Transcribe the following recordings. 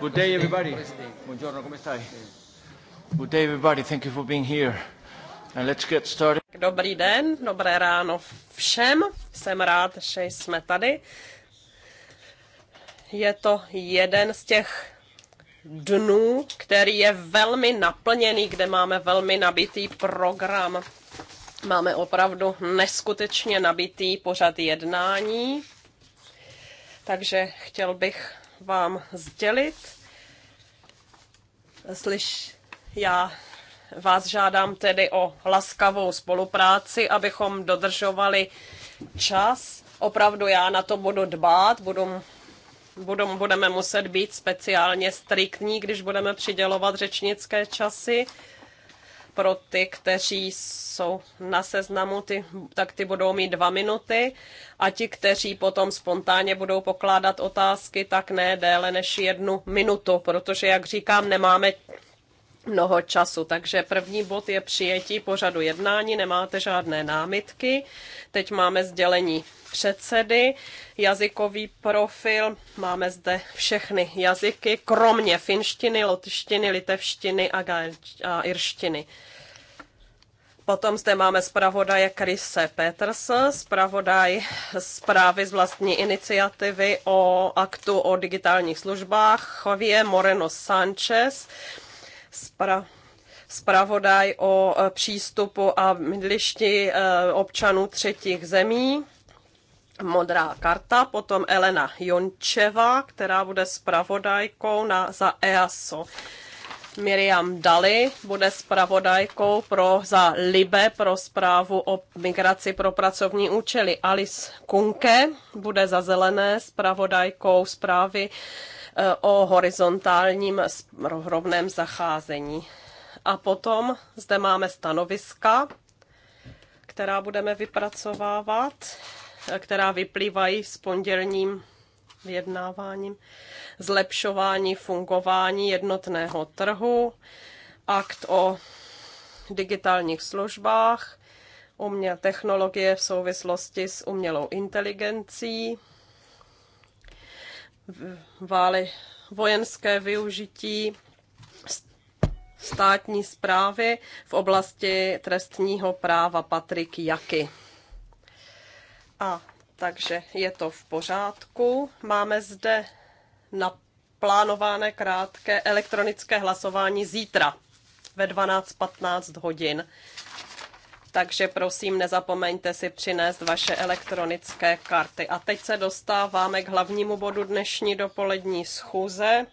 Good day, everybody. Buongiorno, come stai? Good day, everybody. Thank you for being here. And let's get started. Dobrý den, dobré ráno všem. Jsem rád, že jsme tady. Je to jeden z těch dnů, který je velmi naplněný, kde máme velmi nabitý program. Máme opravdu neskutečně nabitý pořad jednání. Takže chtěl bych vám sdělit. Slyš, já vás žádám tedy o laskavou spolupráci, abychom dodržovali čas. Opravdu já na to budu dbát, budu, budu, budeme muset být speciálně striktní, když budeme přidělovat řečnické časy pro ty, kteří jsou na seznamu, ty, tak ty budou mít dva minuty a ti, kteří potom spontánně budou pokládat otázky, tak ne déle než jednu minutu, protože, jak říkám, nemáme mnoho času. Takže první bod je přijetí pořadu jednání, nemáte žádné námitky. Teď máme sdělení předsedy, jazykový profil, máme zde všechny jazyky, kromě finštiny, lotyštiny, litevštiny a, a irštiny. Potom zde máme zpravodaje Krise Peters, zpravodaj zprávy z vlastní iniciativy o aktu o digitálních službách, Javier Moreno Sanchez, spra spravodaj o e, přístupu a mydlišti e, občanů třetích zemí. Modrá karta, potom Elena Jončeva, která bude spravodajkou na, za EASO. Miriam Dali bude spravodajkou pro, za Libe pro zprávu o migraci pro pracovní účely. Alice Kunke bude za Zelené spravodajkou zprávy o horizontálním rovném zacházení. A potom zde máme stanoviska, která budeme vypracovávat, která vyplývají s pondělním vyjednáváním, zlepšování fungování jednotného trhu, akt o digitálních službách, umě- technologie v souvislosti s umělou inteligencí, vály vojenské využití státní zprávy v oblasti trestního práva Patrik Jaky. A takže je to v pořádku. Máme zde naplánované krátké elektronické hlasování zítra ve 12.15 hodin takže prosím nezapomeňte si přinést vaše elektronické karty. A teď se dostáváme k hlavnímu bodu dnešní dopolední schůze,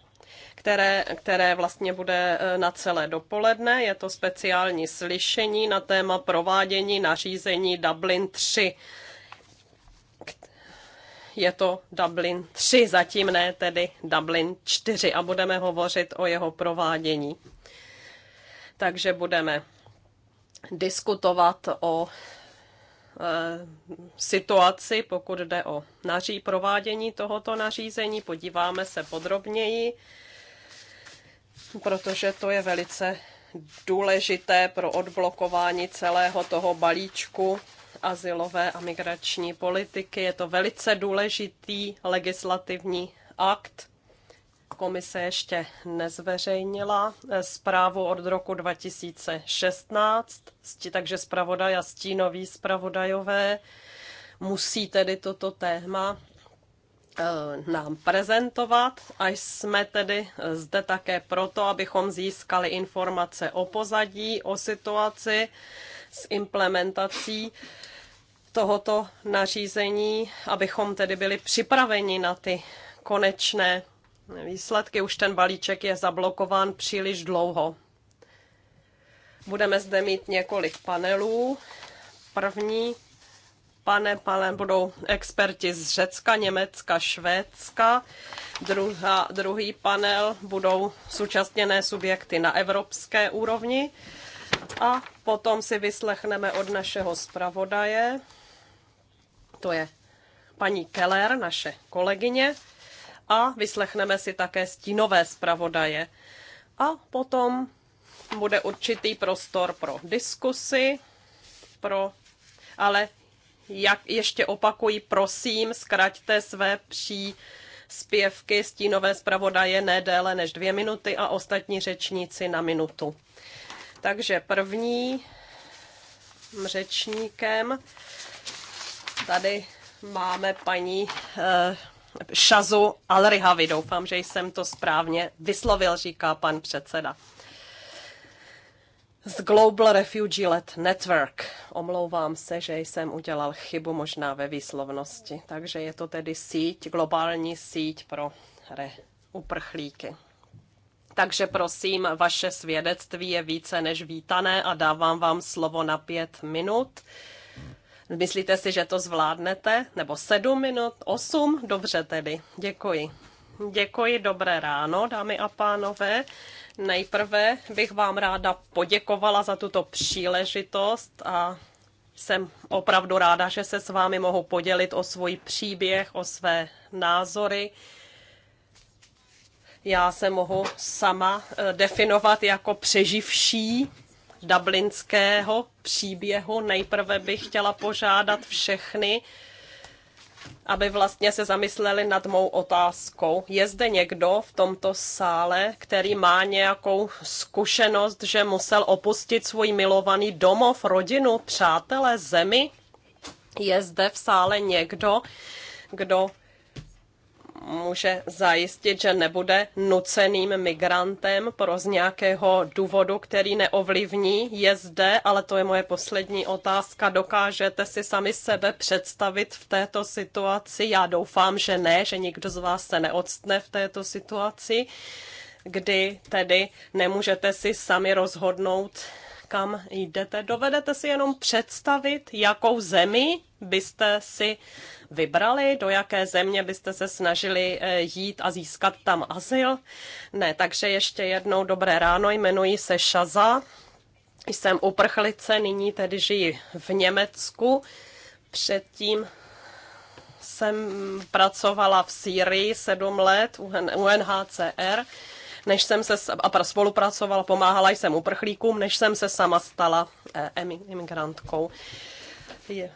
které, které vlastně bude e, na celé dopoledne. Je to speciální slyšení na téma provádění nařízení Dublin 3 je to Dublin 3, zatím ne tedy Dublin 4 a budeme hovořit o jeho provádění. Takže budeme diskutovat o e, situaci, pokud jde o naří, provádění tohoto nařízení. Podíváme se podrobněji, protože to je velice důležité pro odblokování celého toho balíčku asilové a migrační politiky. Je to velice důležitý legislativní akt, Komise ještě nezveřejnila zprávu od roku 2016, takže zpravodaj a stínoví zpravodajové musí tedy toto téma eh, nám prezentovat a jsme tedy zde také proto, abychom získali informace o pozadí, o situaci s implementací tohoto nařízení, abychom tedy byli připraveni na ty konečné výsledky. Už ten balíček je zablokován příliš dlouho. Budeme zde mít několik panelů. První pane, pane, budou experti z Řecka, Německa, Švédska. Druhá, druhý panel budou současněné subjekty na evropské úrovni. A potom si vyslechneme od našeho zpravodaje, to je paní Keller, naše kolegyně, a vyslechneme si také stínové zpravodaje. A potom bude určitý prostor pro diskusy, pro, ale jak ještě opakuji, prosím, zkraťte své pří zpěvky stínové zpravodaje ne déle než dvě minuty a ostatní řečníci na minutu. Takže první řečníkem tady máme paní eh, Šazu Alrihavi. Doufám, že jsem to správně vyslovil, říká pan předseda. Z Global Refugee Let Network. Omlouvám se, že jsem udělal chybu možná ve výslovnosti. Takže je to tedy síť, globální síť pro re, uprchlíky. Takže prosím, vaše svědectví je více než vítané a dávám vám slovo na pět minut Myslíte si, že to zvládnete? Nebo sedm minut? Osm? Dobře tedy. Děkuji. Děkuji, dobré ráno, dámy a pánové. Nejprve bych vám ráda poděkovala za tuto příležitost a jsem opravdu ráda, že se s vámi mohu podělit o svůj příběh, o své názory. Já se mohu sama eh, definovat jako přeživší dublinského příběhu. Nejprve bych chtěla požádat všechny, aby vlastně se zamysleli nad mou otázkou. Je zde někdo v tomto sále, který má nějakou zkušenost, že musel opustit svůj milovaný domov, rodinu, přátele, zemi? Je zde v sále někdo, kdo může zajistit, že nebude nuceným migrantem pro z nějakého důvodu, který neovlivní, je zde, ale to je moje poslední otázka. Dokážete si sami sebe představit v této situaci? Já doufám, že ne, že nikdo z vás se neodstne v této situaci, kdy tedy nemůžete si sami rozhodnout, kam jdete. Dovedete si jenom představit, jakou zemi byste si vybrali, do jaké země byste se snažili eh, jít a získat tam azyl. Ne, takže ještě jednou dobré ráno, jmenuji se Šaza, jsem uprchlice, nyní tedy žiji v Německu. Předtím jsem pracovala v Sýrii sedm let u UNHCR než jsem se a spolupracovala, pomáhala jsem uprchlíkům, než jsem se sama stala eh, emigrantkou.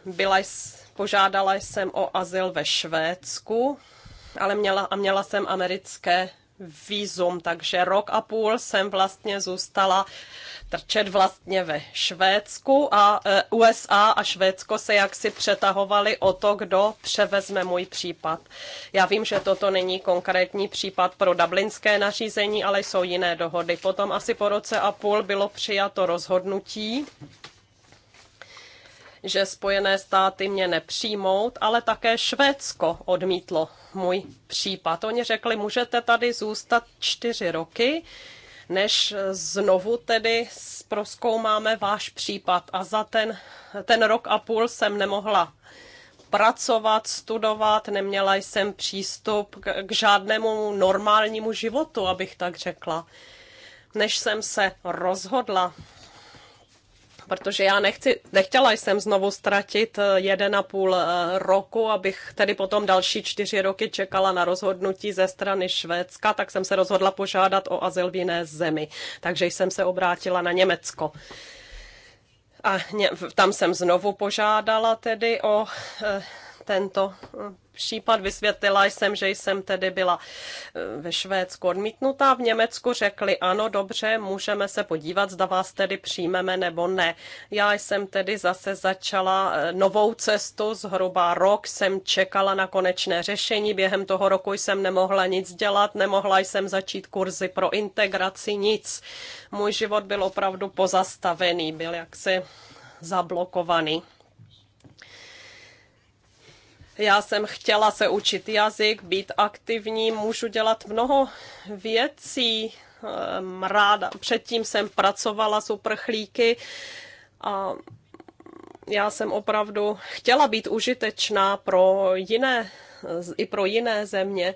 Byla, požádala jsem o azyl ve Švédsku, ale měla, a měla jsem americké vízum, takže rok a půl jsem vlastně zůstala trčet vlastně ve Švédsku a e, USA a Švédsko se jaksi přetahovali o to, kdo převezme můj případ. Já vím, že toto není konkrétní případ pro dublinské nařízení, ale jsou jiné dohody. Potom asi po roce a půl bylo přijato rozhodnutí, že Spojené státy mě nepřijmout, ale také Švédsko odmítlo můj případ. Oni řekli, můžete tady zůstat čtyři roky, než znovu tedy proskoumáme váš případ. A za ten, ten rok a půl jsem nemohla pracovat, studovat, neměla jsem přístup k, k žádnému normálnímu životu, abych tak řekla. Než jsem se rozhodla protože já nechci, nechtěla jsem znovu ztratit eh, jeden a půl eh, roku, abych tedy potom další čtyři roky čekala na rozhodnutí ze strany Švédska, tak jsem se rozhodla požádat o azyl v jiné zemi. Takže jsem se obrátila na Německo. A tam jsem znovu požádala tedy o eh, tento eh, případ. Vysvětlila jsem, že jsem tedy byla eh, ve Švédsku odmítnutá. V Německu řekli ano, dobře, můžeme se podívat, zda vás tedy přijmeme nebo ne. Já jsem tedy zase začala eh, novou cestu, zhruba rok jsem čekala na konečné řešení. Během toho roku jsem nemohla nic dělat, nemohla jsem začít kurzy pro integraci, nic. Můj život byl opravdu pozastavený, byl jaksi zablokovaný. Já jsem chtěla se učit jazyk, být aktivní, můžu dělat mnoho věcí. Ehm, ráda. Předtím jsem pracovala s uprchlíky a já jsem opravdu chtěla být užitečná pro jiné, i pro jiné země.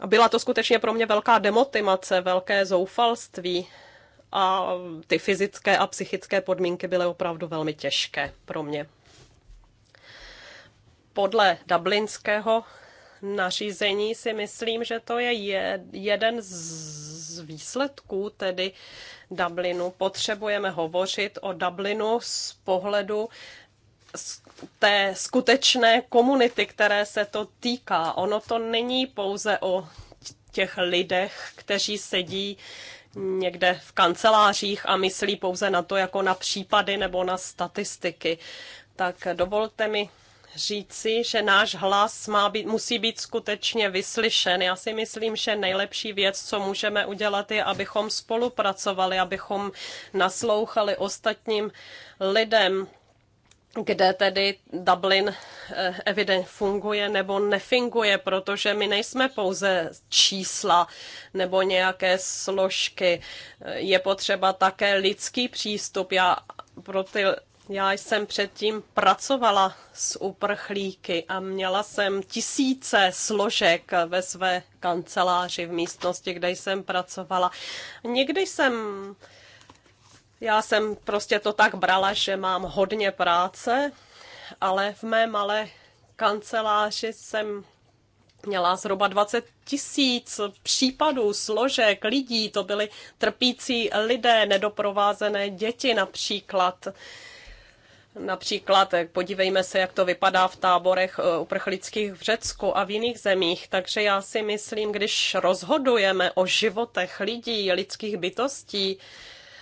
A byla to skutečně pro mě velká demotivace, velké zoufalství a ty fyzické a psychické podmínky byly opravdu velmi těžké pro mě podle dublinského nařízení si myslím, že to je jeden z výsledků tedy Dublinu. Potřebujeme hovořit o Dublinu z pohledu té skutečné komunity, které se to týká. Ono to není pouze o těch lidech, kteří sedí někde v kancelářích a myslí pouze na to jako na případy nebo na statistiky. Tak dovolte mi říci, že náš hlas má být, musí být skutečně vyslyšen. Já si myslím, že nejlepší věc, co můžeme udělat, je, abychom spolupracovali, abychom naslouchali ostatním lidem, kde tedy Dublin eh, evident funguje nebo nefunguje, protože my nejsme pouze čísla nebo nějaké složky. Eh, je potřeba také lidský přístup. Já pro ty já jsem předtím pracovala s uprchlíky a měla jsem tisíce složek ve své kanceláři v místnosti, kde jsem pracovala. Někdy jsem já jsem prostě to tak brala, že mám hodně práce, ale v mé malé kanceláři jsem měla zhruba 20 tisíc případů, složek, lidí. To byly trpící lidé, nedoprovázené děti například. Například eh, podívejme se, jak to vypadá v táborech eh, uprchlických v Řecku a v jiných zemích. Takže já si myslím, když rozhodujeme o životech lidí, lidských bytostí,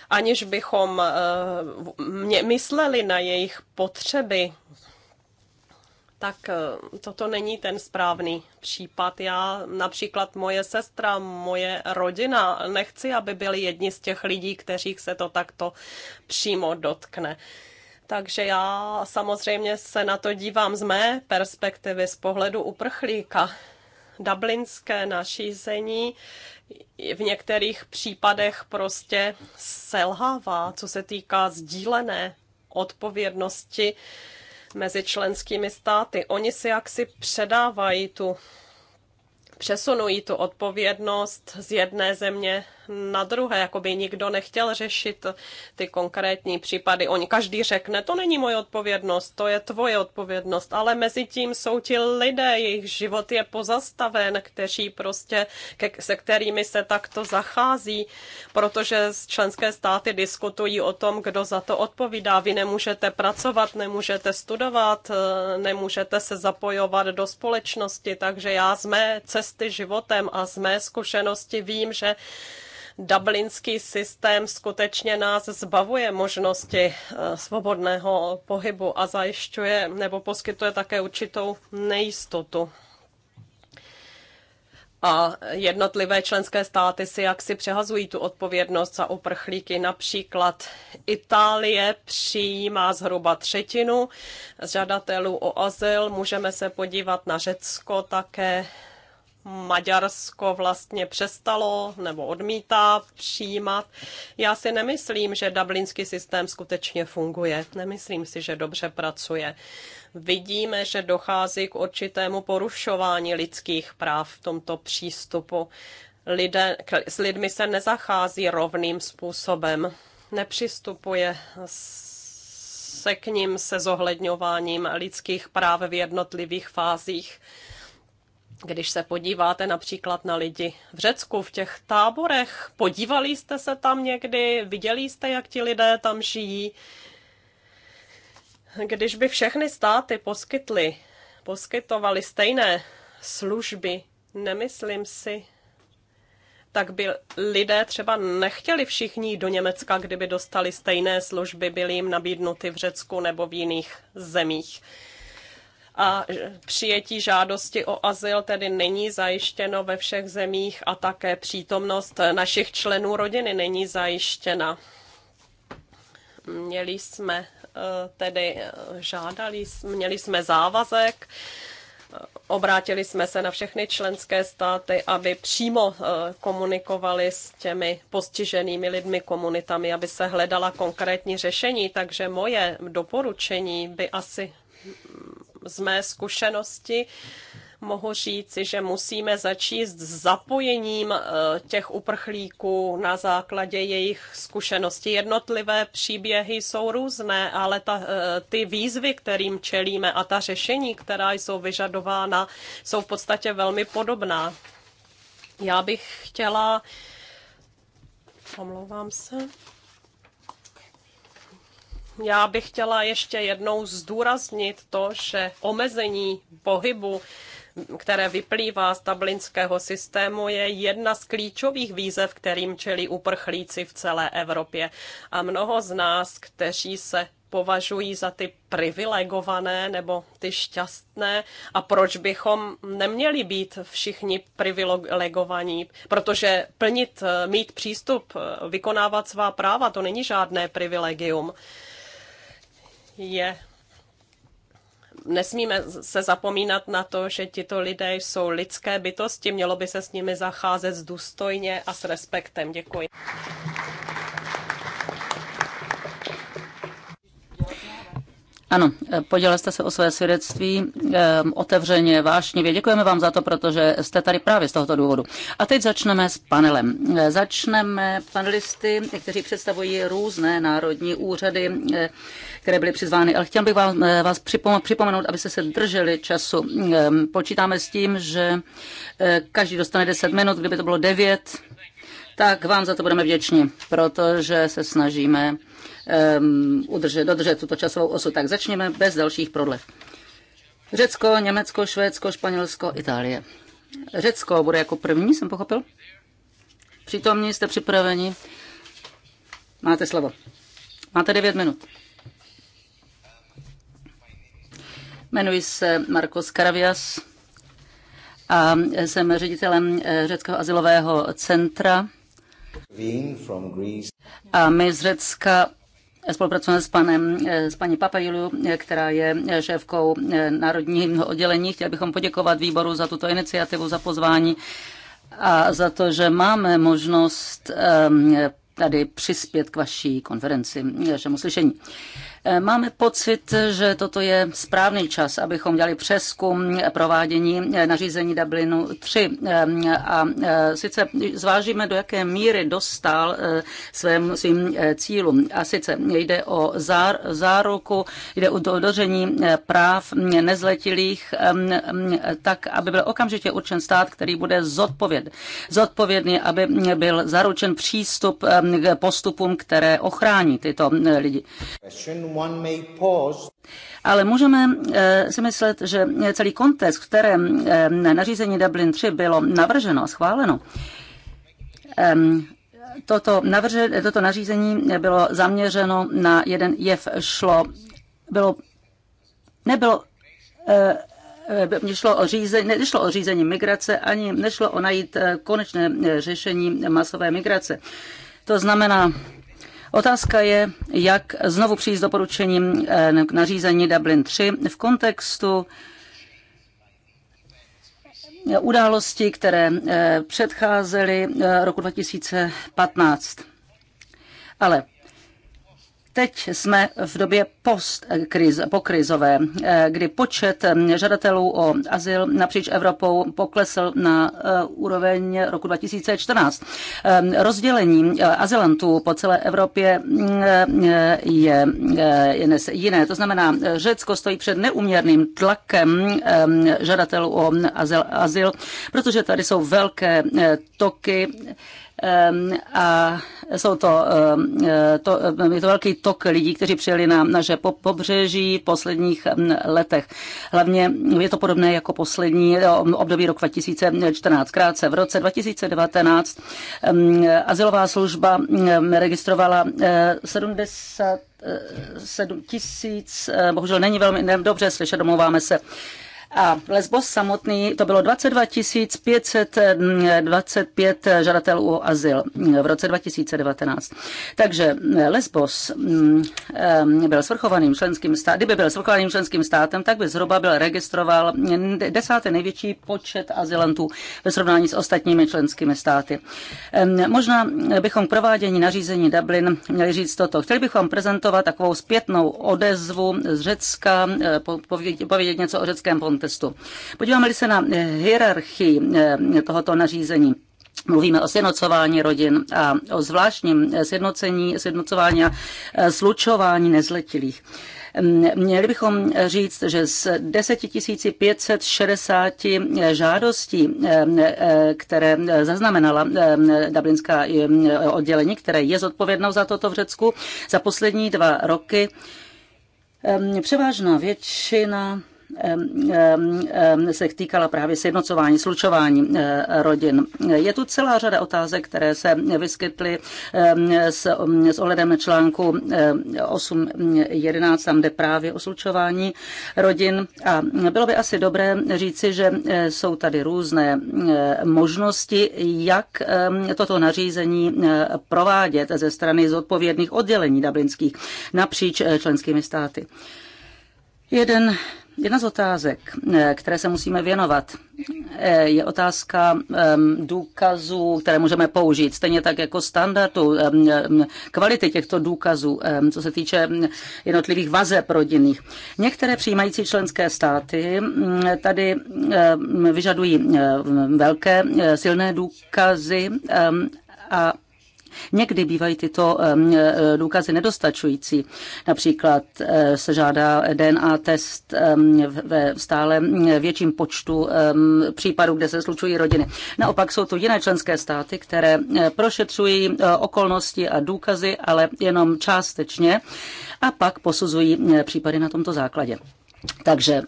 aniž bychom eh, mysleli na jejich potřeby, tak toto není ten správný případ. Já například moje sestra, moje rodina, nechci, aby byli jedni z těch lidí, kteří se to takto přímo dotkne. Takže já samozřejmě se na to dívám z mé perspektivy, z pohledu uprchlíka. Dublinské nařízení v některých případech prostě selhává, co se týká sdílené odpovědnosti mezi členskými státy. Oni si jaksi předávají tu, přesunují tu odpovědnost z jedné země na druhé, jako by nikdo nechtěl řešit ty konkrétní případy. Oni každý řekne, to není moje odpovědnost, to je tvoje odpovědnost, ale mezi tím jsou ti lidé, jejich život je pozastaven, kteří prostě, ke, se kterými se takto zachází, protože členské státy diskutují o tom, kdo za to odpovídá. Vy nemůžete pracovat, nemůžete studovat, eh, nemůžete se zapojovat do společnosti, takže já z mé cesty životem a z mé zkušenosti vím, že dublinský systém skutečně nás zbavuje možnosti eh, svobodného pohybu a zajišťuje nebo poskytuje také určitou nejistotu a jednotlivé členské státy si jaksi přehazují tu odpovědnost za uprchlíky. Například Itálie přijímá zhruba třetinu žadatelů o azyl. Můžeme se podívat na Řecko také, Maďarsko vlastně přestalo nebo odmítá přijímat. Já si nemyslím, že dublinský systém skutečně funguje. Nemyslím si, že dobře pracuje. Vidíme, že dochází k určitému porušování lidských práv v tomto přístupu. Lidé, s lidmi se nezachází rovným způsobem. Nepřistupuje se k ním se zohledňováním lidských práv v jednotlivých fázích když se podíváte například na lidi v Řecku, v těch táborech, podívali jste se tam někdy, viděli jste, jak ti lidé tam žijí. Když by všechny státy poskytly, poskytovaly stejné služby, nemyslím si, tak by lidé třeba nechtěli všichni do Německa, kdyby dostali stejné služby, byly jim nabídnuty v Řecku nebo v jiných zemích a přijetí žádosti o azyl tedy není zajištěno ve všech zemích a také přítomnost našich členů rodiny není zajištěna. Měli jsme eh, tedy eh, žádali, měli jsme závazek, eh, obrátili jsme se na všechny členské státy, aby přímo komunikovali s těmi postiženými lidmi, komunitami, aby se hledala konkrétní řešení. Takže moje doporučení by asi z mé zkušenosti mohu říci, že musíme začít s zapojením eh, těch uprchlíků na základě jejich zkušeností. Jednotlivé příběhy jsou různé, ale ta, eh, ty výzvy, kterým čelíme a ta řešení, která jsou vyžadována, jsou v podstatě velmi podobná. Já bych chtěla. Omlouvám se. Já bych chtěla ještě jednou zdůraznit to, že omezení pohybu které vyplývá z tablinského systému, je jedna z klíčových výzev, kterým čelí uprchlíci v celé Evropě. A mnoho z nás, kteří se považují za ty privilegované nebo ty šťastné a proč bychom neměli být všichni privilegovaní, protože plnit, mít přístup, vykonávat svá práva, to není žádné privilegium je nesmíme se zapomínat na to, že tito lidé jsou lidské bytosti, mělo by se s nimi zacházet důstojně a s respektem. Děkuji. Ano, eh, podělil jste se o své svědectví eh, otevřeně, vášnivě. Děkujeme vám za to, protože jste tady právě z tohoto důvodu. A teď začneme s panelem. Eh, začneme panelisty, kteří představují různé národní úřady, které byly přizvány. Ale chtěl bych vám, vás připomenout, abyste se drželi času. Počítáme s tím, že každý dostane 10 minut, kdyby to bylo 9, tak vám za to budeme vděční, protože se snažíme um, udržet, dodržet tuto časovou osu. Tak začněme bez dalších prodlev. Řecko, Německo, Švédsko, Španělsko, Itálie. Řecko bude jako první, jsem pochopil. Přítomní jste připraveni. Máte slovo. Máte 9 minut. Jmenuji se Marcos Karavias a jsem ředitelem eh, Řeckého asilového centra a my z Řecka spolupracujeme s, panem, s paní Papajilu, která je šéfkou eh, národního oddělení. Chtěl bychom poděkovat výboru za tuto iniciativu, za pozvání a za to, že máme možnost ehm, tady přispět k vaší konferenci, našemu eh, slyšení. Máme pocit, že toto je správný čas, abychom dělali přeskum provádění nařízení Dublinu 3. A e, sice zvážíme, do jaké míry dostal e, svém, svým e, cílům. A sice jde o zár, záruku, jde o dodržení práv nezletilých tak, aby byl okamžitě určen stát, který bude zodpověd, zodpovědný, aby byl zaručen přístup k postupům, které ochrání tyto lidi. Ale můžeme eh, si myslet, že celý kontext, v kterém eh, nařízení Dublin 3 bylo navrženo a schváleno, ehm, toto, navrže, toto nařízení bylo zaměřeno na jeden jev. Šlo, bylo, nebylo nešlo eh, o řízení, nešlo o řízení migrace, ani nešlo o najít konečné řešení masové migrace. To znamená, Otázka je, jak znovu přijít s doporučením eh, k nařízení Dublin 3 v kontextu eh, události, které eh, předcházely roku 2015. Ale Teď jsme v době po pokrizové, eh, kdy počet hm, žadatelů o azyl napříč Evropou poklesl na eh, úroveň roku 2014. Ehm, rozdělení eh, azylantů po celé Evropě hm, je, je dnes jiné. To znamená, Řecko stojí před neuměrným tlakem ehm, žadatelů o azyl, azyl protože tady jsou velké toky Ehm, a jsou to, ehm, e, to, ehm, je to velký tok lidí, kteří přijeli na naše pobřeží v posledních letech. Hlavně je to podobné jako poslední období roku 2014. Krátce v roce 2019 asilová služba registrovala 70 e, 7 e, tisíc, bohužel není velmi dobře slyšet, domluváme se, a Lesbos samotný, to bylo 22 525 žadatelů o azyl v roce 2019. Takže Lesbos mm, eh, byl svrchovaným členským státem, kdyby byl svrchovaným členským státem, tak by zhruba byl registroval desáté největší počet azylantů ve srovnání s ostatními členskými státy. Možná bychom provádění nařízení Dublin měli říct toto. Chtěli bychom prezentovat takovou zpětnou odezvu z Řecka, eh, povědět něco o řeckém fondu kontestu. Podíváme-li se na eh, hierarchii eh, tohoto nařízení, Mluvíme o sjednocování rodin a o zvláštním eh, sjednocení, sjednocování a slučování nezletilých. Mm, měli bychom říct, že z 10 560 žádostí, které zaznamenala dublinská oddělení, které je zodpovědnou za toto v Řecku, za poslední dva roky převážná většina se týkala právě sjednocování, slučování eh, rodin. Je tu celá řada otázek, které se vyskytly s, s ohledem na článku 8.11, eh, tam jde právě o slučování rodin. A bylo by asi dobré říci, že eh, jsou tady různé možnosti, jak toto nařízení provádět ze strany zodpovědných oddělení dublinských napříč členskými státy. Jeden Jedna z otázek, eh, které se musíme věnovat, eh, je otázka ehm, důkazů, které můžeme použít, stejně tak jako standardu, ehm, ehm, kvality těchto důkazů, co se týče jednotlivých vazeb rodinných. Některé přijímající členské státy mm, tady vyžadují velké eh, silné důkazy a Někdy bývají tyto e, důkazy nedostačující. Například e, se žádá DNA test ve stále větším počtu případů, kde se slučují rodiny. Naopak jsou tu jiné členské státy, které e, prošetřují okolnosti a důkazy, ale jenom částečně a pak posuzují případy na tomto základě. Takže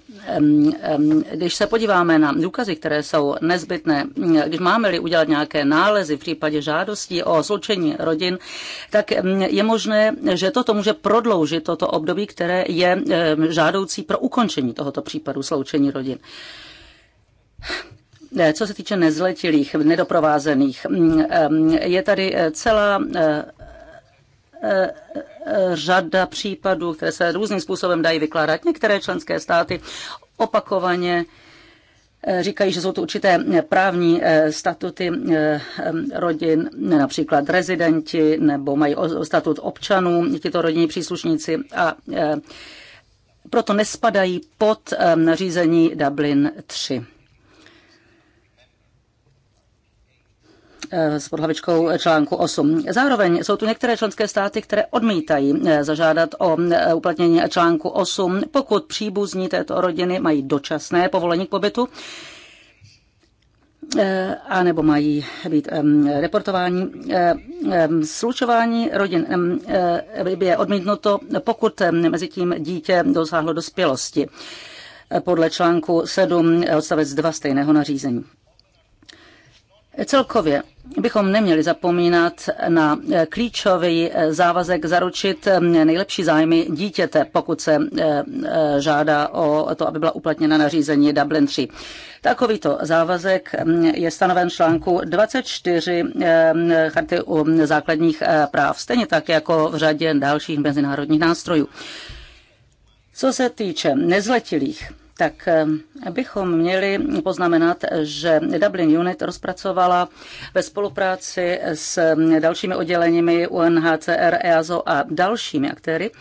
když se podíváme na důkazy, které jsou nezbytné, když máme-li udělat nějaké nálezy v případě žádostí o sloučení rodin, tak je možné, že toto může prodloužit toto období, které je žádoucí pro ukončení tohoto případu sloučení rodin. Co se týče nezletilých, nedoprovázených, mm, je tady eh, celá eh, Eh, eh, řada případů, které se různým způsobem dají vykládat. Některé členské státy opakovaně eh, Říkají, že jsou to určité právní statuty rodin, například rezidenti, nebo mají statut občanů, tyto rodinní příslušníci. A proto nespadají pod nařízení Dublin 3. s eh, podhlavičkou článku 8. Zároveň jsou tu některé členské státy, které odmítají eh, zažádat o eh, uplatnění článku 8, pokud příbuzní této rodiny mají dočasné povolení k pobytu a nebo mají být reportováni. Slučování rodin je odmítnuto, pokud mezi tím dítě dosáhlo dospělosti podle článku 7 odstavec 2 stejného nařízení. Celkově bychom neměli zapomínat na eh, klíčový eh, závazek zaručit eh, nejlepší zájmy dítěte, pokud se žádá o to, aby byla uplatněna nařízení Dublin 3. Takovýto závazek mm, je stanoven článku 24 Charty základních práv, stejně tak jako v řadě dalších mezinárodních nástrojů. Co se týče nezletilých, tak ehm, bychom měli poznamenat, že Dublin Unit rozpracovala ve spolupráci s dalšími odděleními UNHCR, EASO a dalšími aktéry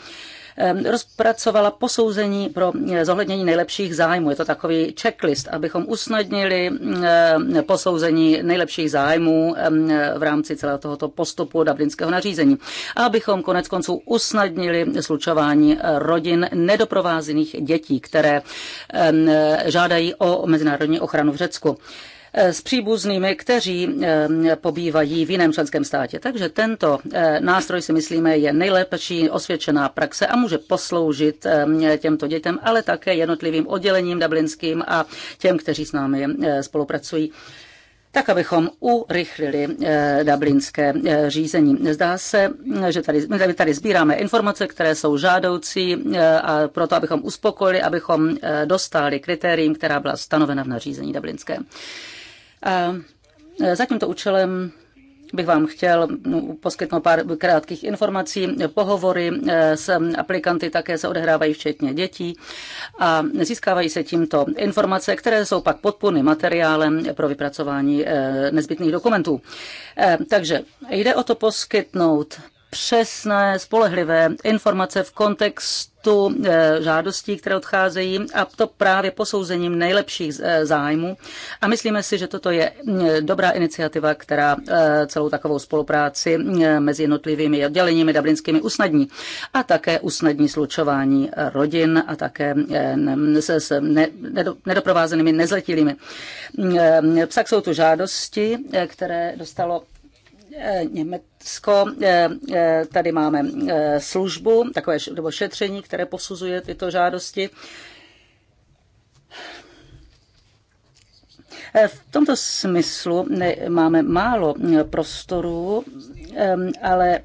Ehm, rozpracovala posouzení pro eh, zohlednění nejlepších zájmů. Je to takový checklist, abychom usnadnili ehm, posouzení nejlepších zájmů ehm, v rámci celého tohoto postupu dublinského nařízení. A abychom konec konců usnadnili slučování rodin nedoprovázených dětí, které žádají o mezinárodní ochranu v Řecku. Eh, s příbuznými, kteří eh, pobývají v jiném členském státě. Takže tento eh, nástroj si myslíme je nejlepší osvědčená praxe a může posloužit těmto dětem, ale také jednotlivým oddělením dublinským a těm, kteří s námi spolupracují tak abychom urychlili dublinské řízení. Zdá se, že tady, my tady sbíráme informace, které jsou žádoucí a proto, abychom uspokojili, abychom dostali kritériím, která byla stanovena v nařízení dublinském. A e, za tímto účelem bych vám chtěl mm, poskytnout pár krátkých informací. Pohovory e, s aplikanty také se odehrávají včetně dětí a získávají se tímto informace, které jsou pak podpůrným materiálem pro vypracování e, nezbytných dokumentů. Takže jde o to poskytnout přesné, spolehlivé informace v kontextu počtu eh, žádostí, které odcházejí a to právě posouzením nejlepších eh, zájmů. A myslíme si, že toto je mm, dobrá iniciativa, která eh, celou takovou spolupráci mm, mezi jednotlivými odděleními dublinskými usnadní. A také usnadní slučování rodin a také se, se nedoprovázenými nezletilými. Mm, Psak jsou tu žádosti, které dostalo Německo, eh, eh, tady máme eh, službu, takové nebo šetření, které posuzuje tyto žádosti. V tomto smyslu máme málo prostoru, ale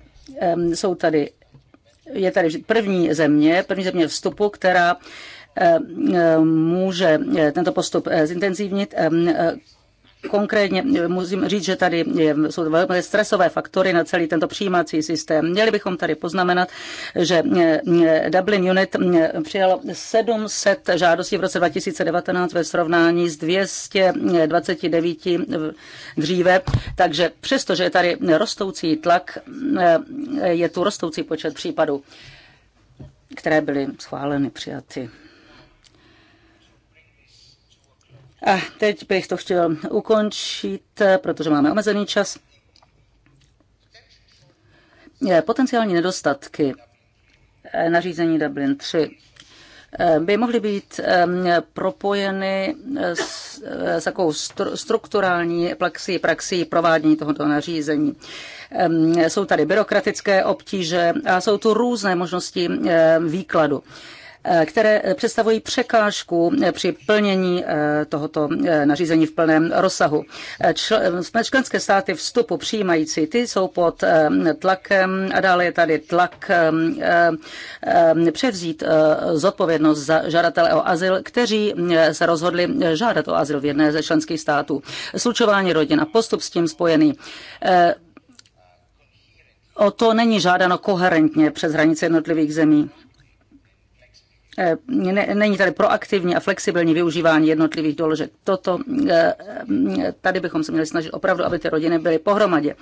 jsou tady, je tady první země, první země vstupu, která může tento postup zintenzivnit. Konkrétně eh, musím říct, že tady jsou velmi stresové faktory na celý tento přijímací systém. Měli bychom tady poznamenat, že eh, eh, Dublin Unit přijal 700 žádostí v roce 2019 ve srovnání s 229 dříve, takže přestože je tady rostoucí tlak, je tu rostoucí počet případů, které byly schváleny, přijaty. A teď bych to chtěl ukončit, protože máme omezený čas. Potenciální nedostatky eh, nařízení Dublin 3 eh, by mohly být eh, propojeny s, takovou strukturální praxí, praxí provádění tohoto nařízení. Ehm, jsou tady byrokratické obtíže a jsou tu různé možnosti výkladu. Eh, které představují překážku eh, při plnění eh, tohoto nařízení v plném rozsahu. Členské státy vstupu přijímající, ty jsou pod tlakem a dále je tady tlak převzít zodpovědnost za žadatele o azyl, kteří se rozhodli žádat o azyl v jedné ze členských států. Slučování rodin a postup s tím spojený. O to není žádáno koherentně přes hranice jednotlivých zemí. Eh, není tady proaktivní a flexibilní využívání jednotlivých doložek. Toto, eh, eh, tady bychom se měli snažit opravdu, aby ty rodiny byly pohromadě.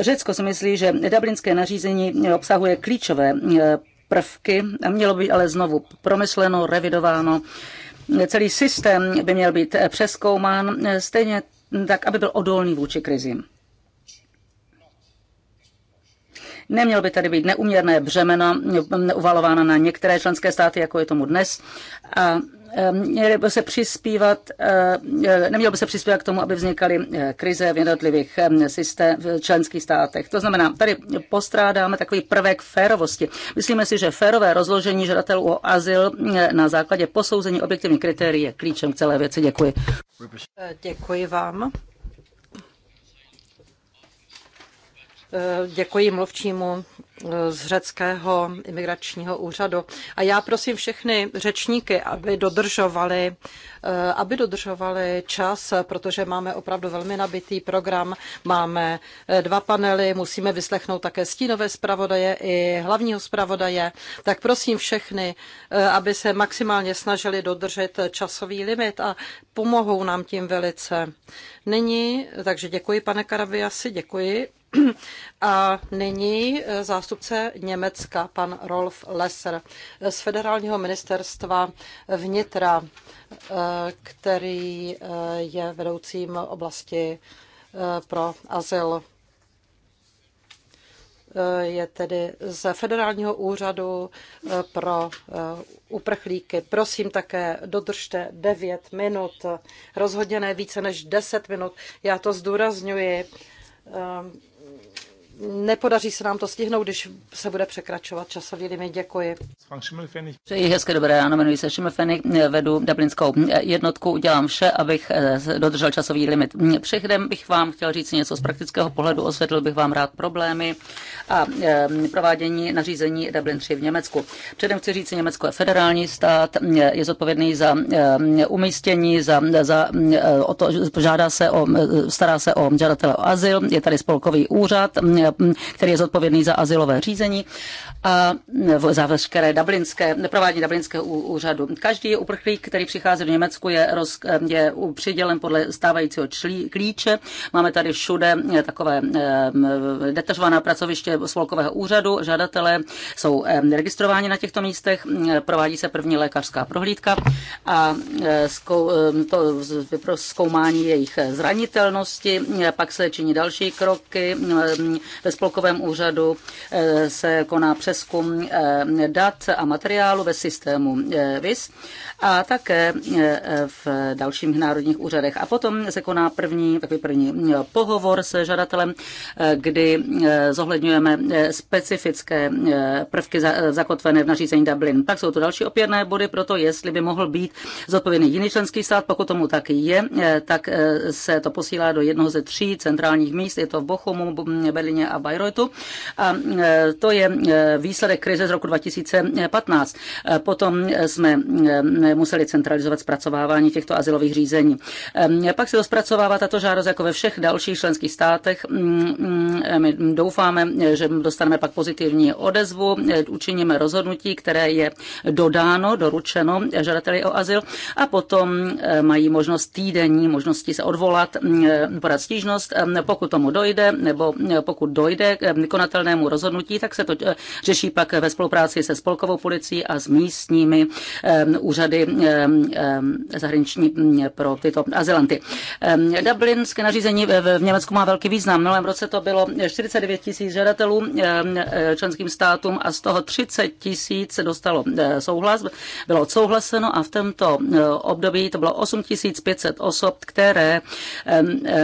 Řecko si myslí, že dublinské nařízení obsahuje klíčové prvky a mělo být ale znovu promysleno, revidováno. Celý systém by měl být přeskoumán stejně tak, aby byl odolný vůči krizím. Neměl by tady být neuměrné břemeno uvalováno na některé členské státy, jako je tomu dnes. A měly by se přispívat, eh, nemělo by se přispívat k tomu, aby vznikaly eh, krize v jednotlivých systém, v členských státech. To znamená, tady postrádáme takový prvek férovosti. Myslíme si, že férové rozložení žadatelů o azyl eh, na základě posouzení objektivních kritérií je klíčem k celé věci. Děkuji. Děkuji vám. Eh, děkuji mluvčímu eh, z řeckého imigračního úřadu. A já prosím všechny řečníky, aby dodržovali, eh, aby dodržovali čas, protože máme opravdu velmi nabitý program. Máme dva panely, musíme vyslechnout také stínové zpravodaje i hlavního zpravodaje. Tak prosím všechny, aby se maximálně snažili dodržet časový limit a pomohou nám tím velice. Nyní, takže děkuji pane Karabiasi, děkuji a nyní eh, zástupce Německa, pan Rolf Lesser z Federálního ministerstva vnitra, eh, který eh, je vedoucím oblasti pro azyl. Je tedy z Federálního úřadu pro uprchlíky. Prosím také dodržte 9 minut, rozhodně ne více než 10 minut. Já to zdůrazňuji nepodaří se nám to stihnout, když se bude překračovat časový limit. Děkuji. Přeji hezké dobré ráno, jmenuji se Šimlfeny, vedu Dublinskou jednotku, udělám vše, abych eh, dodržel časový limit. Předem bych vám chtěl říct něco z praktického pohledu, osvětlil bych vám rád problémy a eh, provádění nařízení Dublin 3 v Německu. Předem chci říct, Německo je federální stát, eh, je zodpovědný za umístění, za, za o to, žádá se o, stará se o žadatele o azyl, je tady spolkový úřad, Mm, který je zodpovědný za asilové řízení a za veškeré dublinské, neprovádění dublinského úřadu. Každý uprchlík, který přichází do Německu, je, roz, eh, je přidělen podle stávajícího člí, klíče. Máme tady všude eh, takové eh, detažované pracoviště spolkového úřadu. Žadatelé jsou registrováni na těchto místech, mm, provádí se první lékařská prohlídka a zkou, to pro zkoumání jejich zranitelnosti, pak se činí další kroky, mm, ve spolkovém úřadu eh, se koná přeskum eh, dat a materiálu ve systému eh, VIS a také e, e, v dalších národních úřadech. A potom se koná první, takový první e, pohovor se žadatelem, kdy zohledňujeme specifické prvky zakotvené v nařízení Dublin. Pak jsou to další opěrné body pro to, jestli by mohl být zodpovědný jiný členský stát. Pokud tomu tak je, tak se to posílá do jednoho ze tří centrálních míst. Je to v Bochumu, Berlíně a Bayreuthu. A to je výsledek krize z roku 2015. Potom jsme museli centralizovat zpracovávání těchto asilových řízení. Pak se rozpracovává tato žádost jako ve všech dalších členských státech. My doufáme, že dostaneme pak pozitivní odezvu, e, učiníme rozhodnutí, které je dodáno, doručeno žadateli o azyl a potom e, mají možnost týdenní možnosti se odvolat, e, podat stížnost, pokud tomu dojde, nebo pokud dojde k vykonatelnému rozhodnutí, tak se to řeší pak ve spolupráci se spolkovou policií a s místními úřady Um, um, zahraniční mm, pro tyto azylanty. Um, dublinské nařízení v Německu má velký význam. V minulém roce to bylo 49 tisíc žadatelů eh, členským státům a z toho 30 tisíc dostalo eh, souhlas, bylo odsouhlaseno a v tomto eh, období to bylo 8 500 osob, které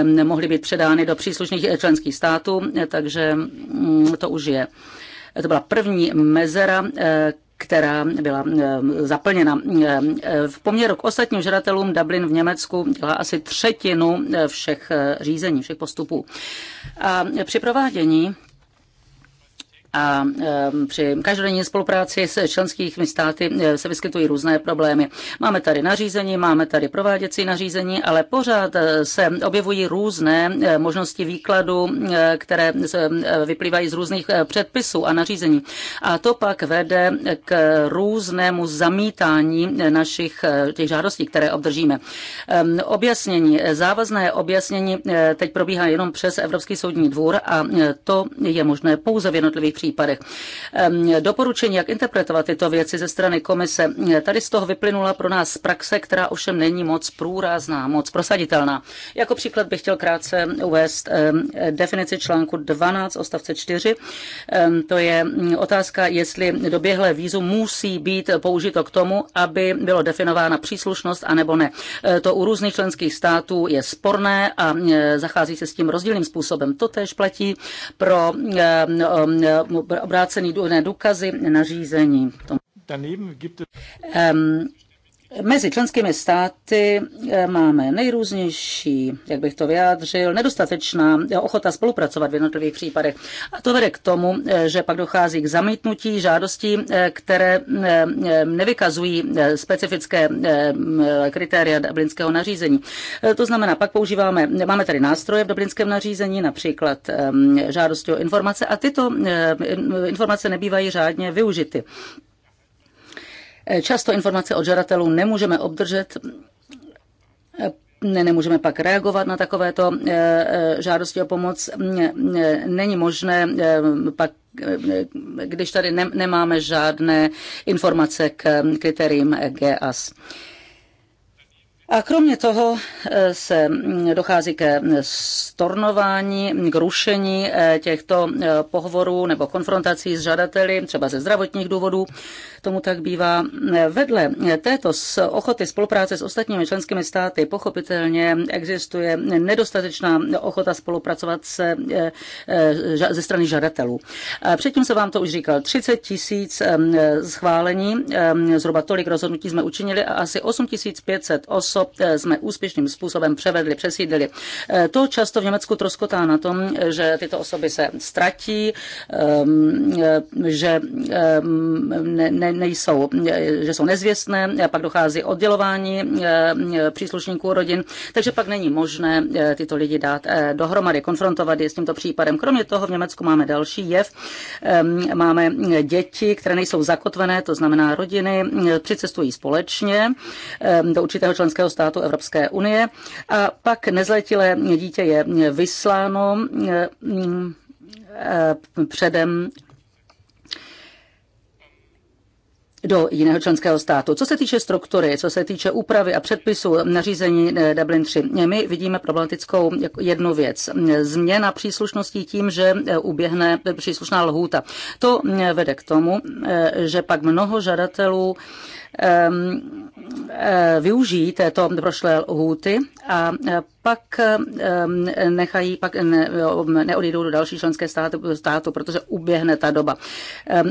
nemohly být předány do příslušných členských států, takže mm, to už je to byla první mezera, která byla eh, zaplněna. Eh, v poměru k ostatním žadatelům Dublin v Německu dělá asi třetinu eh, všech řízení, všech postupů. A při provádění a při každodenní spolupráci s členskými státy se vyskytují různé problémy. Máme tady nařízení, máme tady prováděcí nařízení, ale pořád eh, se objevují různé eh, možnosti výkladu, které vyplývají z různých eh, předpisů a nařízení. A to pak vede k různému zamítání našich těch žádostí, které obdržíme. Objasnění, závazné objasnění teď probíhá jenom přes Evropský soudní dvůr a to je možné pouze v jednotlivých případech případech. Doporučení, jak interpretovat tyto věci ze strany komise, eh, tady z toho vyplynula pro nás praxe, která ovšem není moc průrazná, moc prosaditelná. Jako příklad bych chtěl krátce uvést definici článku 12 odstavce 4. To je mm, otázka, jestli doběhlé vízu musí být použito k tomu, aby bylo definována příslušnost anebo ne. E, to u různých členských států je sporné a e, zachází se s tím rozdílným způsobem. To tež platí pro obrácený na důkazy nařízení. Daneben gibt Mezi členskými státy eh, máme nejrůznější, jak bych to vyjádřil, nedostatečná ochota spolupracovat v jednotlivých případech. A to vede k tomu, eh, že pak dochází k zamítnutí žádostí, eh, které nevykazují specifické kritéria dublinského nařízení. To znamená, pak používáme, máme tady nástroje v dublinském nařízení, například žádosti o informace a tyto informace nebývají řádně využity. Často informace od žadatelů nemůžeme obdržet, ne, nemůžeme pak reagovat na takovéto eh, eh, žádosti o pomoc. Není možné eh, pak když tady nemáme žádné informace k kritériím GAS. A kromě toho eh, se mm, dochází ke stornování, k rušení eh, těchto eh, pohovorů nebo konfrontací s žadateli, třeba ze zdravotních důvodů. Tomu tak bývá. Vedle této ochoty spolupráce s ostatními členskými státy pochopitelně existuje nedostatečná ochota spolupracovat se, ze strany žadatelů. Předtím se vám to už říkal. 30 tisíc schválení, zhruba tolik rozhodnutí jsme učinili a asi 8500 osob osob eh, jsme úspěšným způsobem převedli, přesídlili. Eh, to často v Německu troskotá na tom, že tyto osoby se ztratí, ehm, eh, že ehm, ne, ne, nejsou, že jsou nezvěstné, pak dochází oddělování příslušníků rodin, takže pak není možné tyto lidi dát dohromady, konfrontovat je s tímto případem. Kromě toho v Německu máme další jev, ehm, máme děti, které nejsou zakotvené, to znamená rodiny, přicestují společně do určitého členského členského státu Evropské unie a pak nezletilé dítě je vysláno eh, eh, předem do jiného členského státu. Co se týče struktury, co se týče úpravy a předpisu nařízení eh, Dublin 3, my vidíme problematickou jako jednu věc. Změna příslušností tím, že uběhne příslušná lhůta. To vede k tomu, že pak mnoho žadatelů um, Eh, využijí této prošlé lhůty a eh, pak eh, nechají, pak neodjedou do další členské státy, státu, protože uběhne ta doba.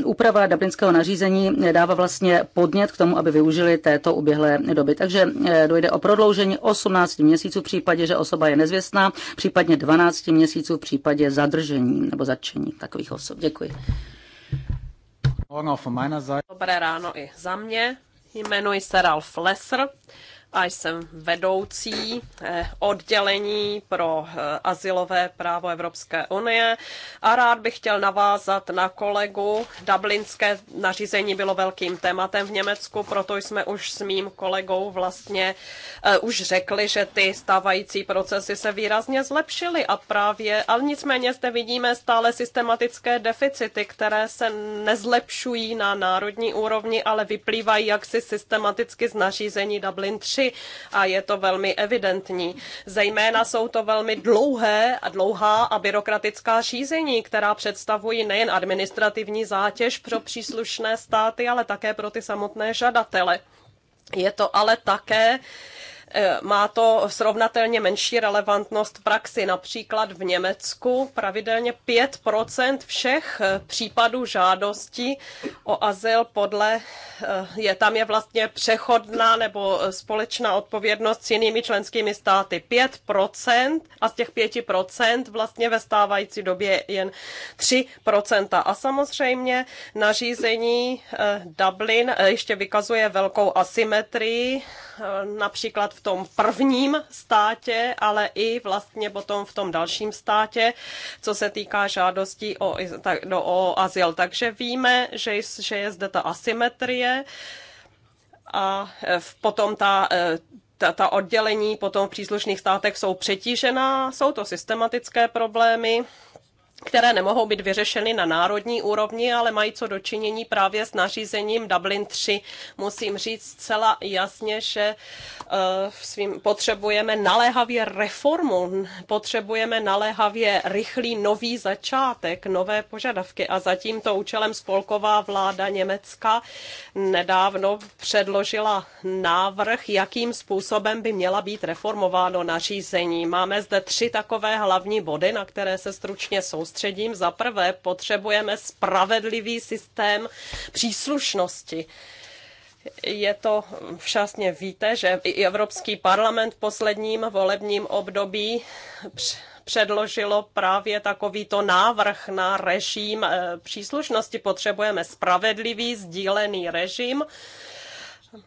Úprava dublinského nařízení dává vlastně podnět k tomu, aby využili této uběhlé doby. Takže dojde o prodloužení 18 měsíců v případě, že osoba je nezvěstná, případně 12 měsíců v případě zadržení nebo zatčení takových osob. Děkuji. Dobré ráno i za mě. Jmenuji se Ralf Lesser a jsem vedoucí eh, oddělení pro eh, asilové právo Evropské unie a rád bych chtěl navázat na kolegu. Dublinské nařízení bylo velkým tématem v Německu, proto jsme už s mým kolegou vlastně eh, už řekli, že ty stávající procesy se výrazně zlepšily a právě, ale nicméně zde vidíme stále systematické deficity, které se nezlepšují na národní úrovni, ale vyplývají jaksi systematicky z nařízení Dublin 3 a je to velmi evidentní. Zejména jsou to velmi dlouhé a dlouhá a byrokratická šízení, která představují nejen administrativní zátěž pro příslušné státy, ale také pro ty samotné žadatele. Je to ale také Eh, má to srovnatelně menší relevantnost v praxi. Například v Německu pravidelně 5 všech eh, případů žádostí o azyl podle, eh, je tam je vlastně přechodná nebo společná odpovědnost s jinými členskými státy. 5 a z těch 5 vlastně ve stávající době jen 3 A samozřejmě nařízení Dublin ještě vykazuje velkou asymetrii, například v tom prvním státě, ale i vlastně potom v tom dalším státě, co se týká žádostí o, tak, no, o azyl. Takže víme, že, že je zde ta asymetrie a e, potom ta e, ta, ta oddělení potom v příslušných státech jsou přetížená, jsou to systematické problémy, které nemohou být vyřešeny na národní úrovni, ale mají co dočinění právě s nařízením Dublin 3. Musím říct zcela jasně, že eh, svým potřebujeme naléhavě reformu, potřebujeme naléhavě rychlý nový začátek, nové požadavky a za tímto účelem spolková vláda Německa nedávno předložila návrh, jakým způsobem by měla být reformováno nařízení. Máme zde tři takové hlavní body, na které se stručně soustředíme prostředím. Za prvé potřebujeme spravedlivý systém příslušnosti je to všasně víte, že i Evropský parlament v posledním volebním období předložilo právě takovýto návrh na režim eh, příslušnosti. Potřebujeme spravedlivý sdílený režim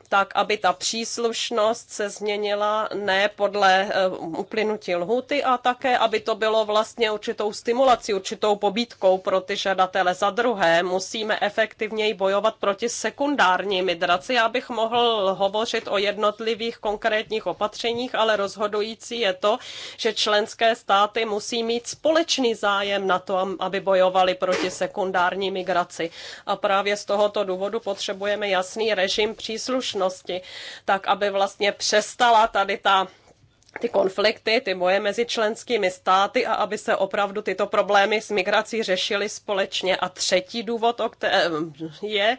tak aby ta příslušnost se změnila ne podle eh, uplynutí lhuty a také, aby to bylo vlastně určitou stimulací, určitou pobídkou pro ty žadatele. Za druhé, musíme efektivněji bojovat proti sekundární migraci. Já bych mohl hovořit o jednotlivých konkrétních opatřeních, ale rozhodující je to, že členské státy musí mít společný zájem na to, aby bojovali proti sekundární migraci. A právě z tohoto důvodu potřebujeme jasný režim příslušnosti příslušnosti, tak aby vlastně přestala tady ta ty konflikty, ty boje mezi členskými státy a aby se opravdu tyto problémy s migrací řešily společně. A třetí důvod je,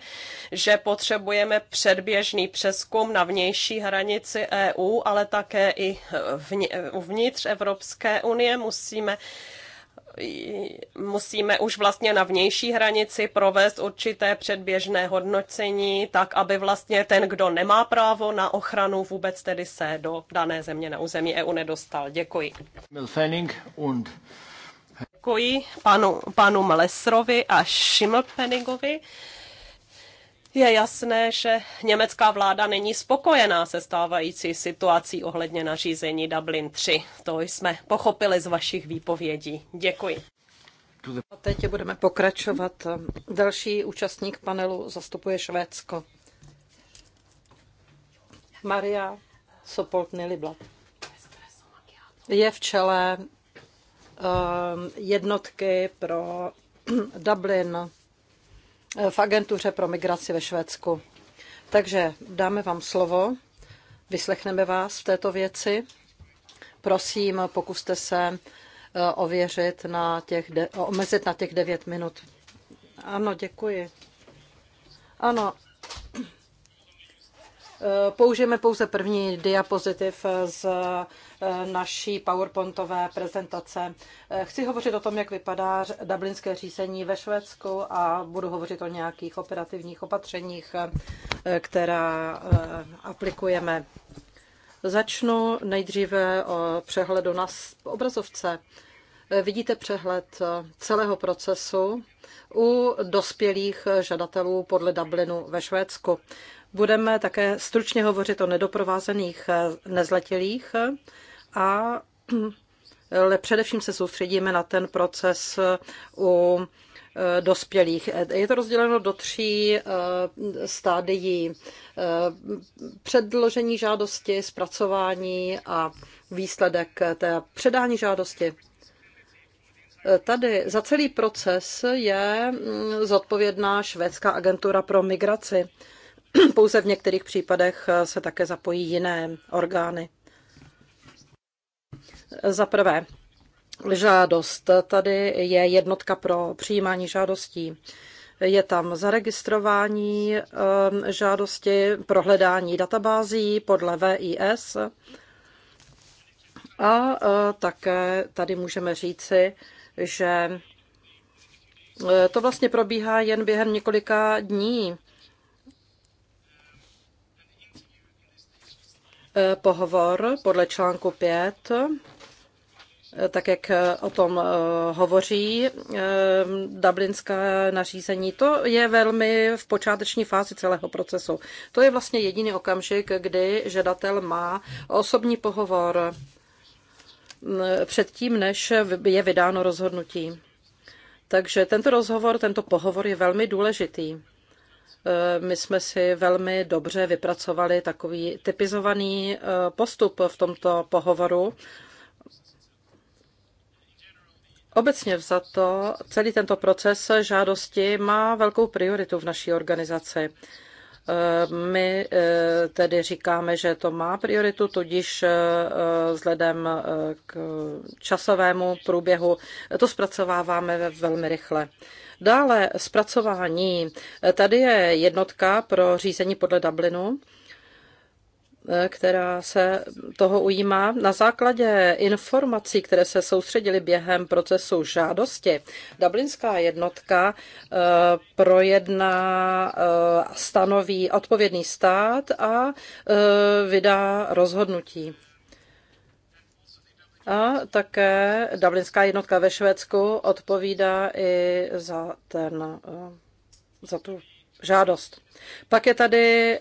že potřebujeme předběžný přeskum na vnější hranici EU, ale také i uvnitř Evropské unie musíme musíme už vlastně na vnější hranici provést určité předběžné hodnocení, tak aby vlastně ten, kdo nemá právo na ochranu, vůbec tedy se do dané země na území EU nedostal. Děkuji. Děkuji panu, panu Mlesrovi a Schimmelpenningovi. Je jasné, že německá vláda není spokojená se stávající situací ohledně nařízení Dublin 3. To jsme pochopili z vašich výpovědí. Děkuji. A teď budeme pokračovat. Další účastník panelu zastupuje Švédsko. Maria Sopolt Niliblad. Je v čele eh, jednotky pro Dublin v agentuře pro migraci ve Švédsku. Takže dáme vám slovo, vyslechneme vás v této věci. Prosím, pokuste se eh, ověřit na těch, omezit na těch devět minut. Ano, děkuji. Ano, Eh, použijeme pouze první diapozitiv z eh, naší PowerPointové prezentace. Eh, chci hovořit o tom, jak vypadá dublinské řízení ve Švédsku a budu hovořit o nějakých operativních opatřeních, která aplikujeme. Začnu nejdříve o přehledu na obrazovce. Vidíte přehled celého procesu u dospělých žadatelů podle Dublinu ve Švédsku. Budeme také stručně hovořit o nedoprovázených eh, nezletilých eh, a ale především se soustředíme na ten proces eh, u dospělých. Je to rozděleno do tří stádií předložení žádosti, zpracování a výsledek té předání žádosti. Tady za celý proces je mm, zodpovědná švédská agentura pro migraci. pouze v některých případech eh, se také zapojí jiné orgány. Za prvé, žádost. Tady je jednotka pro přijímání žádostí. Je tam zaregistrování ehm, žádosti, prohledání databází podle VIS a eh, také tady můžeme říci, že eh, to vlastně probíhá jen během několika dní Eh, pohovor podle článku 5, eh, tak jak eh, o tom hovoří dublinská nařízení, to je velmi v počáteční fázi celého procesu. To je vlastně jediný okamžik, kdy žadatel má osobní pohovor mm, předtím, než je vydáno rozhodnutí. Takže tento rozhovor, tento pohovor je velmi důležitý. Eh, my jsme si velmi dobře vypracovali takový typizovaný eh, postup v tomto pohovoru. Obecně vzato, celý tento proces žádosti má velkou prioritu v naší organizaci. Eh, my tedy říkáme, že to má prioritu, tudíž vzhledem k časovému průběhu to zpracováváme velmi rychle. Dále zpracování. Tady je jednotka pro řízení podle Dublinu která se toho ujímá. Na základě informací, které se soustředily během procesu žádosti, Dublinská jednotka eh, projedná, eh, stanoví odpovědný stát a eh, vydá rozhodnutí. A také Dublinská jednotka ve Švédsku odpovídá i za, ten, eh, za tu žádost. Pak je tady eh,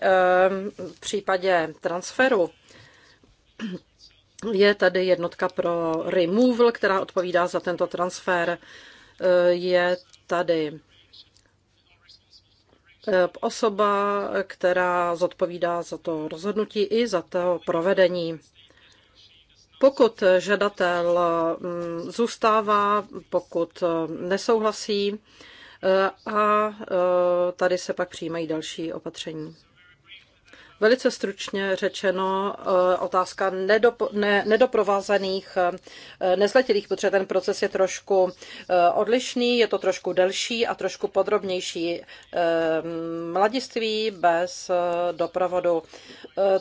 v případě transferu je tady jednotka pro removal, která odpovídá za tento transfer. Eh, je tady osoba, která zodpovídá za to rozhodnutí i za to provedení. Pokud žadatel mm, zůstává, pokud e, nesouhlasí, e, a e, tady se pak přijímají další opatření. Velice stručně řečeno eh, otázka nedop, ne, nedoprovázených eh, nezletilých, protože ten proces je trošku eh, odlišný, je to trošku delší a trošku podrobnější. Mladiství bez doprovodu.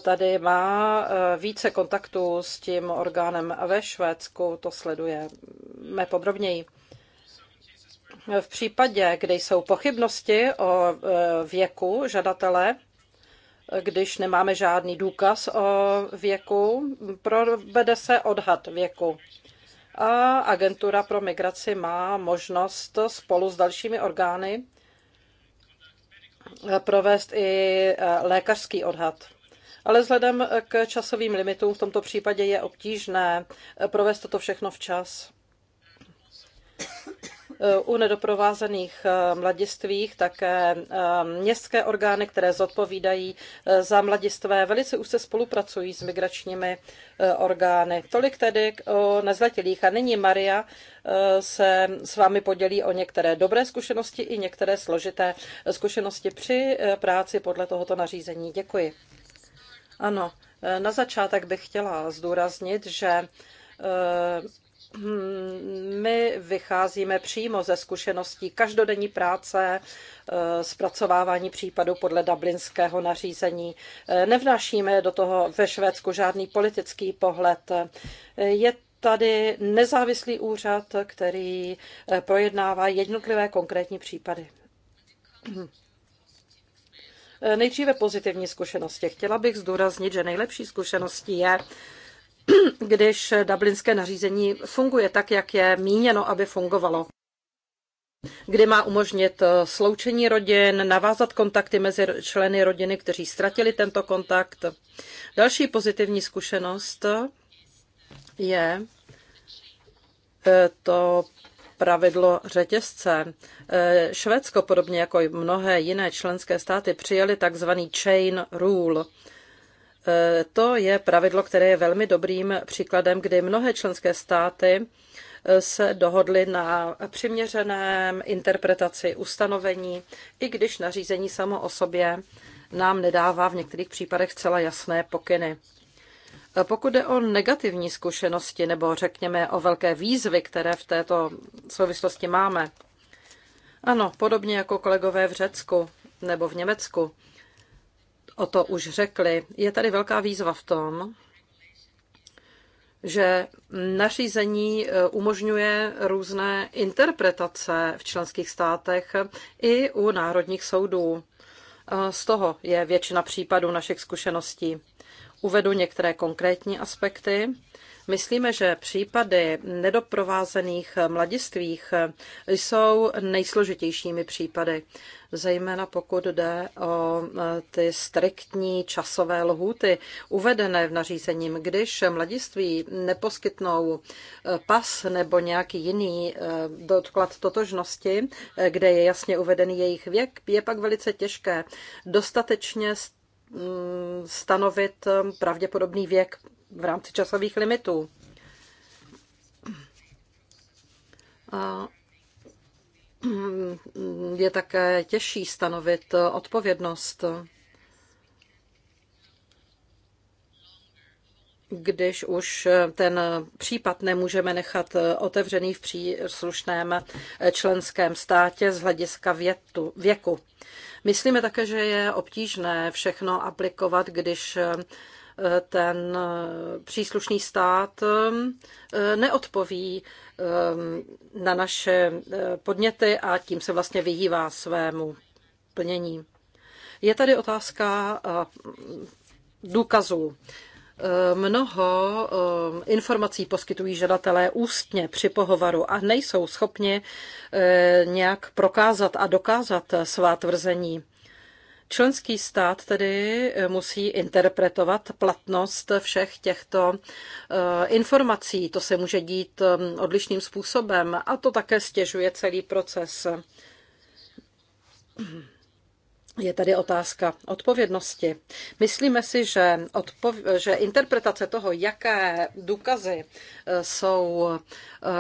Tady má více kontaktů s tím orgánem ve Švédsku, to sledujeme podrobněji. V případě, kdy jsou pochybnosti o věku žadatele, když nemáme žádný důkaz o věku, provede se odhad věku. A agentura pro migraci má možnost spolu s dalšími orgány eh, provést i eh, lékařský odhad. Ale vzhledem k časovým limitům v tomto případě je obtížné eh, provést toto všechno včas u nedoprovázených eh, mladistvých také eh, městské orgány, které zodpovídají eh, za mladistvé, velice už se spolupracují s migračními orgány. Tolik tedy o nezletilých. A nyní Maria se s vámi podělí o některé dobré zkušenosti i některé složité zkušenosti při práci podle tohoto nařízení. Děkuji. Ano, na začátek bych chtěla zdůraznit, že Hmm, my vycházíme přímo ze zkušeností každodenní práce, eh, zpracovávání případů podle dublinského nařízení. Eh, nevnášíme do toho ve Švédsku žádný politický pohled. Eh, je tady nezávislý úřad, který projednává jednotlivé konkrétní případy. Nejdříve pozitivní zkušenosti. Chtěla bych zdůraznit, že nejlepší zkušeností je, když dublinské nařízení funguje tak, jak je míněno, aby fungovalo kdy má umožnit eh, sloučení rodin, navázat kontakty mezi členy rodiny, kteří ztratili tento kontakt. Další pozitivní zkušenost je eh, to pravidlo řetězce. Eh, Švédsko, podobně jako i mnohé jiné členské státy, přijali takzvaný chain rule – E, to je pravidlo, které je velmi dobrým příkladem, kdy mnohé členské státy e, se dohodly na přiměřeném interpretaci ustanovení, i když nařízení samo o sobě nám nedává v některých případech zcela jasné pokyny. E, pokud jde o negativní zkušenosti nebo řekněme o velké výzvy, které v této souvislosti máme, ano, podobně jako kolegové v Řecku nebo v Německu, o to už řekli. Je tady velká výzva v tom, že nařízení e, umožňuje různé interpretace v členských státech i u národních soudů. E, z toho je většina případů našich zkušeností. Uvedu některé konkrétní aspekty Myslíme, že případy nedoprovázených mladistvých jsou nejsložitějšími případy, zejména pokud jde o e, ty striktní časové lhůty uvedené v nařízením. Když mladiství neposkytnou e, pas nebo nějaký jiný e, doklad totožnosti, kde je jasně uvedený jejich věk, je pak velice těžké dostatečně Mm, stanovit mm, pravděpodobný věk v rámci časových limitů. A mm, je také těžší stanovit eh, odpovědnost, když už eh, ten případ nemůžeme nechat eh, otevřený v příslušném členském státě z hlediska větu, věku. Myslíme také, že je obtížné všechno aplikovat, když eh, ten eh, příslušný stát eh, neodpoví na naše podněty a tím se vlastně vyhývá svému plnění. Je tady otázka důkazů. Eh, mnoho eh, informací poskytují žadatelé ústně při pohovoru a nejsou schopni eh, nějak prokázat a dokázat svá tvrzení. Členský stát tedy musí interpretovat platnost všech těchto informací. To se může dít odlišným způsobem a to také stěžuje celý proces je tady otázka odpovědnosti. Myslíme si, že, odpov- že interpretace toho, jaké důkazy e, jsou e,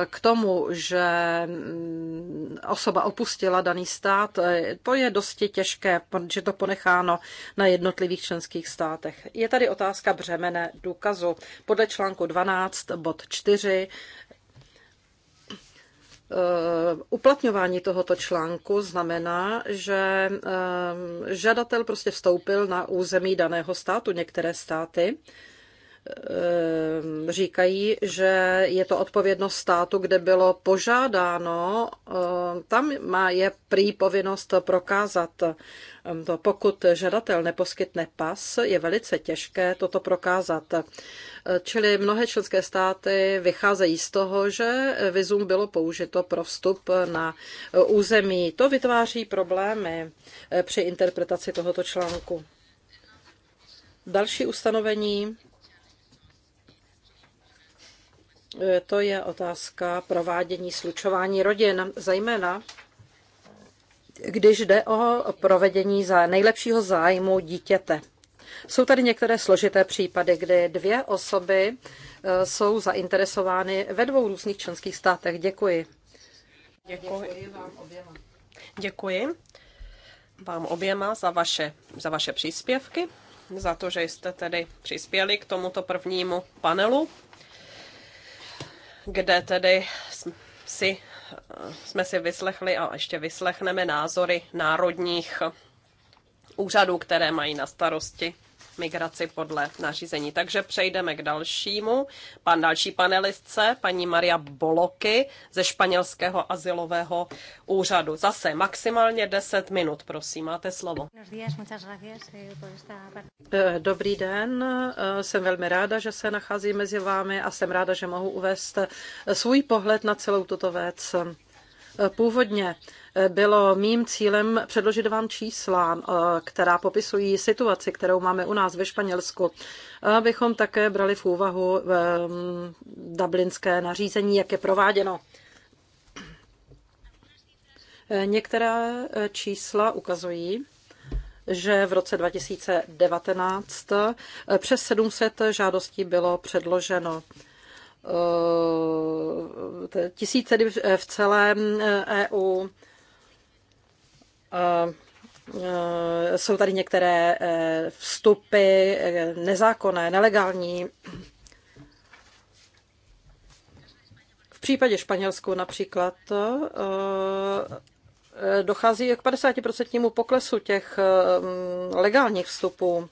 k tomu, že mm, osoba opustila daný stát, e, to je dosti těžké, že to ponecháno na jednotlivých členských státech. Je tady otázka břemene důkazu. Podle článku 12 bod 4 Eh, uplatňování tohoto článku znamená, že eh, žadatel prostě vstoupil na území daného státu. Některé státy Ehm, říkají, že je to odpovědnost státu, kde bylo požádáno, ehm, tam má je prý povinnost prokázat ehm, to. Pokud žadatel neposkytne pas, je velice těžké toto prokázat. Eh, čili mnohé členské státy vycházejí z toho, že vizum bylo použito pro vstup na území. To vytváří problémy eh, při interpretaci tohoto článku. Další ustanovení to je otázka provádění slučování rodin, zejména když jde o provedení za nejlepšího zájmu dítěte. Jsou tady některé složité případy, kdy dvě osoby e, jsou zainteresovány ve dvou různých členských státech. Děkuji. Děkuji, Děkuji vám oběma. Děkuji vám oběma za vaše, za vaše příspěvky, za to, že jste tedy přispěli k tomuto prvnímu panelu kde tedy si, jsme si vyslechli a ještě vyslechneme názory národních úřadů, které mají na starosti migraci podle nařízení. Takže přejdeme k dalšímu. Pan další panelistce, paní Maria Boloky ze španělského asilového úřadu. Zase maximálně 10 minut, prosím, máte slovo. Eh, eh, dobrý den, eh, jsem velmi ráda, že se nacházím mezi vámi a jsem ráda, že mohu uvést svůj pohled na celou tuto věc. Původně eh, bylo mým cílem předložit vám čísla, eh, která popisují situaci, kterou máme u nás ve Španělsku, abychom také brali v úvahu eh, dublinské nařízení, jak je prováděno. Některá čísla ukazují, že v roce 2019 přes 700 žádostí bylo předloženo tisíce v celém EU. Eh, e eh, jsou tady některé eh, vstupy nezákonné, nelegální. V případě Španělsku například dochází k 50% poklesu těch legálních vstupů.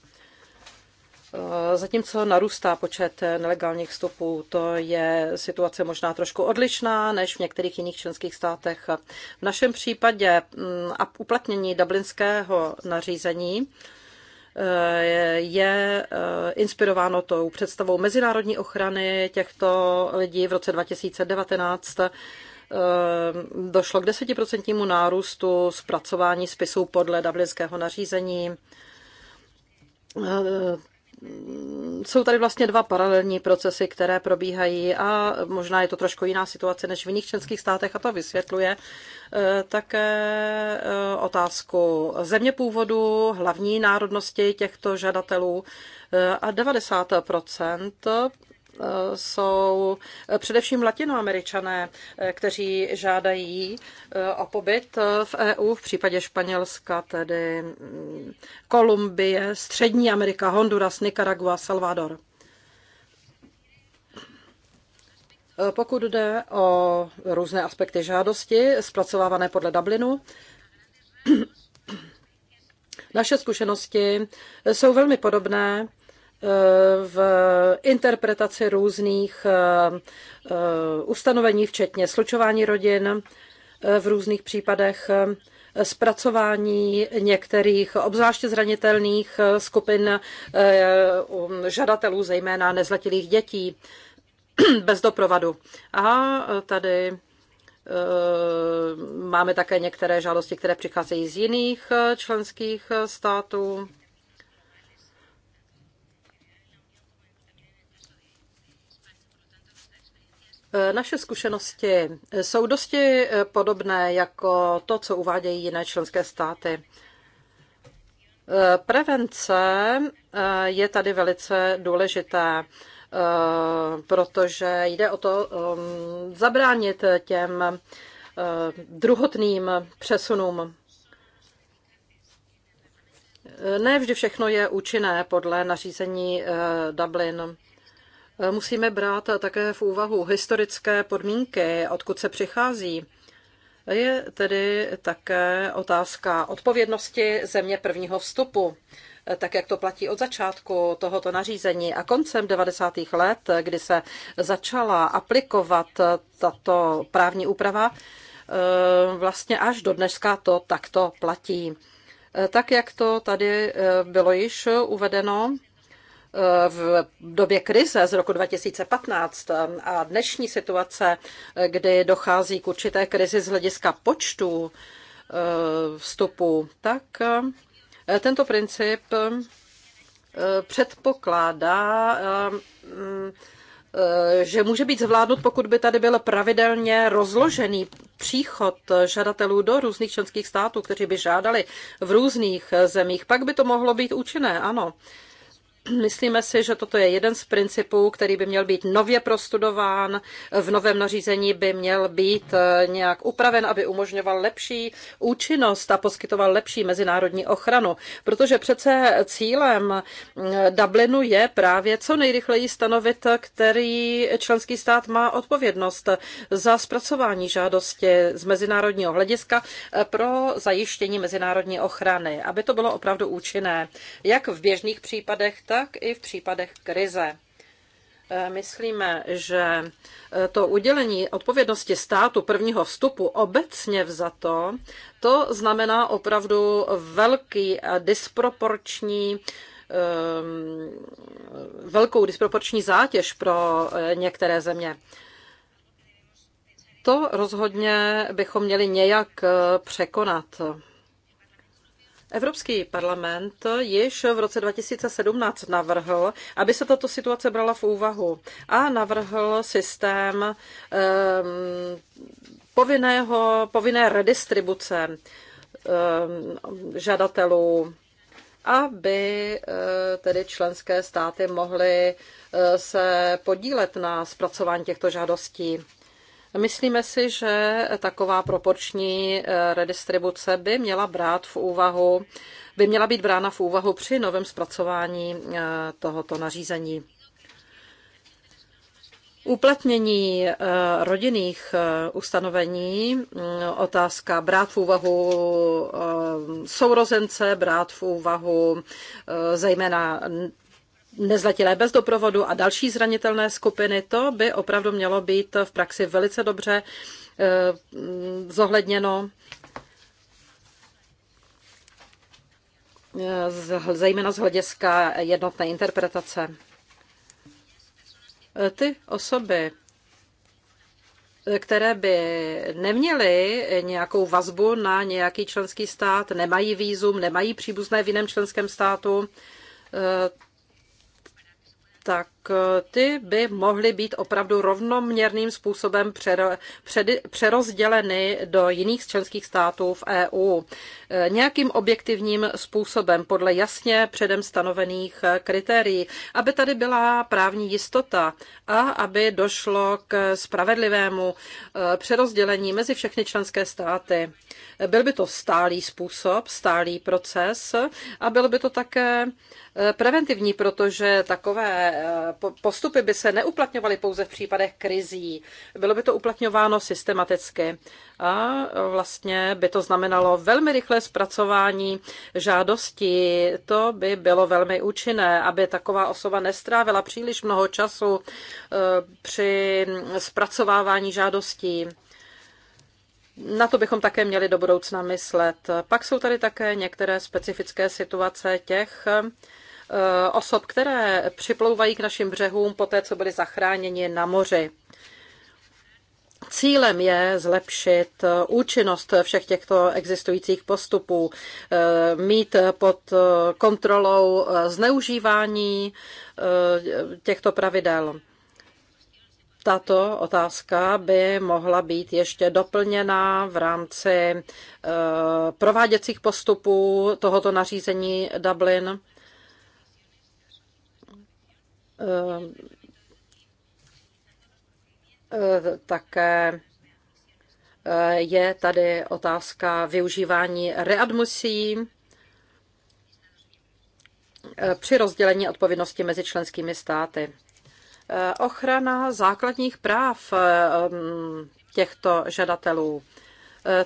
Eh, zatímco narůstá počet nelegálních vstupů, to je situace možná trošku odlišná než v některých jiných členských státech. V našem případě mm, a uplatnění dublinského nařízení eh, je eh, inspirováno tou představou mezinárodní ochrany těchto lidí v roce 2019 došlo k desetiprocentnímu nárůstu zpracování spisů podle dublinského nařízení jsou tady vlastně dva paralelní procesy, které probíhají a možná je to trošku jiná situace než v jiných členských státech a to vysvětluje eh, také eh, otázku země původu, hlavní národnosti těchto žadatelů eh, a 90 jsou především latinoameričané, eh, kteří žádají eh, o pobyt eh, v EU, v případě Španělska, tedy mm, Kolumbie, Střední Amerika, Honduras, Nicaragua, Salvador. Pokud jde o různé aspekty žádosti, zpracovávané podle Dublinu, naše zkušenosti jsou velmi podobné v interpretaci různých eh, eh, ustanovení, včetně slučování rodin eh, v různých případech, zpracování některých obzvláště zranitelných skupin žadatelů, zejména nezletilých dětí, bez doprovadu. A tady máme také některé žádosti, které přicházejí z jiných členských států. Eh, naše zkušenosti eh, jsou dosti eh, podobné jako to, co uvádějí jiné členské státy. Prevence je tady velice důležitá, protože jde o to ehm, zabránit těm druhotným přesunům. Ne vždy všechno je účinné podle nařízení Dublin musíme brát také v úvahu historické podmínky, odkud se přichází. Je tedy také otázka odpovědnosti země prvního vstupu, tak jak to platí od začátku tohoto nařízení a koncem 90. let, kdy se začala aplikovat tato právní úprava, vlastně až do dneska to takto platí. Tak, jak to tady bylo již uvedeno, v době krize z roku 2015 a dnešní situace, kdy dochází k určité krizi z hlediska počtu eh, vstupů, tak eh, tento princip eh, předpokládá, že může být zvládnut, pokud by tady byl pravidelně rozložený příchod žadatelů do různých členských států, kteří by žádali v různých zemích. Pak by to mohlo být účinné, ano. Myslíme si, že toto je jeden z principů, který by měl být nově prostudován, v novém nařízení by měl být eh, nějak upraven, aby umožňoval lepší účinnost a poskytoval lepší mezinárodní ochranu. Protože přece cílem eh, Dublinu je právě co nejrychleji stanovit, který členský stát má odpovědnost za zpracování žádosti z mezinárodního hlediska eh, pro zajištění mezinárodní ochrany, aby to bylo opravdu účinné, jak v běžných případech, tak tak i v případech krize. Eh, myslíme, že eh, to udělení odpovědnosti státu prvního vstupu obecně vzato, to znamená opravdu velký a disproporční ehm, velkou disproporční zátěž pro eh, některé země. To rozhodně bychom měli nějak překonat. Evropský parlament již v roce 2017 navrhl, aby se tato situace brala v úvahu a navrhl systém um, povinného, povinné redistribuce um, žadatelů, aby uh, tedy členské státy mohly uh, se podílet na zpracování těchto žádostí. Myslíme si, že taková proporční eh, redistribuce by měla brát v úvahu, by měla být brána v úvahu při novém zpracování eh, tohoto nařízení. Uplatnění eh, rodinných ustanovení, mm, otázka brát v úvahu sourozence, brát v úvahu zejména nezletilé bez doprovodu a další zranitelné skupiny, to by opravdu mělo být v praxi velice dobře eh, mm, zohledněno. Eh, zejména z hlediska jednotné interpretace. Eh, ty osoby, které by neměly nějakou vazbu na nějaký členský stát, nemají výzum, nemají příbuzné v jiném členském státu, tak Eh, ty by mohly být opravdu rovnoměrným způsobem přerozděleny do jiných členských států v EU. Eh, nějakým objektivním způsobem, podle jasně předem stanovených eh, kritérií, aby tady byla právní jistota a aby došlo k spravedlivému přerozdělení mezi všechny členské státy. Byl by to stálý způsob, stálý proces a bylo by to také preventivní, protože takové postupy by se neuplatňovaly pouze v případech krizí. Bylo by to uplatňováno systematicky a vlastně by to znamenalo velmi rychlé zpracování žádosti. To by bylo velmi účinné, aby taková osoba nestrávila příliš mnoho času eh, při zpracovávání žádostí. Na to bychom také měli do budoucna myslet. Pak jsou tady také některé specifické situace těch, Eh, osob, které připlouvají k našim břehům po té, co byly zachráněni na moři. Cílem je zlepšit eh, účinnost všech těchto existujících postupů, eh, mít pod kontrolou zneužívání těchto pravidel. Tato otázka by mohla být ještě doplněna v rámci prováděcích postupů tohoto nařízení Dublin Ehm, ehm, také ehm, je tady otázka využívání readmusí při rozdělení odpovědnosti mezi členskými státy. Ochrana základních práv těchto žadatelů.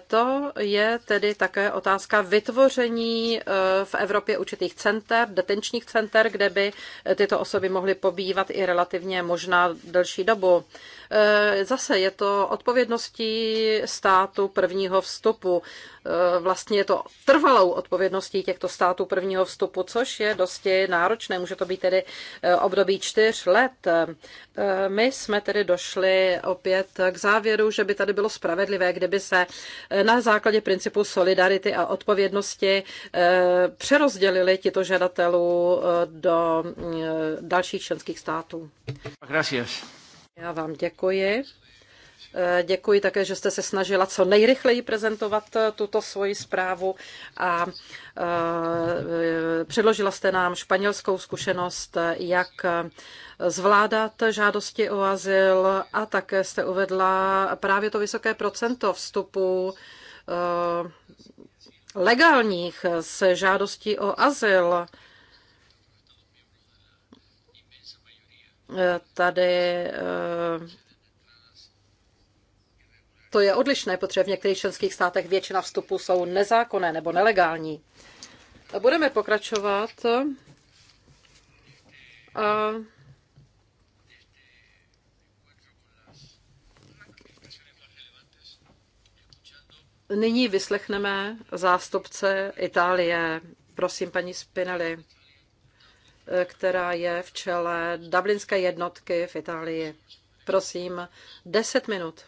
To je tedy také otázka vytvoření eh, v Evropě určitých center, detenčních center, kde by eh, tyto osoby mohly pobývat i relativně možná delší dobu. Eh, zase je to odpovědností státu prvního vstupu. Eh, vlastně je to trvalou odpovědností těchto států prvního vstupu, což je dosti náročné. Může to být tedy eh, období čtyř let. My jsme tedy došli opět k závěru, že by tady bylo spravedlivé, kdyby se na základě principu solidarity a odpovědnosti přerozdělili tito žadatelů do mm, dalších členských států. Gracias. Já vám děkuji. Eh, děkuji také, že jste se snažila co nejrychleji prezentovat eh, tuto svoji zprávu a eh, předložila jste nám španělskou zkušenost, jak zvládat žádosti o azyl a také jste uvedla právě to vysoké procento vstupu legálních se žádostí o azyl. tady eh, to je odlišné, protože v některých členských státech většina vstupů jsou nezákonné nebo nelegální. Budeme pokračovat. A Nyní vyslechneme zástupce Itálie. Prosím, paní Spinelli. Eh, která je v čele Dublinské jednotky v Itálii. Prosím, 10 minut.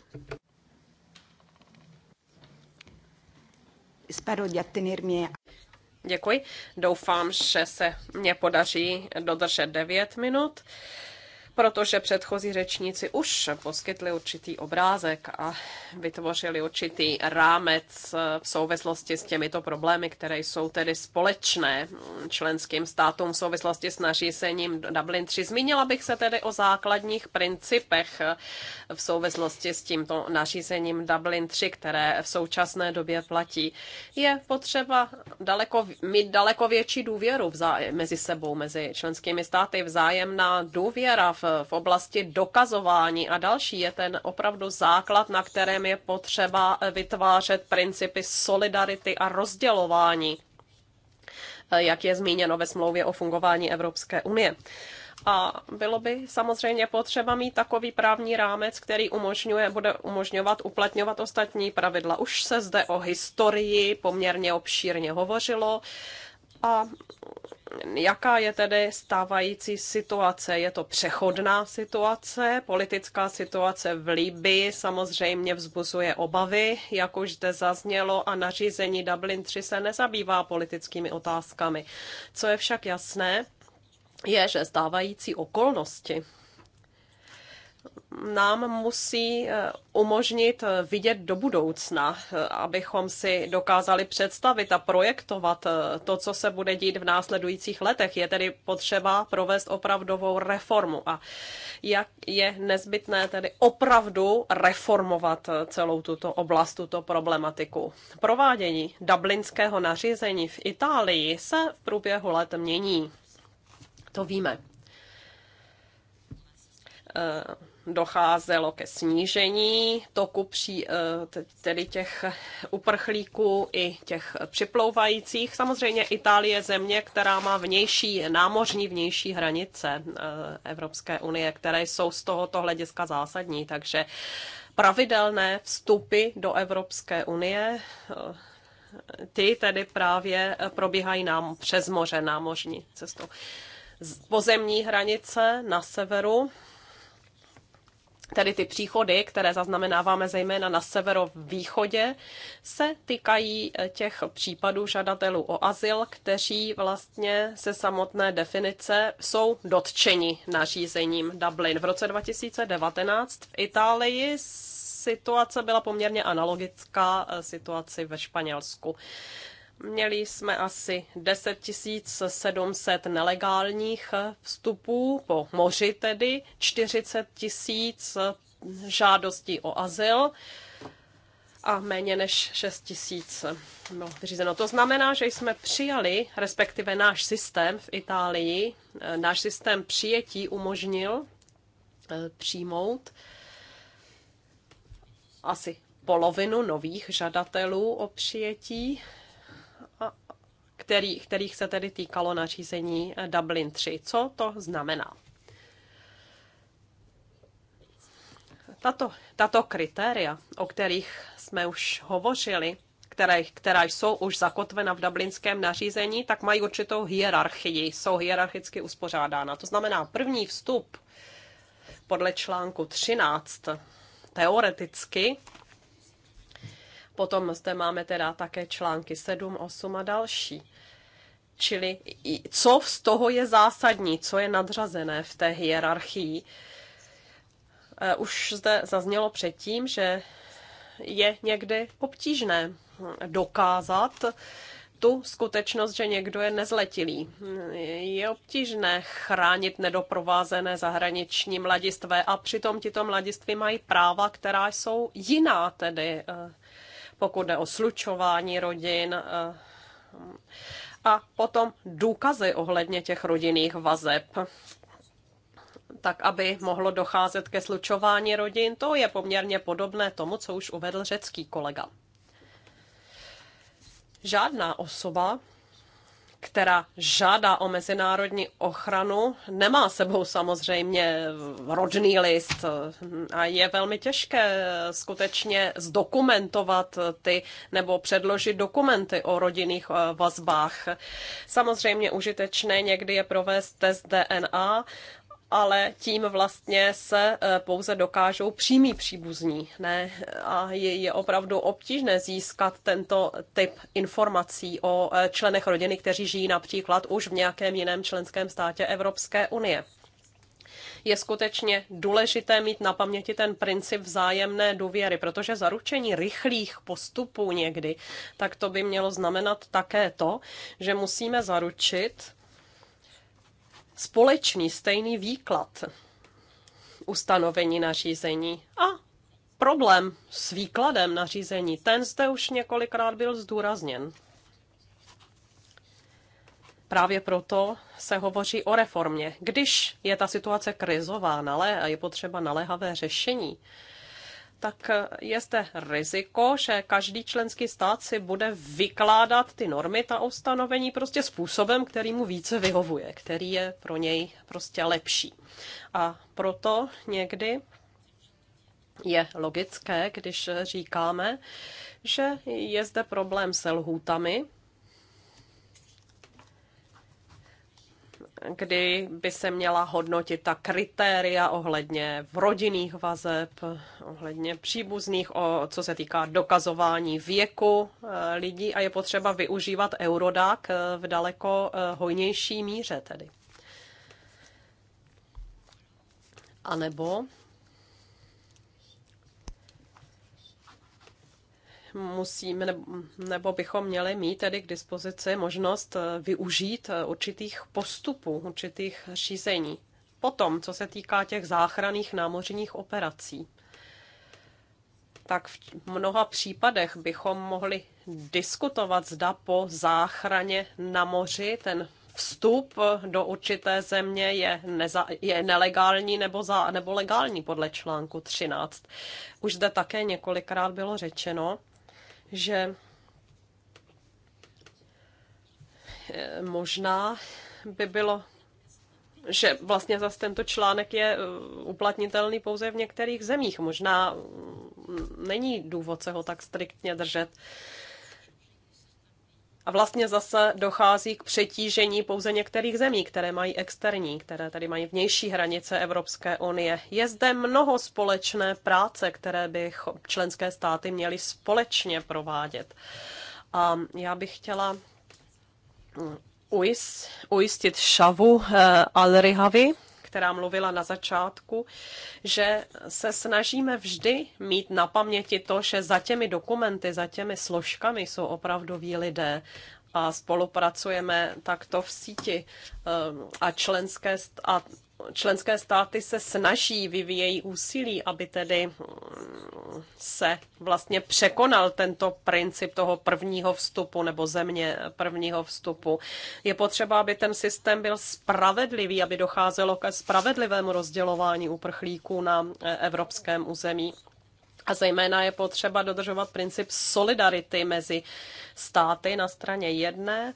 Děkuji. Doufám, že se mě podaří dodržet 9 minut protože předchozí řečníci už poskytli určitý obrázek a vytvořili určitý rámec v souvislosti s těmito problémy, které jsou tedy společné členským státům v souvislosti s nařízením Dublin 3. Zmínila bych se tedy o základních principech v souvislosti s tímto nařízením Dublin 3, které v současné době platí. Je potřeba daleko, mít daleko větší důvěru vzájem, mezi sebou, mezi členskými státy, vzájemná důvěra v v, oblasti dokazování a další je ten opravdu základ, na kterém je potřeba vytvářet principy solidarity a rozdělování, jak je zmíněno ve smlouvě o fungování Evropské unie. A bylo by samozřejmě potřeba mít takový právní rámec, který umožňuje, bude umožňovat uplatňovat ostatní pravidla. Už se zde o historii poměrně obšírně hovořilo. A jaká je tedy stávající situace? Je to přechodná situace, politická situace v Libii samozřejmě vzbuzuje obavy, jak už zde zaznělo, a nařízení Dublin 3 se nezabývá politickými otázkami. Co je však jasné, je, že stávající okolnosti nám musí eh, umožnit eh, vidět do budoucna, eh, abychom si dokázali představit a projektovat to, co se bude dít v následujících letech. Je tedy potřeba provést opravdovou reformu a jak je nezbytné tedy opravdu reformovat celou tuto oblast, tuto problematiku. Provádění dublinského nařízení v Itálii se v průběhu let mění. To víme docházelo ke snížení toku při, eh, tedy těch uprchlíků i těch připlouvajících. Samozřejmě Itálie je země, která má vnější námořní vnější hranice eh, Evropské unie, které jsou z tohoto hlediska zásadní, takže pravidelné vstupy do Evropské unie eh, ty tedy právě probíhají nám přes moře námořní cestou. Pozemní hranice na severu tedy ty příchody, které zaznamenáváme zejména na severovýchodě, se týkají eh, těch případů žadatelů o azyl, kteří vlastně se samotné definice jsou dotčeni nařízením Dublin. V roce 2019 v Itálii situace byla poměrně analogická eh, situaci ve Španělsku. Měli jsme asi 10 700 nelegálních vstupů po moři tedy, 40 000 žádostí o azyl a méně než 6 tisíc bylo no, vyřízeno. To znamená, že jsme přijali, respektive náš systém v Itálii, eh, náš systém přijetí umožnil eh, přijmout asi polovinu nových žadatelů o přijetí který, kterých se tedy týkalo nařízení eh, Dublin 3. Co to znamená? Tato, tato kritéria, o kterých jsme už hovořili, které, která jsou už zakotvena v dublinském nařízení, tak mají určitou hierarchii, jsou hierarchicky uspořádána. To znamená, první vstup podle článku 13 teoreticky Potom zde máme teda také články 7, 8 a další. Čili co z toho je zásadní, co je nadřazené v té hierarchii. Eh, už zde zaznělo předtím, že je někdy obtížné dokázat, tu skutečnost, že někdo je nezletilý. Je obtížné chránit nedoprovázené zahraniční mladistvé a přitom tito mladiství mají práva, která jsou jiná, tedy eh, pokud jde o slučování rodin. Eh, a potom důkazy ohledně těch rodinných vazeb tak aby mohlo docházet ke slučování rodin, to je poměrně podobné tomu, co už uvedl řecký kolega. Žádná osoba která žádá o mezinárodní ochranu, nemá sebou samozřejmě rodný list a je velmi těžké skutečně zdokumentovat ty nebo předložit dokumenty o rodinných eh, vazbách. Samozřejmě užitečné někdy je provést test DNA ale tím vlastně se e, pouze dokážou přímí příbuzní. Ne? A je, je opravdu obtížné získat tento typ informací o e, členech rodiny, kteří žijí například už v nějakém jiném členském státě Evropské unie. Je skutečně důležité mít na paměti ten princip vzájemné důvěry, protože zaručení rychlých postupů někdy, tak to by mělo znamenat také to, že musíme zaručit, společný, stejný výklad ustanovení nařízení. A problém s výkladem nařízení, ten zde už několikrát byl zdůrazněn. Právě proto se hovoří o reformě. Když je ta situace krizová, je potřeba naléhavé řešení, tak eh, je zde riziko, že každý členský stát si bude vykládat ty normy, ta ustanovení prostě způsobem, který mu více vyhovuje, který je pro něj prostě lepší. A proto někdy je logické, když říkáme, že je zde problém se lhůtami, kdy by se měla hodnotit ta kritéria ohledně rodinných vazeb, ohledně příbuzných, o, co se týká dokazování věku eh, lidí a je potřeba využívat eurodák eh, v daleko eh, hojnější míře tedy. A nebo musíme, nebo bychom měli mít tedy k dispozici možnost eh, využít eh, určitých postupů, určitých řízení. Potom, co se týká těch záchranných námořních operací, tak v mnoha případech bychom mohli diskutovat, zda po záchraně na moři ten vstup eh, do určité země je, neza, je nelegální nebo, za, nebo legální podle článku 13. Už zde také několikrát bylo řečeno, že eh, možná by bylo že vlastně zase tento článek je eh, uplatnitelný pouze v některých zemích. Možná mm, není důvod se ho tak striktně držet a vlastně zase dochází k přetížení pouze některých zemí, které mají externí, které tady mají vnější hranice Evropské unie. Je zde mnoho společné práce, které by členské státy měly společně provádět. A já bych chtěla mm, ujistit Šavu eh, Alrihavi, která mluvila na začátku, že se snažíme vždy mít na paměti to, že za těmi dokumenty, za těmi složkami jsou opravdoví lidé a spolupracujeme takto v síti eh, a členské a členské státy se snaží, vyvíjejí úsilí, aby tedy mm, se vlastně překonal tento princip toho prvního vstupu nebo země prvního vstupu. Je potřeba, aby ten systém byl spravedlivý, aby docházelo ke spravedlivému rozdělování uprchlíků na e, evropském území. A zejména je potřeba dodržovat princip solidarity mezi státy na straně jedné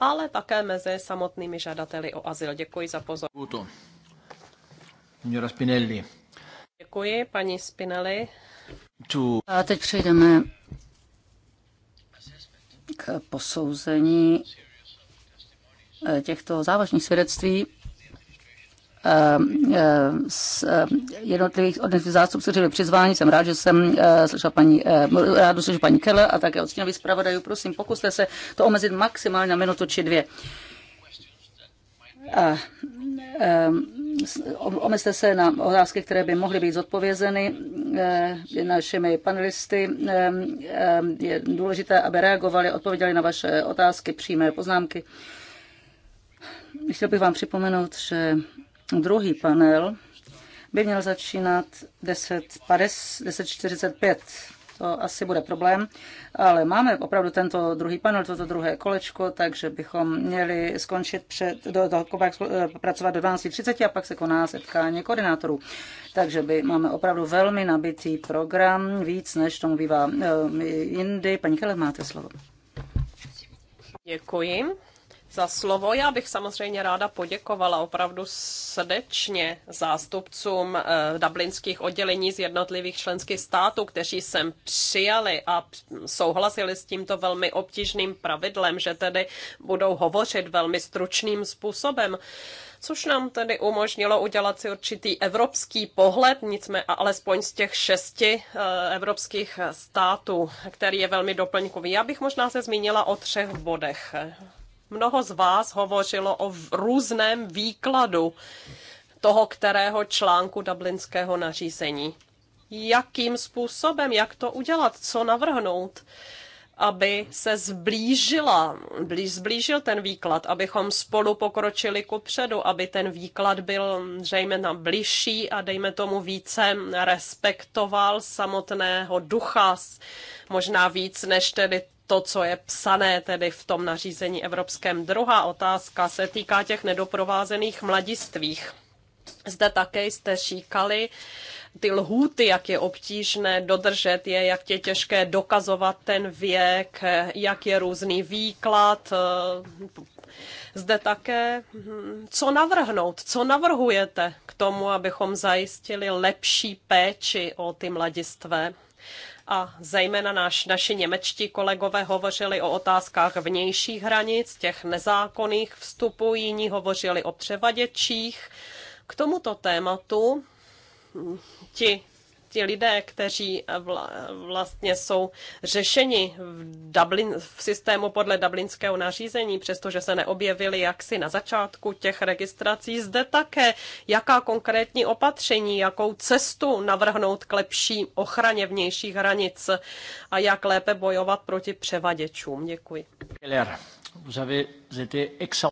ale také mezi samotnými žadateli o azyl. Děkuji za pozornost. Signora Spinelli. Děkuji, paní Spinelli. A teď přejdeme k posouzení eh, těchto závažných svědectví eh, eh, z jednotlivých odnesných zástupců, kteří byli přizváni. Jsem rád, že jsem slyšel paní, rád slyšel paní Keller a také od stínových zpravodajů. Prosím, pokuste se to omezit maximálně na minutu či dvě a omezte se na otázky, které by mohly být zodpovězeny eh, našimi panelisty. Je důležité, aby reagovali, odpověděli na vaše otázky, přímé poznámky. Chtěl bych vám připomenout, že druhý panel by měl začínat 10.45. 10 to asi bude problém, ale máme opravdu tento druhý panel, toto druhé kolečko, takže bychom měli skončit před, do, do, pracovat do 12.30 a pak se koná setkání koordinátorů. Takže by, máme opravdu velmi nabitý program, víc než tomu bývá eh, jindy. Paní Kelev, máte slovo. Děkuji za slovo. Já bych samozřejmě ráda poděkovala opravdu srdečně zástupcům eh, dublinských oddělení z jednotlivých členských států, kteří sem přijali a souhlasili s tímto velmi obtížným pravidlem, že tedy budou hovořit velmi stručným způsobem což nám tedy umožnilo udělat si určitý evropský pohled, nicméně alespoň z těch šesti eh, evropských států, který je velmi doplňkový. Já bych možná se zmínila o třech bodech. Mnoho z vás hovořilo o různém výkladu toho, kterého článku dublinského nařízení. Jakým způsobem, jak to udělat, co navrhnout, aby se zblížila, zblížil ten výklad, abychom spolu pokročili ku předu, aby ten výklad byl, dejme na bližší a dejme tomu více respektoval samotného ducha, možná víc než tedy to, co je psané tedy v tom nařízení evropském. Druhá otázka se týká těch nedoprovázených mladistvých. Zde také jste říkali, ty lhůty, jak je obtížné dodržet je, jak je těžké dokazovat ten věk, jak je různý výklad. Zde také, hm, co navrhnout, co navrhujete k tomu, abychom zajistili lepší péči o ty mladistvé? a zejména naš, naši němečtí kolegové hovořili o otázkách vnějších hranic, těch nezákonných vstupů, jiní hovořili o převaděčích. K tomuto tématu hm, ti ti lidé, kteří eh, vla, vlastně jsou řešeni v, Dublin, v systému podle dublinského nařízení, přestože se neobjevili jaksi na začátku těch registrací, zde také, jaká konkrétní opatření, jakou cestu navrhnout k lepší ochraně vnějších hranic a jak lépe bojovat proti převaděčům. Děkuji.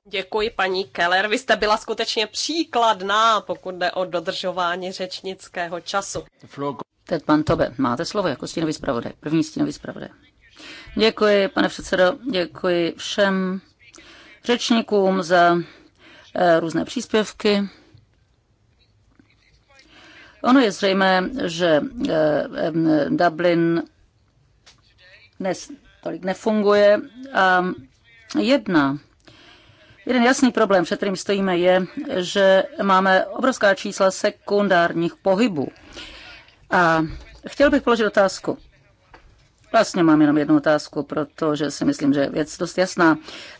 Děkuji, paní Keller. Vy jste byla skutečně příkladná, pokud jde o dodržování řečnického času. Teď pan Tobe, máte slovo jako stínový zpravodaj, první stínový zpravodaj. Děkuji, pane předsedo, děkuji všem řečníkům za eh, různé příspěvky. Ono je zřejmé, že eh, Dublin dnes tolik nefunguje a Jedna Jeden jasný problém, před kterým stojíme, je, že máme obrovská čísla sekundárních pohybů. A chtěl bych položit otázku. Vlastně mám jenom jednu otázku, protože si myslím, že je věc dost jasná.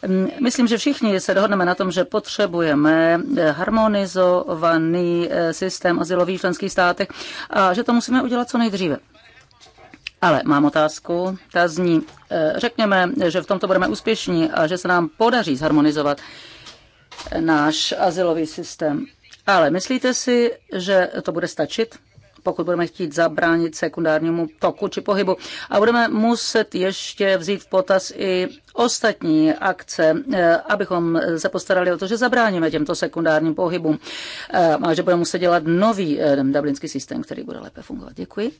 Mm, myslím, že všichni se dohodneme na tom, že potřebujeme eh, harmonizovaný eh, systém azylových členských státech a že to musíme udělat co nejdříve. Ale mám otázku, ta zní, eh, řekněme, že v tomto budeme úspěšní a že se nám podaří zharmonizovat náš asilový systém. Ale myslíte si, že to bude stačit? pokud budeme chtít zabránit sekundárnímu toku či pohybu. A budeme muset ještě vzít v potaz i ostatní akce, eh, abychom se postarali o to, že zabráníme těmto sekundárním pohybům eh, a že budeme muset dělat nový dublinský systém, který bude lépe fungovat. Děkuji.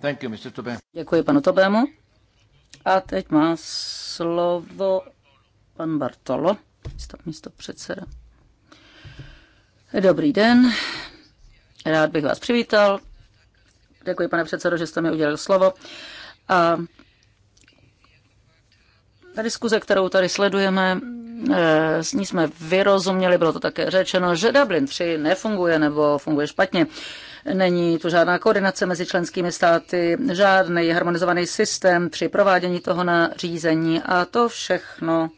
Thank you, Mr. Tobé. Děkuji panu Tobému. A teď má slovo pan Bartolo, místo, místo předseda. Dobrý den, rád bych vás přivítal. Děkuji, pane předsedo, že jste mi udělal slovo. A ta diskuze, kterou tady sledujeme, eh, s ní jsme vyrozuměli, bylo to také řečeno, že Dublin 3 nefunguje nebo funguje špatně. Není tu žádná koordinace mezi členskými státy, žádný harmonizovaný systém při provádění toho nařízení a to všechno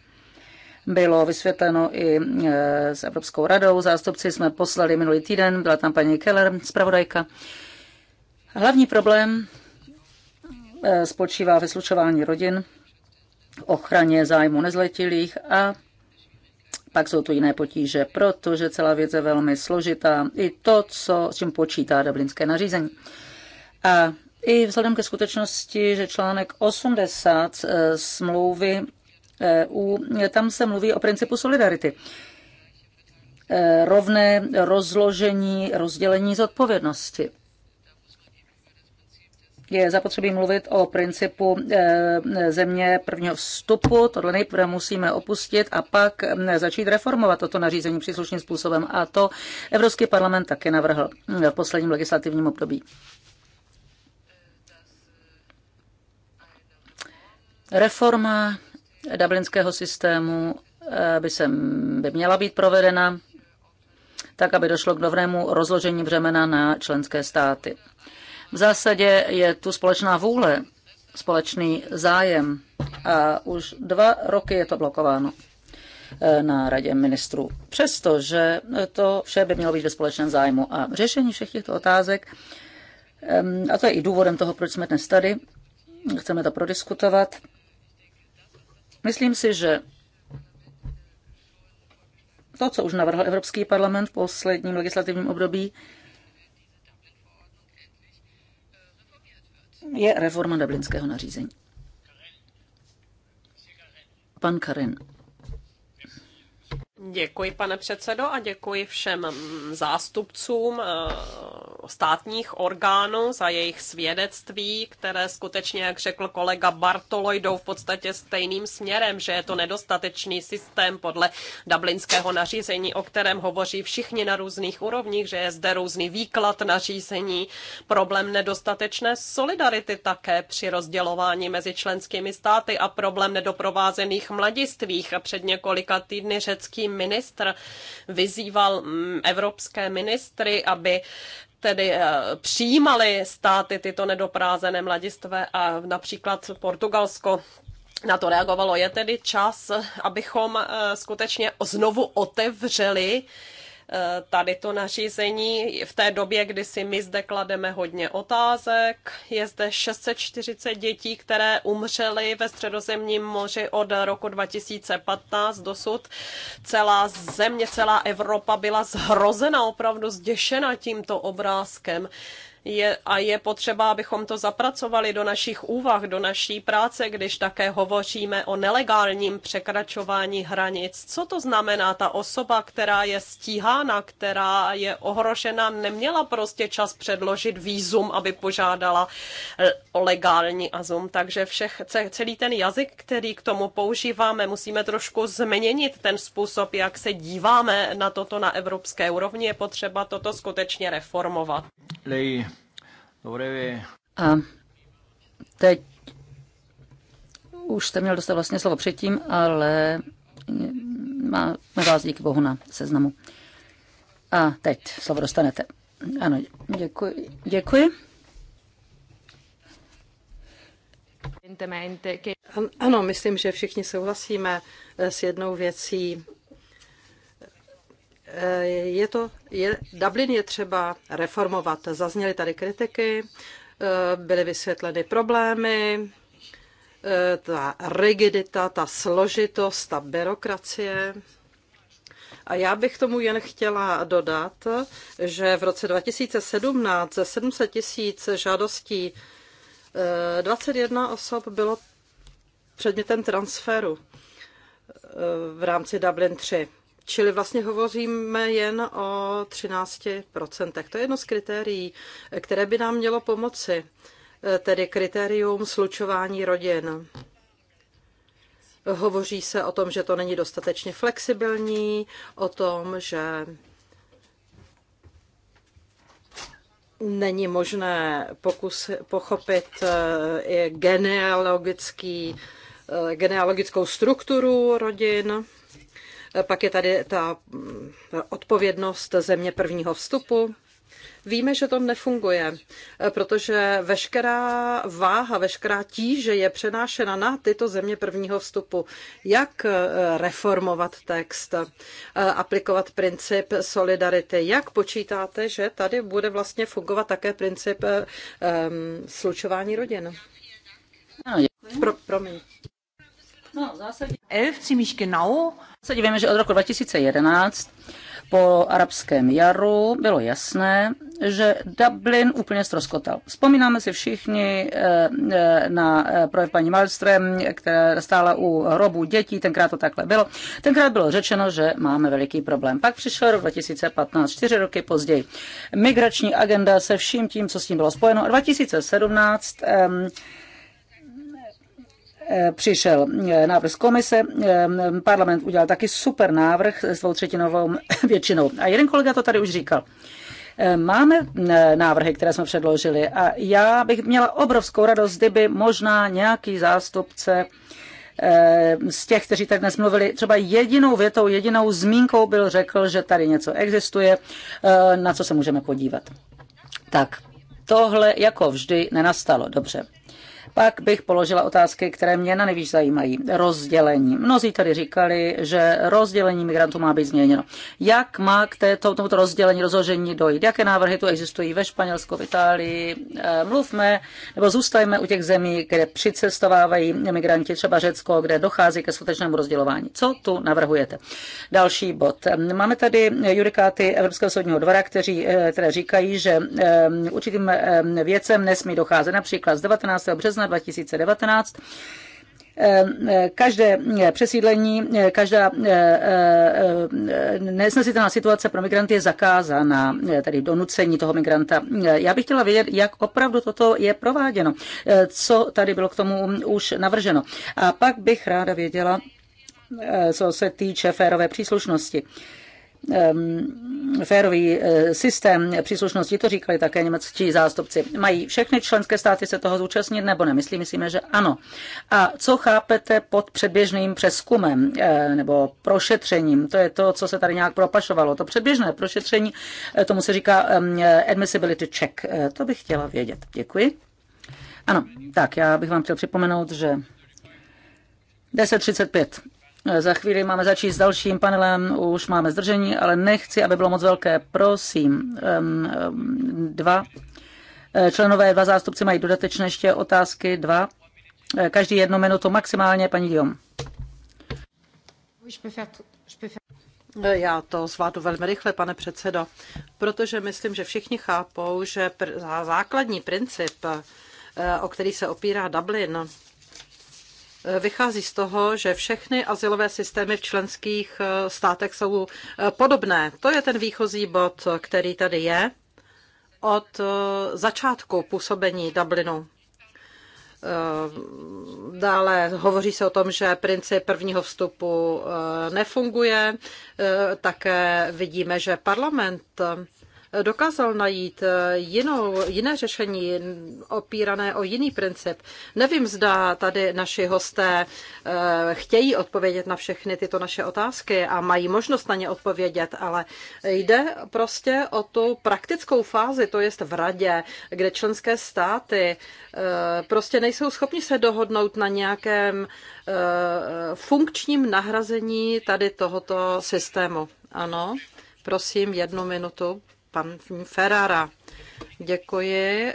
bylo vysvětleno i e, s Evropskou radou. Zástupci jsme poslali minulý týden, byla tam paní Keller, zpravodajka. Hlavní problém e, spočívá ve slučování rodin, ochraně zájmu nezletilých a pak jsou tu jiné potíže, protože celá věc je velmi složitá. I to, co, s čím počítá dublinské nařízení. A i vzhledem ke skutečnosti, že článek 80 eh, smlouvy EU, eh, tam se mluví o principu solidarity. Eh, rovné rozložení, rozdělení zodpovědnosti je zapotřebí mluvit o principu eh, země prvního vstupu. Tohle nejprve musíme opustit a pak eh, začít reformovat toto nařízení příslušným způsobem. A to Evropský parlament také navrhl eh, v posledním legislativním období. Reforma dublinského systému by, se, by měla být provedena tak, aby došlo k novému rozložení břemena na členské státy. V zásadě je tu společná vůle, společný zájem a už dva roky je to blokováno e, na radě ministrů. Přestože to vše by mělo být ve společném zájmu a řešení všech těchto otázek, a to je i důvodem toho, proč jsme dnes tady, chceme to prodiskutovat. Myslím si, že to, co už navrhl Evropský parlament v posledním legislativním období, je reforma dublinského nařízení. Pan Karin. Děkuji, pane předsedo, a děkuji všem zástupcům eh, státních orgánů za jejich svědectví, které skutečně, jak řekl kolega Bartolo, jdou v podstatě stejným směrem, že je to nedostatečný systém podle dublinského nařízení, o kterém hovoří všichni na různých úrovních, že je zde různý výklad nařízení, problém nedostatečné solidarity také při rozdělování mezi členskými státy a problém nedoprovázených mladistvých. A před několika týdny řeckým ministr vyzýval mm, evropské ministry, aby tedy eh, přijímali státy tyto nedoprázené mladistvé a například Portugalsko na to reagovalo. Je tedy čas, abychom eh, skutečně znovu otevřeli Eh, tady to nařízení v té době, kdy si my zde klademe hodně otázek. Je zde 640 dětí, které umřely ve středozemním moři od roku 2015 dosud. Celá země, celá Evropa byla zhrozena, opravdu zděšena tímto obrázkem je, a je potřeba, abychom to zapracovali do našich úvah, do naší práce, když také hovoříme o nelegálním překračování hranic. Co to znamená ta osoba, která je stíhána, která je ohrožena, neměla prostě čas předložit výzum, aby požádala eh, o legální azum. Takže všech, celý ten jazyk, který k tomu používáme, musíme trošku změnit ten způsob, jak se díváme na toto na evropské úrovni. Je potřeba toto skutečně reformovat. Lej. A teď už jste měl dostat vlastně slovo předtím, ale máme vás díky bohu na seznamu. A teď slovo dostanete. Ano, děkuji. děkuji. Ano, myslím, že všichni souhlasíme s jednou věcí, Eh, je to, je, Dublin je třeba reformovat. Zazněly tady kritiky, eh, byly vysvětleny problémy, eh, ta rigidita, ta složitost, ta byrokracie. A já bych tomu jen chtěla dodat, že v roce 2017 ze 700 tisíc žádostí 21 osob bylo předmětem transferu v rámci Dublin 3. Čili vlastně hovoříme jen o 13%. To je jedno z kritérií, které by nám mělo pomoci, eh, tedy kritérium slučování rodin. Hovoří se o tom, že to není dostatečně flexibilní, o tom, že není možné pokus, pochopit eh, i genealogický, eh, genealogickou strukturu rodin. Pak je tady ta mm, odpovědnost země prvního vstupu. Víme, že to nefunguje, protože veškerá váha, veškerá tíže je přenášena na tyto země prvního vstupu. Jak eh, reformovat text, eh, aplikovat princip solidarity? Jak počítáte, že tady bude vlastně fungovat také princip um, slučování rodin? No, Pro, promiň. No, v zásadě... Elf, genau. V zásadě víme, že od roku 2011 po arabském jaru bylo jasné, že Dublin úplně stroskotal. Vzpomínáme si všichni eh, eh, na eh, projev paní Malström, která stála u hrobu dětí, tenkrát to takhle bylo. Tenkrát bylo řečeno, že máme veliký problém. Pak přišel rok 2015, čtyři roky později. Migrační agenda se vším tím, co s tím bylo spojeno. A 2017 Eh, přišel eh, návrh z komise, eh, parlament udělal taky super návrh s dvoutřetinovou většinou. A jeden kolega to tady už říkal. Máme návrhy, které jsme předložili a já bych měla obrovskou radost, kdyby možná nějaký zástupce z těch, kteří tady dnes mluvili, třeba jedinou větou, jedinou zmínkou byl řekl, že tady něco existuje, na co se můžeme podívat. Tak tohle jako vždy nenastalo. Dobře. Pak bych položila otázky, které mě na nejvíc zajímají. Rozdělení. Mnozí tady říkali, že rozdělení migrantů má být změněno. Jak má k této, tomuto rozdělení, rozložení dojít? Jaké návrhy tu existují ve Španělsku, v Itálii? Eh, mluvme nebo zůstajme u těch zemí, kde přicestovávají migranti, třeba Řecko, kde dochází ke skutečnému rozdělování. Co tu navrhujete? Další bod. Máme tady judikáty Evropského soudního dvora, kteří, eh, které říkají, že eh, určitým věcem nesmí docházet. Například z 19. března března 2019. Ehm, eh, každé eh, přesídlení, eh, každá nesnesitelná situace pro migranty je zakázána, tedy donucení toho migranta. Já bych chtěla vědět, jak opravdu toto je prováděno, co tady bylo k tomu už navrženo. A pak bych ráda věděla, co se týče férové příslušnosti férový eh, systém příslušnosti, to říkali také německí zástupci. Mají všechny členské státy se toho zúčastnit nebo ne? Myslí, myslíme, že ano. A co chápete pod předběžným přeskumem eh, nebo prošetřením? To je to, co se tady nějak propašovalo. To předběžné prošetření, eh, tomu se říká admissibility check. To bych chtěla vědět. Děkuji. Ano, tak já bych vám chtěl připomenout, že 10.35 za chvíli máme začít s dalším panelem, už máme zdržení, ale nechci, aby bylo moc velké. Prosím, dva eh, členové, dva zástupci mají dodatečné ještě otázky, dva. Eh, každý jedno minutu maximálně, paní Dion. Eh, já to zvládnu velmi rychle, pane předsedo, protože myslím, že všichni chápou, že pr- základní princip, o který se opírá Dublin, vychází z toho, že všechny asilové systémy v členských eh, státech jsou eh, podobné. To je ten výchozí bod, který tady je od eh, začátku působení Dublinu. Dále hovoří se o tom, že princip prvního vstupu nefunguje. Také vidíme, že parlament dokázal najít eh, jinou, jiné řešení opírané o jiný princip. Nevím, zda tady naši hosté eh, chtějí odpovědět na všechny tyto naše otázky a mají možnost na ně odpovědět, ale jde prostě o tu praktickou fázi, to jest v radě, kde členské státy eh, prostě nejsou schopni se dohodnout na nějakém funkčním nahrazení tady tohoto systému. Ano, prosím, jednu minutu pan Ferrara. Děkuji, eh,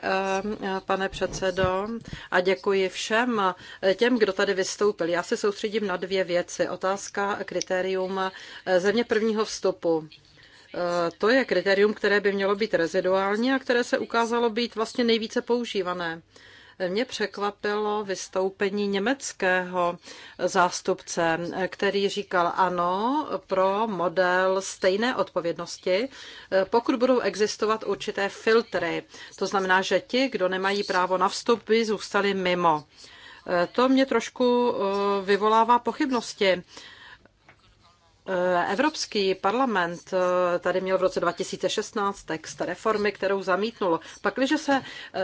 pane předsedo, a děkuji všem těm, kdo tady vystoupil. Já se soustředím na dvě věci. Otázka kritérium eh, země prvního vstupu. Eh, to je kritérium, které by mělo být reziduální a které se ukázalo být vlastně nejvíce používané. Mě překvapilo vystoupení německého zástupce, který říkal ano pro model stejné odpovědnosti, pokud budou existovat určité filtry. To znamená, že ti, kdo nemají právo na vstup, by zůstali mimo. To mě trošku eh, vyvolává pochybnosti Eh, Evropský parlament eh, tady měl v roce 2016 text reformy, kterou zamítnul. Pakliže se eh,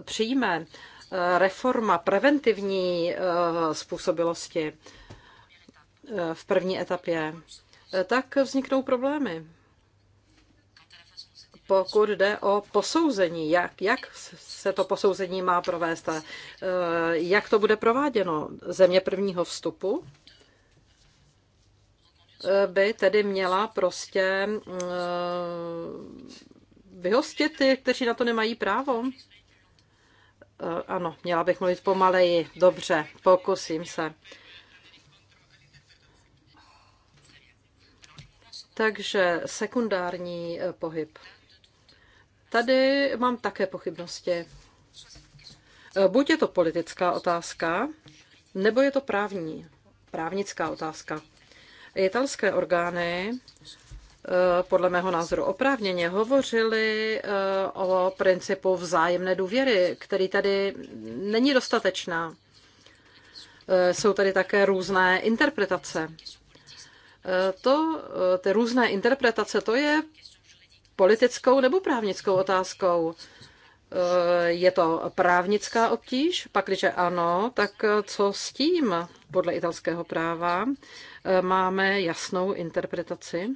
přijme reforma preventivní způsobilosti v první etapě, tak vzniknou problémy. Pokud jde o posouzení, jak, jak se to posouzení má provést, jak to bude prováděno země prvního vstupu by tedy měla prostě eh, vyhostit ty, kteří na to nemají právo? Eh, ano, měla bych mluvit pomaleji. Dobře, pokusím se. Takže sekundární eh, pohyb. Tady mám také pochybnosti. Buď je to politická otázka, nebo je to právní, právnická otázka. Italské orgány eh, podle mého názoru oprávněně hovořili eh, o principu vzájemné důvěry, který tady není dostatečná. Eh, jsou tady také různé interpretace. To, ty různé interpretace, to je politickou nebo právnickou otázkou. Eh, je to právnická obtíž? Pak, když ano, tak eh, co s tím? Podle italského práva eh, máme jasnou interpretaci.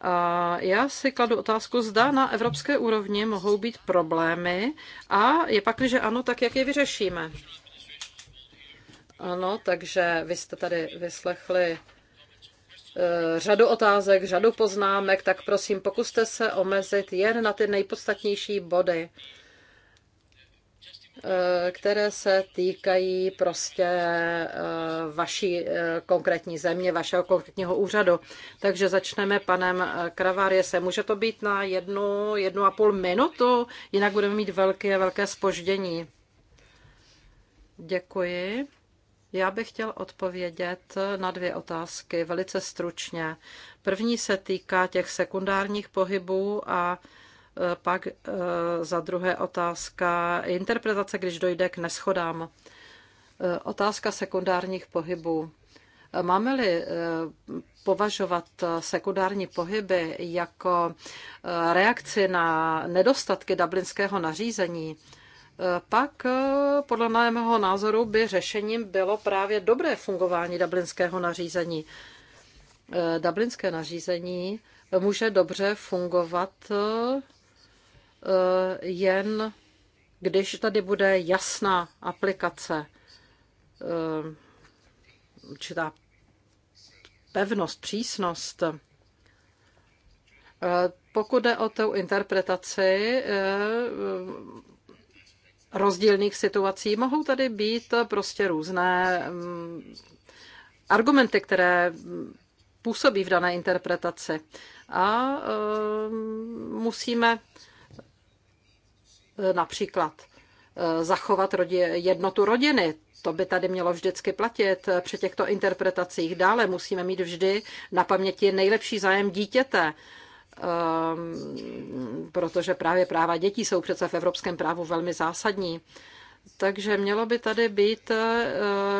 A já si kladu otázku, zda na evropské úrovni mohou být problémy a je pak, že ano, tak jak je vyřešíme? Ano, takže vy jste tady vyslechli Eh, řadu otázek, řadu poznámek, tak prosím, pokuste se omezit jen na ty nejpodstatnější body, eh, které se týkají prostě eh, vaší konkrétní země, vašeho konkrétního úřadu. Takže začneme panem se. Může to být na jednu, jednu a půl minutu, jinak budeme mít velké, velké spoždění. Děkuji. Já bych chtěl odpovědět na dvě otázky velice stručně. První se týká těch sekundárních pohybů a e, pak e, za druhé otázka interpretace, když dojde k neschodám. E, otázka sekundárních pohybů. Máme-li považovat sekundární pohyby jako reakci na nedostatky dublinského nařízení, pak eh, podle mého názoru by řešením bylo právě dobré fungování dublinského nařízení. Eh, dublinské nařízení může dobře fungovat eh, jen když tady bude jasná aplikace, určitá pevnost, přísnost. Pokud jde o tu interpretaci, rozdílných situací. Mohou tady být prostě různé mm, argumenty, které působí v dané interpretaci. A mm, musíme e, například e, zachovat jednotu rodiny. To by tady mělo vždycky platit při těchto interpretacích. Dále musíme mít vždy na paměti nejlepší zájem dítěte Ehm, protože právě práva dětí jsou přece v evropském právu velmi zásadní. Takže mělo by tady být eh,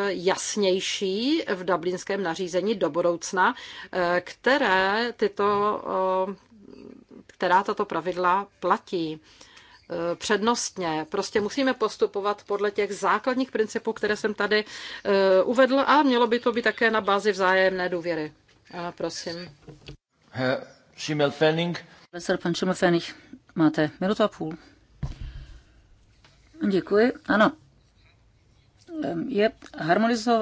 jasnější v dublinském nařízení do budoucna, eh, které tyto, eh, která tato pravidla platí přednostně. Prostě musíme postupovat podle těch základních principů, které jsem tady uvedl a mělo by to být také na bázi vzájemné důvěry. prosím. Schimmelfenning. Profesor pan Schimmelfenning, máte minutu a půl. Děkuji. Ano. Je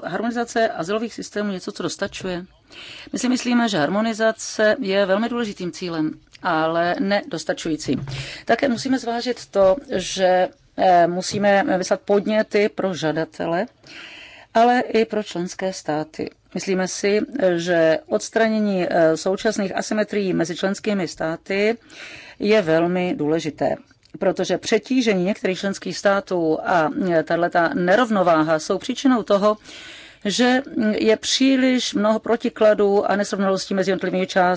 harmonizace azylových systémů něco, co dostačuje? My si myslíme, že harmonizace je velmi důležitým cílem, ale nedostačující. Také musíme zvážit to, že eh, musíme vyslat podněty pro žadatele, ale i pro členské státy Myslíme si, že odstranění eh, současných asymetrií mezi členskými státy je velmi důležité protože přetížení některých členských států a eh, tato nerovnováha jsou příčinou toho, že je příliš mnoho protikladů a nesrovnalostí mezi jednotlivými eh,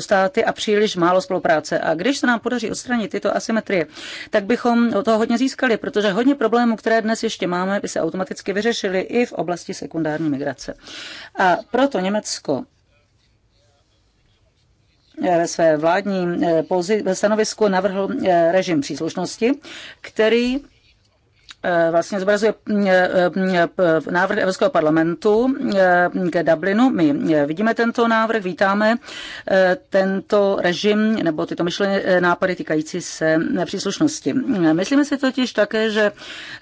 státy a příliš málo spolupráce. A když se nám podaří odstranit tyto asymetrie, tak bychom o toho hodně získali, protože hodně problémů, které dnes ještě máme, by se automaticky vyřešily i v oblasti sekundární migrace. A proto Německo eh, ve své vládní eh, stanovisku navrhl režim příslušnosti, který Eh, vlastně zobrazuje mm, eh, mm, eh, návrh Evropského parlamentu k Dublinu. My vidíme tento návrh, vítáme tento režim nebo tyto myšlené nápady týkající se příslušnosti. Myslíme si totiž také, že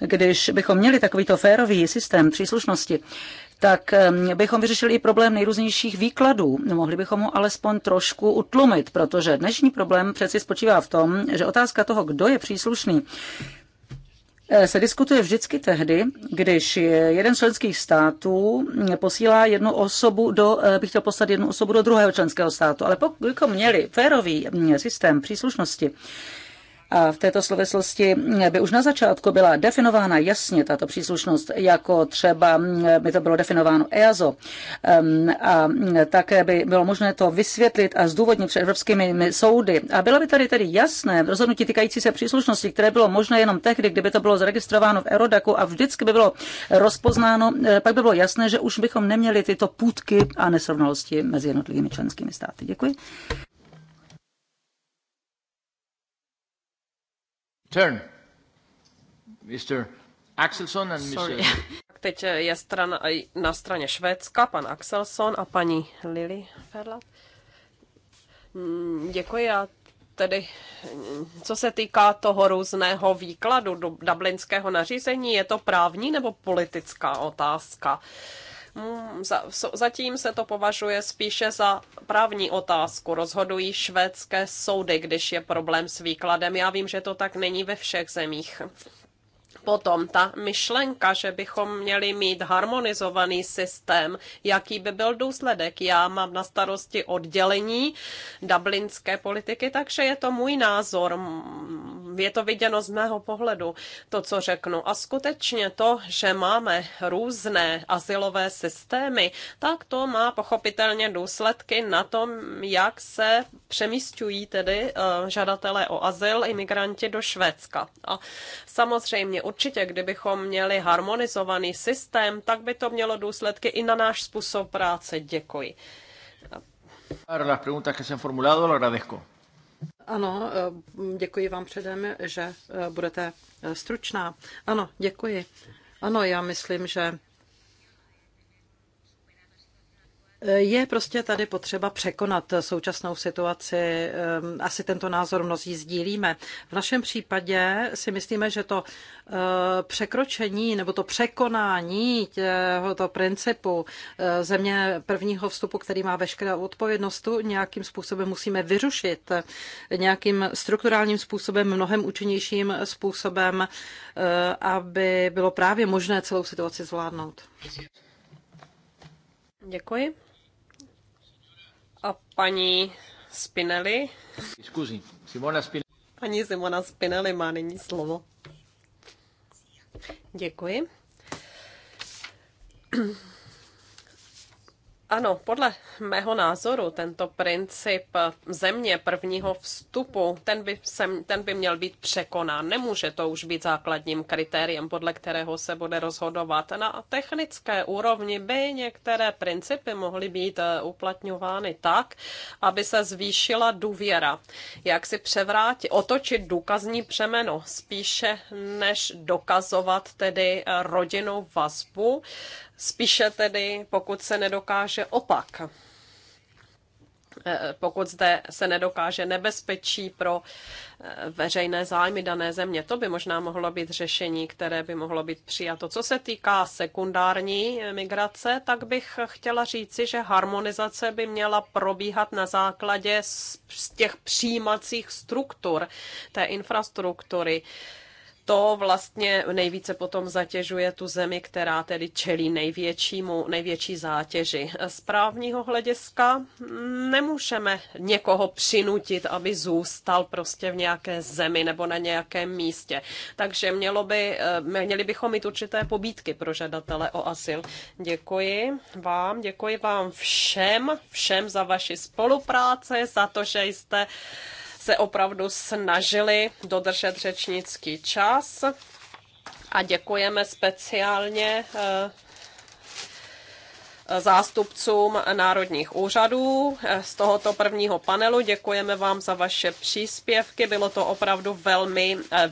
když bychom měli takovýto férový systém příslušnosti, tak ehm, bychom vyřešili i problém nejrůznějších výkladů. Mohli bychom ho alespoň trošku utlumit, protože dnešní problém přeci spočívá v tom, že otázka toho, kdo je příslušný, Eh, se diskutuje vždycky tehdy, když jeden z členských států posílá jednu osobu do, eh, bych chtěl poslat jednu osobu do druhého členského státu. Ale pokud měli férový mm, systém příslušnosti, a v této slovesnosti by už na začátku byla definována jasně tato příslušnost, jako třeba by to bylo definováno EASO. Ehm, a také by bylo možné to vysvětlit a zdůvodnit před evropskými soudy. A bylo by tady tedy jasné rozhodnutí týkající se příslušnosti, které bylo možné jenom tehdy, kdyby to bylo zaregistrováno v Erodaku a vždycky by bylo rozpoznáno, eh, pak by bylo jasné, že už bychom neměli tyto půdky a nesrovnalosti mezi jednotlivými členskými státy. Děkuji. turn. Mr. Axelson and Sorry. Mr. Teď je strana, na straně Švédska pan Axelson a paní Lili Ferlat. Mm, děkuji a tedy, co se týká toho různého výkladu dublinského nařízení, je to právní nebo politická otázka? Uh, Hmm, zatím se to považuje spíše za právní otázku. Rozhodují švédské soudy, když je problém s výkladem. Já vím, že to tak není ve všech zemích. Potom ta myšlenka, že bychom měli mít harmonizovaný systém, jaký by byl důsledek. Já mám na starosti oddělení dublinské politiky, takže je to můj názor. Je to viděno z mého pohledu, to, co řeknu. A skutečně to, že máme různé asilové systémy, tak to má pochopitelně důsledky na tom, jak se přemístují tedy eh, žadatelé o azyl, imigranti do Švédska. A samozřejmě určitě, kdybychom měli harmonizovaný systém, tak by to mělo důsledky i na náš způsob práce. Děkuji. Para las preguntas que se han formulado, lo agradezco. Ano, eh, děkuji vám předem, že eh, budete eh, stručná. Ano, děkuji. Ano, já myslím, že Je prostě tady potřeba překonat současnou situaci. Ehm, asi tento názor mnozí sdílíme. V našem případě si myslíme, že to eh, překročení nebo to překonání tohoto principu eh, země prvního vstupu, který má veškerou odpovědnost, nějakým způsobem musíme vyrušit nějakým strukturálním způsobem, mnohem účinnějším způsobem, eh, aby bylo právě možné celou situaci zvládnout. Děkuji. A paní Spinelli? Scusi, Simona Spinelli. Paní Simona Spinelli má nyní slovo. Děkuji. Ano, podle mého názoru tento princip země prvního vstupu, ten by, se, ten by měl být překonán. Nemůže to už být základním kritériem, podle kterého se bude rozhodovat. Na technické úrovni by některé principy mohly být eh, uplatňovány tak, aby se zvýšila důvěra. Jak si převrátit, otočit důkazní přemeno, spíše než dokazovat tedy eh, rodinnou vazbu, Spíše tedy, pokud se nedokáže opak eh, pokud zde se nedokáže nebezpečí pro eh, veřejné zájmy dané země. To by možná mohlo být řešení, které by mohlo být přijato. Co se týká sekundární eh, migrace, tak bych chtěla říci, že harmonizace by měla probíhat na základě z těch přijímacích struktur, té infrastruktury to vlastně nejvíce potom zatěžuje tu zemi, která tedy čelí největšímu, největší zátěži. Z právního hlediska nemůžeme někoho přinutit, aby zůstal prostě v nějaké zemi nebo na nějakém místě. Takže mělo by, eh, měli bychom mít určité pobídky pro žadatele o asyl. Děkuji vám, děkuji vám všem, všem za vaši spolupráci, za to, že jste se opravdu snažili dodržet řečnický čas a děkujeme speciálně eh, zástupcům národních úřadů eh, z tohoto prvního panelu. Děkujeme vám za vaše příspěvky, bylo to opravdu velmi eh,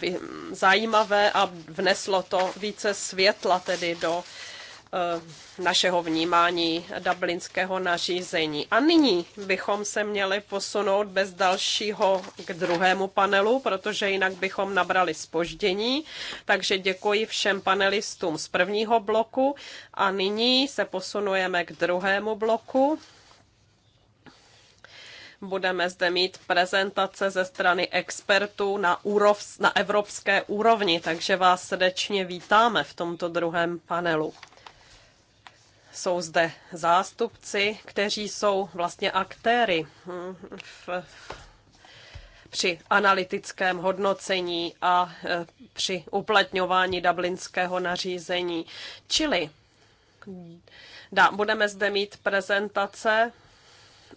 zajímavé a vneslo to více světla tedy do Eh, našeho vnímání dublinského nařízení. A nyní bychom se měli posunout bez dalšího k druhému panelu, protože jinak bychom nabrali spoždění. Takže děkuji všem panelistům z prvního bloku a nyní se posunujeme k druhému bloku. Budeme zde mít prezentace ze strany expertů na, úrov, na evropské úrovni, takže vás srdečně vítáme v tomto druhém panelu jsou zde zástupci, kteří jsou vlastně aktéry v, při analytickém hodnocení a e, při uplatňování dublinského nařízení. Čili dá, budeme zde mít prezentace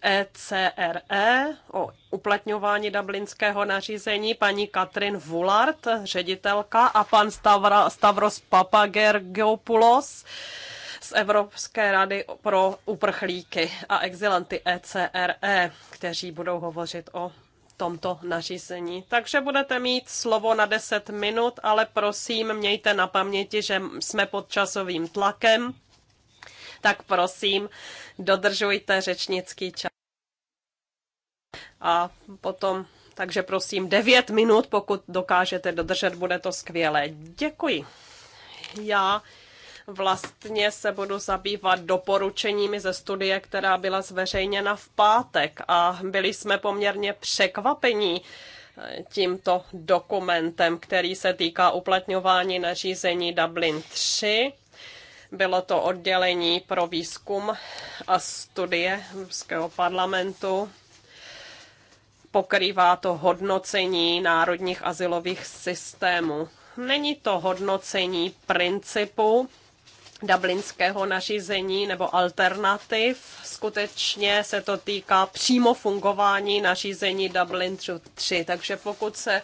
ECRE e o uplatňování dublinského nařízení paní Katrin Vulart, ředitelka, a pan Stavra, Stavros Papagergiopoulos, Evropské rady pro uprchlíky a exilanty ECRE, e, kteří budou hovořit o tomto nařízení. Takže budete mít slovo na 10 minut, ale prosím, mějte na paměti, že jsme pod časovým tlakem, tak prosím, dodržujte řečnický čas. A potom, takže prosím, 9 minut, pokud dokážete dodržet, bude to skvělé. Děkuji. Já Vlastně se budu zabývat doporučeními ze studie, která byla zveřejněna v pátek a byli jsme poměrně překvapení eh, tímto dokumentem, který se týká uplatňování nařízení Dublin 3. Bylo to oddělení pro výzkum a studie Evropského parlamentu. Pokrývá to hodnocení národních asilových systémů. Není to hodnocení principu, dublinského nařízení nebo alternativ. Skutečně se to týká přímo fungování nařízení Dublin 3. Takže pokud se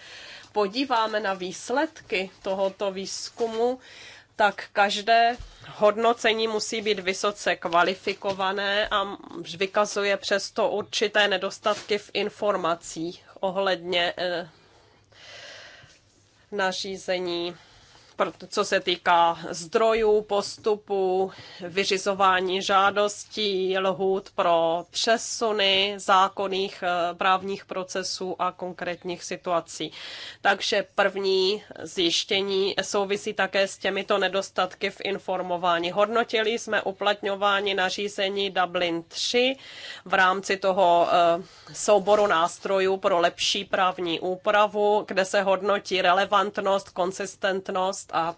podíváme na výsledky tohoto výzkumu, tak každé hodnocení musí být vysoce kvalifikované a vykazuje přesto určité nedostatky v informacích ohledně eh, nařízení co se týká zdrojů, postupů, vyřizování žádostí, lhůt pro přesuny zákonných eh, právních procesů a konkrétních situací. Takže první zjištění souvisí také s těmito nedostatky v informování. Hodnotili jsme uplatňování nařízení Dublin 3 v rámci toho eh, souboru nástrojů pro lepší právní úpravu, kde se hodnotí relevantnost, konsistentnost účinnost a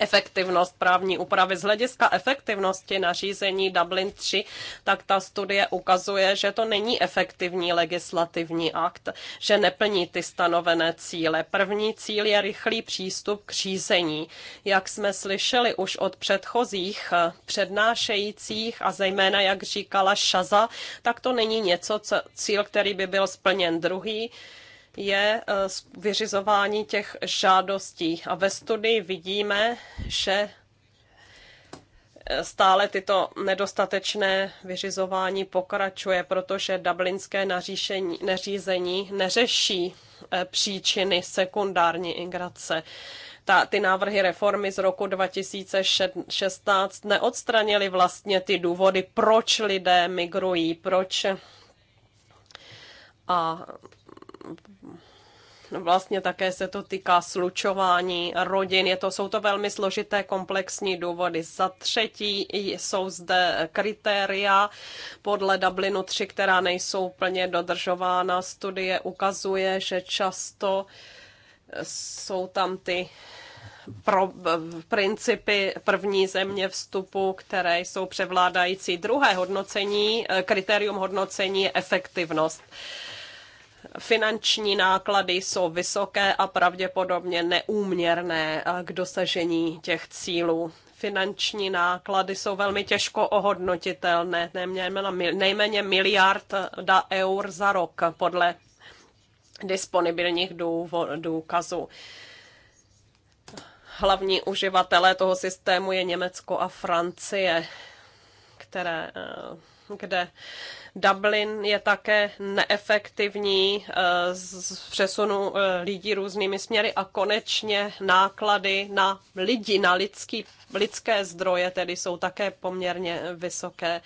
efektivnost právní úpravy. Z hlediska efektivnosti nařízení Dublin 3, tak ta studie ukazuje, že to není efektivní legislativní akt, že neplní ty stanovené cíle. První cíl je rychlý přístup k řízení. Jak jsme slyšeli už od předchozích eh, přednášejících a zejména, jak říkala Šaza, tak to není něco, co, cíl, který by byl splněn druhý je eh, vyřizování těch žádostí. A ve studii vidíme, že eh, stále tyto nedostatečné vyřizování pokračuje, protože dublinské nařízení, nařízení neřeší eh, příčiny sekundární migrace. Ta, ty návrhy reformy z roku 2016 neodstranily vlastně ty důvody, proč lidé migrují, proč a No vlastně také se to týká slučování rodin. Je to, jsou to velmi složité komplexní důvody. Za třetí jsou zde kritéria podle Dublinu 3, která nejsou plně dodržována. Studie ukazuje, že často jsou tam ty pro, principy první země vstupu, které jsou převládající. Druhé hodnocení, eh, kritérium hodnocení je efektivnost. Finanční náklady jsou vysoké a pravděpodobně neúměrné k dosažení těch cílů. Finanční náklady jsou velmi těžko ohodnotitelné, nejméně da eur za rok podle disponibilních důkazů hlavní uživatelé toho systému je Německo a Francie, které, eh, kde Dublin je také neefektivní eh, z přesunu eh, lidí různými směry a konečně náklady na lidi, na lidský, lidské zdroje tedy jsou také poměrně vysoké.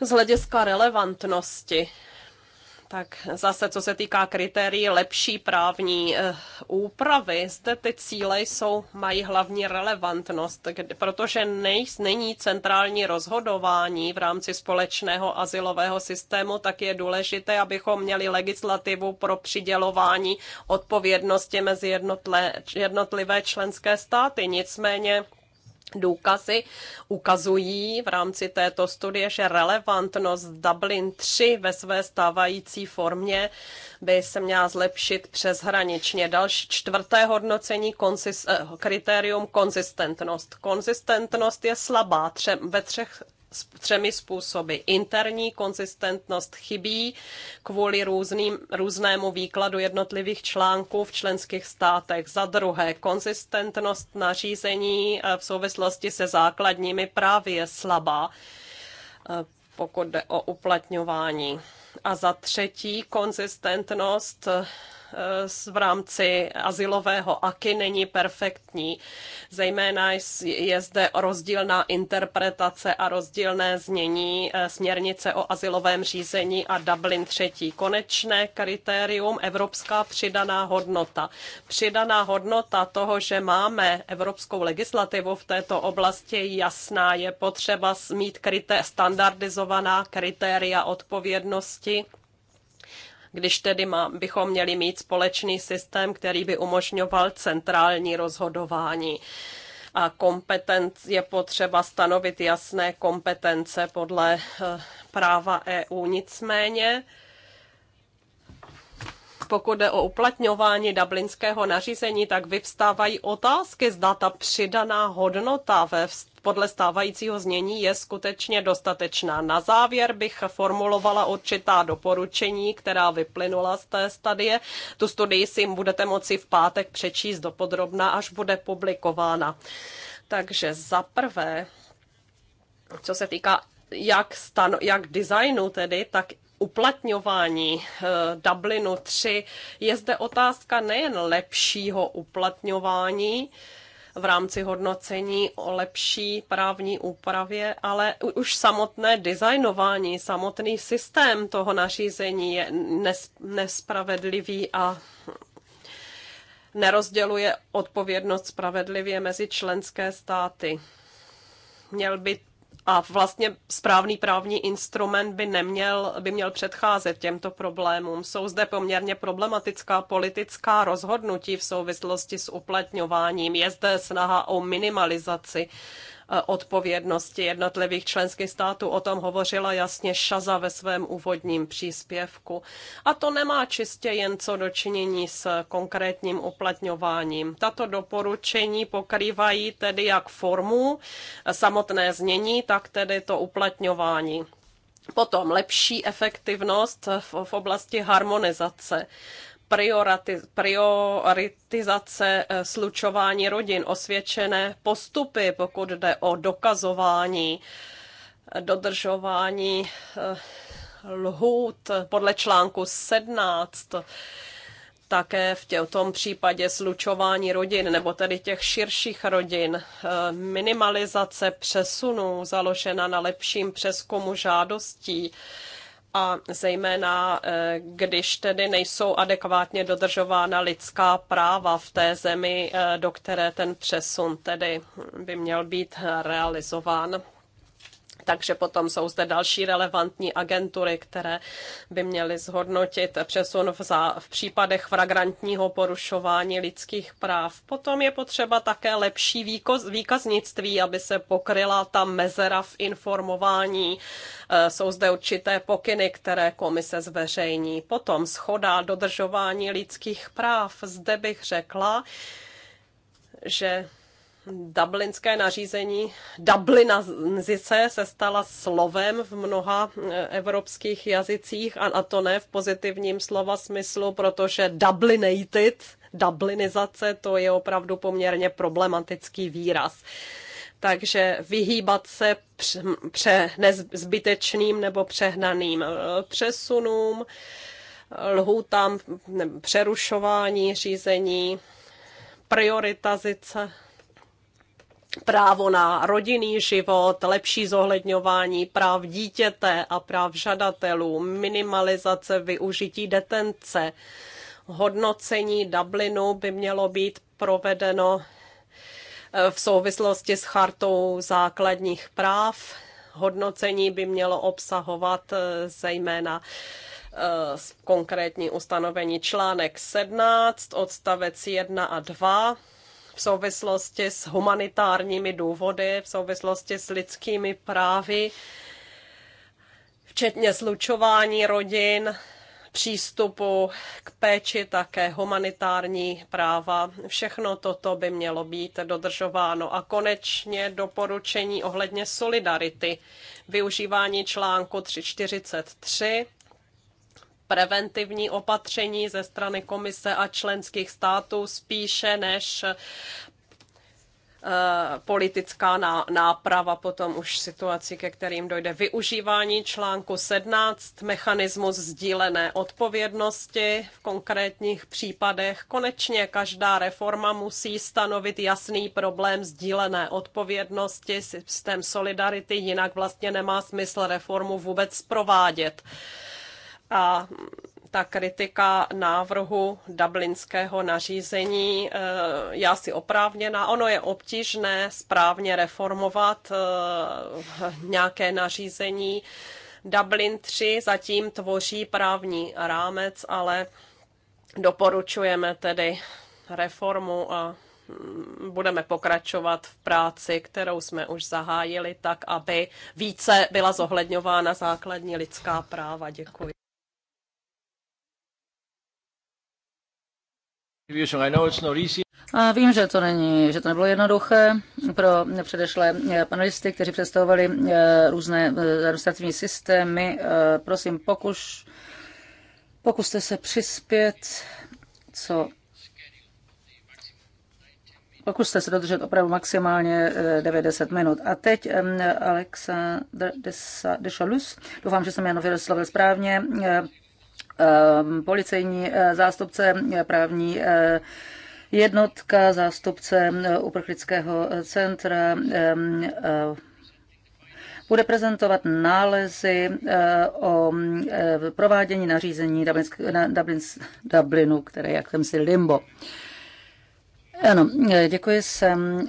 Z hlediska relevantnosti tak zase, co se týká kritérií lepší právní eh, úpravy, zde ty cíle jsou, mají hlavní relevantnost, protože nej, není centrální rozhodování v rámci společného asilového systému, tak je důležité, abychom měli legislativu pro přidělování odpovědnosti mezi jednotlé, jednotlivé členské státy. Nicméně Důkazy ukazují v rámci této studie, že relevantnost Dublin 3 ve své stávající formě by se měla zlepšit přeshraničně. Další čtvrté hodnocení konsist, eh, kritérium konzistentnost. Konzistentnost je slabá tře, ve třech třemi způsoby. Interní konzistentnost chybí kvůli různým, různému výkladu jednotlivých článků v členských státech. Za druhé, konzistentnost nařízení eh, v souvislosti se základními právy je slabá, eh, pokud jde o uplatňování. A za třetí, konzistentnost eh, v rámci asilového AKY není perfektní. Zejména je zde rozdílná interpretace a rozdílné znění eh, směrnice o asilovém řízení a Dublin třetí Konečné kritérium evropská přidaná hodnota. Přidaná hodnota toho, že máme evropskou legislativu v této oblasti je jasná. Je potřeba mít kritéria standardizovaná kritéria odpovědnosti když tedy má, bychom měli mít společný systém, který by umožňoval centrální rozhodování. A kompetenc, je potřeba stanovit jasné kompetence podle eh, práva EU. Nicméně, pokud jde o uplatňování dublinského nařízení, tak vyvstávají otázky, zda ta přidaná hodnota ve vztahu podle stávajícího znění je skutečně dostatečná. Na závěr bych formulovala určitá doporučení, která vyplynula z té studie. Tu studii si budete moci v pátek přečíst dopodrobna, až bude publikována. Takže za prvé, co se týká jak, stano, jak designu tedy, tak uplatňování eh, Dublinu 3 je zde otázka nejen lepšího uplatňování, v rámci hodnocení o lepší právní úpravě, ale už samotné designování, samotný systém toho nařízení je nespravedlivý a nerozděluje odpovědnost spravedlivě mezi členské státy. Měl by a vlastně správný právní instrument by neměl, by měl předcházet těmto problémům. Jsou zde poměrně problematická politická rozhodnutí v souvislosti s uplatňováním. Je zde snaha o minimalizaci Eh, odpovědnosti jednotlivých členských států. O tom hovořila jasně Šaza ve svém úvodním příspěvku. A to nemá čistě jen co dočinění s konkrétním uplatňováním. Tato doporučení pokrývají tedy jak formu, samotné znění, tak tedy to uplatňování. Potom lepší efektivnost v, v oblasti harmonizace prioritizace eh, slučování rodin, osvědčené postupy, pokud jde o dokazování, eh, dodržování eh, lhůt podle článku 17 také v tě, tom případě slučování rodin nebo tedy těch širších rodin, minimalizace přesunů založena na lepším přeskumu žádostí, a zejména eh, když tedy nejsou adekvátně dodržována lidská práva v té zemi, eh, do které ten přesun tedy by měl být realizován. Takže potom jsou zde další relevantní agentury, které by měly zhodnotit přesun v, za, v případech fragrantního porušování lidských práv. Potom je potřeba také lepší výkoz, výkaznictví, aby se pokryla ta mezera v informování. E, jsou zde určité pokyny, které komise zveřejní. Potom schoda dodržování lidských práv. Zde bych řekla, že Dublinské nařízení Dublinazice se stala slovem v mnoha e, evropských jazycích a, na to ne v pozitivním slova smyslu, protože Dublinated, Dublinizace, to je opravdu poměrně problematický výraz. Takže vyhýbat se pře, pře, nezbytečným nebo přehnaným e, přesunům, lhůtám přerušování řízení, prioritazice právo na rodinný život, lepší zohledňování práv dítěte a práv žadatelů, minimalizace využití detence. Hodnocení Dublinu by mělo být provedeno eh, v souvislosti s chartou základních práv. Hodnocení by mělo obsahovat eh, zejména eh, konkrétní ustanovení článek 17, odstavec 1 a 2 v souvislosti s humanitárními důvody, v souvislosti s lidskými právy, včetně slučování rodin, přístupu k péči, také humanitární práva. Všechno toto by mělo být dodržováno. A konečně doporučení ohledně solidarity, využívání článku 343 preventivní opatření ze strany komise a členských států spíše než eh, politická náprava potom už situací, ke kterým dojde. Využívání článku 17, mechanismus sdílené odpovědnosti v konkrétních případech. Konečně každá reforma musí stanovit jasný problém sdílené odpovědnosti, systém solidarity, jinak vlastně nemá smysl reformu vůbec provádět. A ta kritika návrhu dublinského nařízení eh, je asi oprávněná. Ono je obtížné správně reformovat eh, nějaké nařízení. Dublin 3 zatím tvoří právní rámec, ale doporučujeme tedy reformu a hm, budeme pokračovat v práci, kterou jsme už zahájili, tak aby více byla zohledňována základní lidská práva. Děkuji. A vím, že to není, že to nebylo jednoduché pro předešlé eh, panelisty, kteří představovali eh, různé eh, administrativní systémy. Prosím, pokuš, pokuste se přispět, co Pokuste se dodržet opravdu maximálně 90 minut. A teď Alexa Deschalus, doufám, že jsem jenom vyslovil správně, Ehm, policejní eh, zástupce, eh, právní eh, jednotka, zástupce uprchlického centra, ehm, bude prezentovat nálezy o provádění nařízení Dublinu, které jak jsem si limbo. Ano, děkuji. Jsem,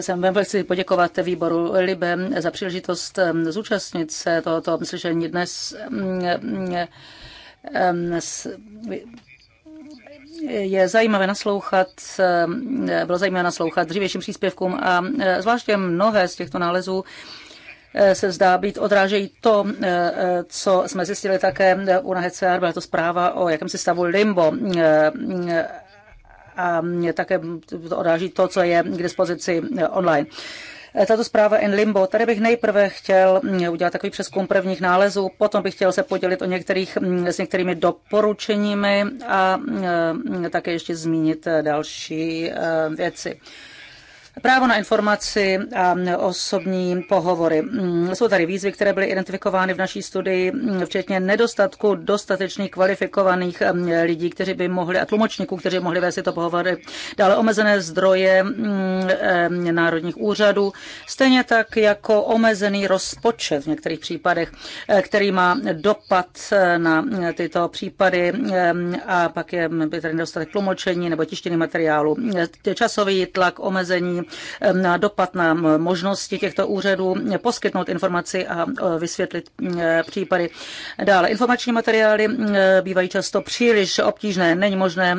jsem chci poděkovat výboru Libe za příležitost ehm, zúčastnit se tohoto slyšení dnes. Mm, je zajímavé naslouchat, bylo zajímavé naslouchat dřívějším příspěvkům a e, zvláště mnohé z těchto nálezů e, se zdá být odrážejí to, e, co jsme zjistili také u NHCR, byla to zpráva o jakémsi stavu limbo a také odráží to, co je k dispozici online. Eh, tato zpráva in limbo. Tady bych nejprve chtěl mm, udělat takový přeskum prvních nálezů, potom bych chtěl se podělit o některých, mm, s některými doporučeními a mm, eh, také ještě zmínit eh, další věci. Právo na informaci a osobní pohovory. Mm, jsou tady výzvy, které byly identifikovány v naší studii, mm, včetně nedostatku dostatečných kvalifikovaných mm, lidí, kteří by mohli, a tlumočníků, kteří mohli vést tyto pohovory, dále omezené zdroje národních úřadů, stejně tak jako omezený rozpočet v některých případech, eh, který má dopad eh, na eh, tyto případy a pak je tady nedostatek tlumočení nebo tištěných materiálu, časový tlak, omezení na dopad na možnosti těchto úřadů poskytnout informaci a e, vysvětlit e, případy. Dále informační materiály e, bývají často příliš obtížné, není možné,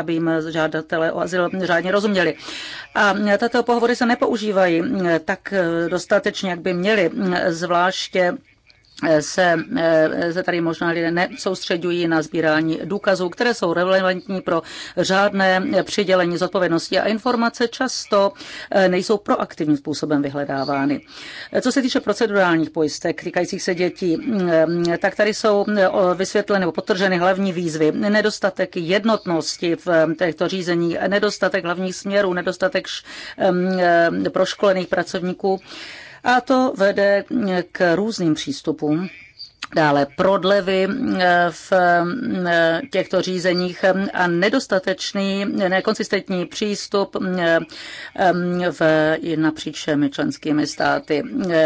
aby jim žádatelé o azyl řádně rozuměli. A tato pohovory se nepoužívají tak dostatečně, jak by měly, zvláště Eh, se, eh, se tady možná lidé nesoustředují na sbírání důkazů, které jsou relevantní pro řádné přidělení zodpovědnosti a informace často eh, nejsou proaktivním způsobem vyhledávány. Co se týče procedurálních pojistek týkajících se dětí, mm, tak tady jsou vysvětleny nebo potrženy hlavní výzvy. Nedostatek jednotnosti v těchto řízení, nedostatek hlavních směrů, nedostatek mm, proškolených pracovníků a to vede k různým přístupům dále prodlevy eh, v eh, těchto řízeních a nedostatečný, nekonsistentní přístup eh, v, napříč všemi členskými státy.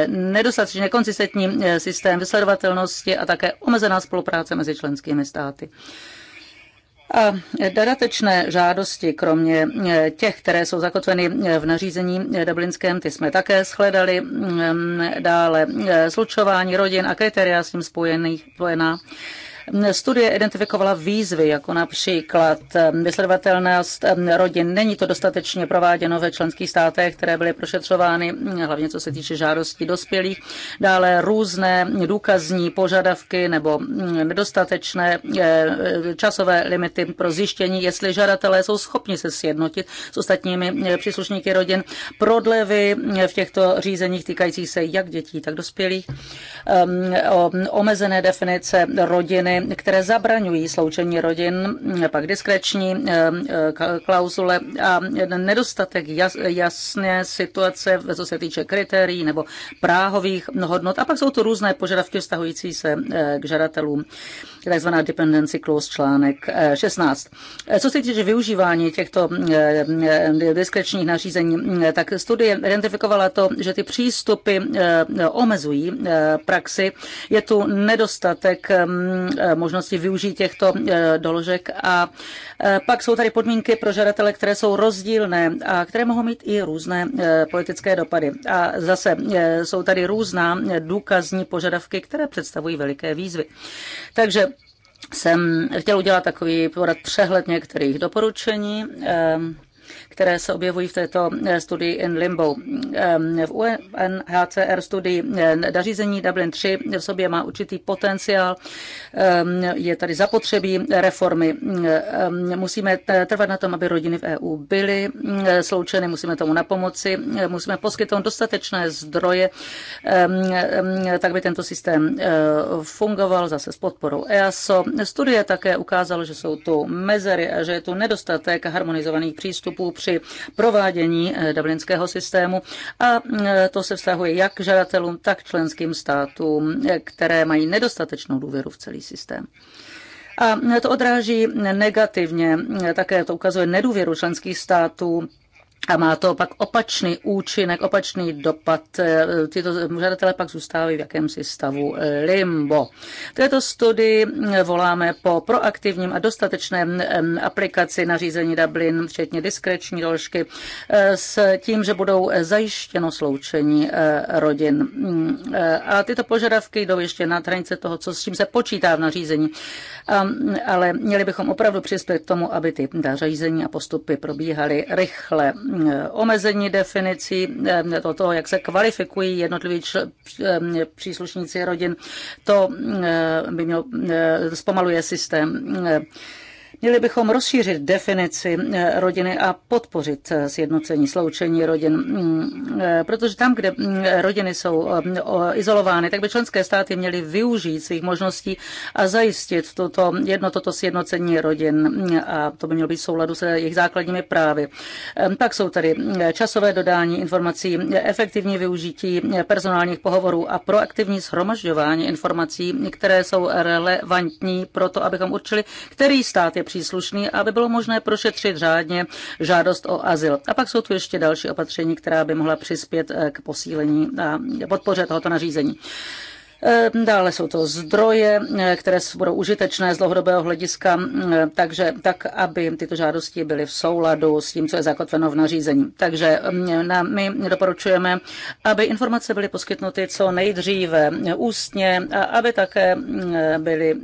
Nedostatečný, nekonsistentní systém vysledovatelnosti a také omezená spolupráce mezi členskými státy. A dodatečné žádosti, kromě eh, těch, které jsou zakotveny eh, v nařízení eh, dublinském, ty jsme také shledali mm, dále slučování rodin a kritéria s tím spojených, spojená. Studie identifikovala výzvy, jako například ehm, vysledovatelnost ehm, rodin. Není to dostatečně prováděno ve členských státech, které byly prošetřovány, hm, hlavně co se týče žádostí dospělých. Dále různé důkazní požadavky nebo hm, nedostatečné eh, časové limity pro zjištění, jestli žadatelé jsou schopni se sjednotit s ostatními eh, příslušníky rodin. Prodlevy hm, v těchto řízeních týkajících se jak dětí, tak dospělých. Ehm, omezené definice rodiny které zabraňují sloučení rodin, pak diskreční eh, eh, klauzule a nedostatek jasné situace, co se týče kritérií nebo práhových hodnot. A pak jsou to různé požadavky vztahující se eh, k žadatelům je takzvaná dependency clause článek 16. Eh, eh, co se týče využívání těchto eh, diskrečních nařízení, tak studie identifikovala to, že ty přístupy omezují praxi. Je tu nedostatek možnosti využít těchto doložek a Eh, pak jsou tady podmínky pro žadatele, které jsou rozdílné a které mohou mít i různé eh, politické dopady. A zase eh, jsou tady různá důkazní požadavky, které představují veliké výzvy. Takže jsem chtěl udělat takový podat přehled některých doporučení ehm, které se objevují v této eh, studii in limbo. Ehm, v UNHCR studii eh, nařízení Dublin 3 v sobě má určitý potenciál, ehm, je tady zapotřebí reformy. Ehm, musíme eh, trvat na tom, aby rodiny v EU byly sloučeny, musíme tomu napomoci, musíme poskytnout dostatečné zdroje, tak by tento systém fungoval zase s podporou EASO. Studie také ukázalo, že jsou tu mezery a že je tu nedostatek harmonizovaných přístupů při při provádění eh, dublinského systému a eh, to se vztahuje jak k žadatelům, tak členským státům, eh, které mají nedostatečnou důvěru v celý systém. A to odráží negativně, také to ukazuje nedůvěru členských států a má to pak opačný účinek, opačný dopad. E, tyto žadatelé pak zůstávají v jakémsi stavu e, limbo. V této studii e, voláme po proaktivním a dostatečném aplikaci nařízení Dublin, včetně diskreční doložky, s tím, že budou zajištěno sloučení rodin. Mm, a tyto požadavky jdou ještě na hranice toho, co s čím se počítá v nařízení. Ale měli bychom opravdu přispět k tomu, aby ty nařízení a postupy probíhaly rychle Eh, omezení definicí do eh, toho, jak se kvalifikují jednotliví čl- eh, příslušníci rodin. To by mělo, zpomaluje systém. Měli bychom rozšířit definici eh, rodiny a podpořit eh, sjednocení, sloučení rodin, mm, eh, protože tam, kde mm, rodiny jsou izolovány, tak by členské státy měly využít svých možností a zajistit toto, jedno toto sjednocení rodin mm, a to by mělo být v souladu se jejich základními právy. Pak jsou tady časové dodání informací, efektivní využití personálních pohovorů a proaktivní shromažďování informací, které jsou relevantní pro to, abychom určili, který stát je příslušný, aby bylo možné prošetřit řádně žádost o azyl. A pak jsou tu ještě další opatření, která by mohla přispět eh, k posílení a podpoře tohoto nařízení. Eh, dále jsou to zdroje, eh, které budou užitečné z dlouhodobého hlediska, mm, takže tak, aby tyto žádosti byly v souladu s tím, co je zakotveno v nařízení. Takže mm, my doporučujeme, aby informace byly poskytnuty co nejdříve mm, ústně a aby také byly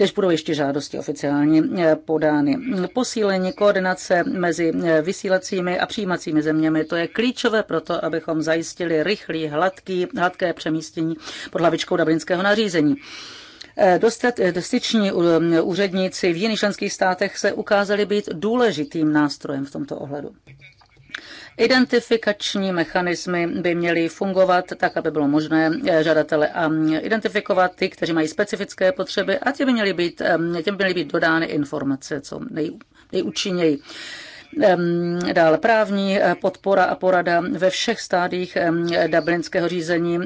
než budou ještě žádosti oficiálně eh, podány. Posílení koordinace mezi eh, vysílacími a přijímacími zeměmi, to je klíčové pro to, abychom zajistili rychlý, hladký, hladké přemístění pod hlavičkou dublinského nařízení eh, dostat styční úředníci v jiných členských státech se ukázali být důležitým nástrojem v tomto ohledu. Identifikační mechanismy by měly fungovat tak, aby bylo možné eh, žadatele a ehm, identifikovat ty, kteří mají specifické potřeby a těm by měly být, ehm, těm by měly být dodány informace co nej, nejúčinněji ehm, dále právní eh, podpora a porada ve všech stádiích dublinského řízení.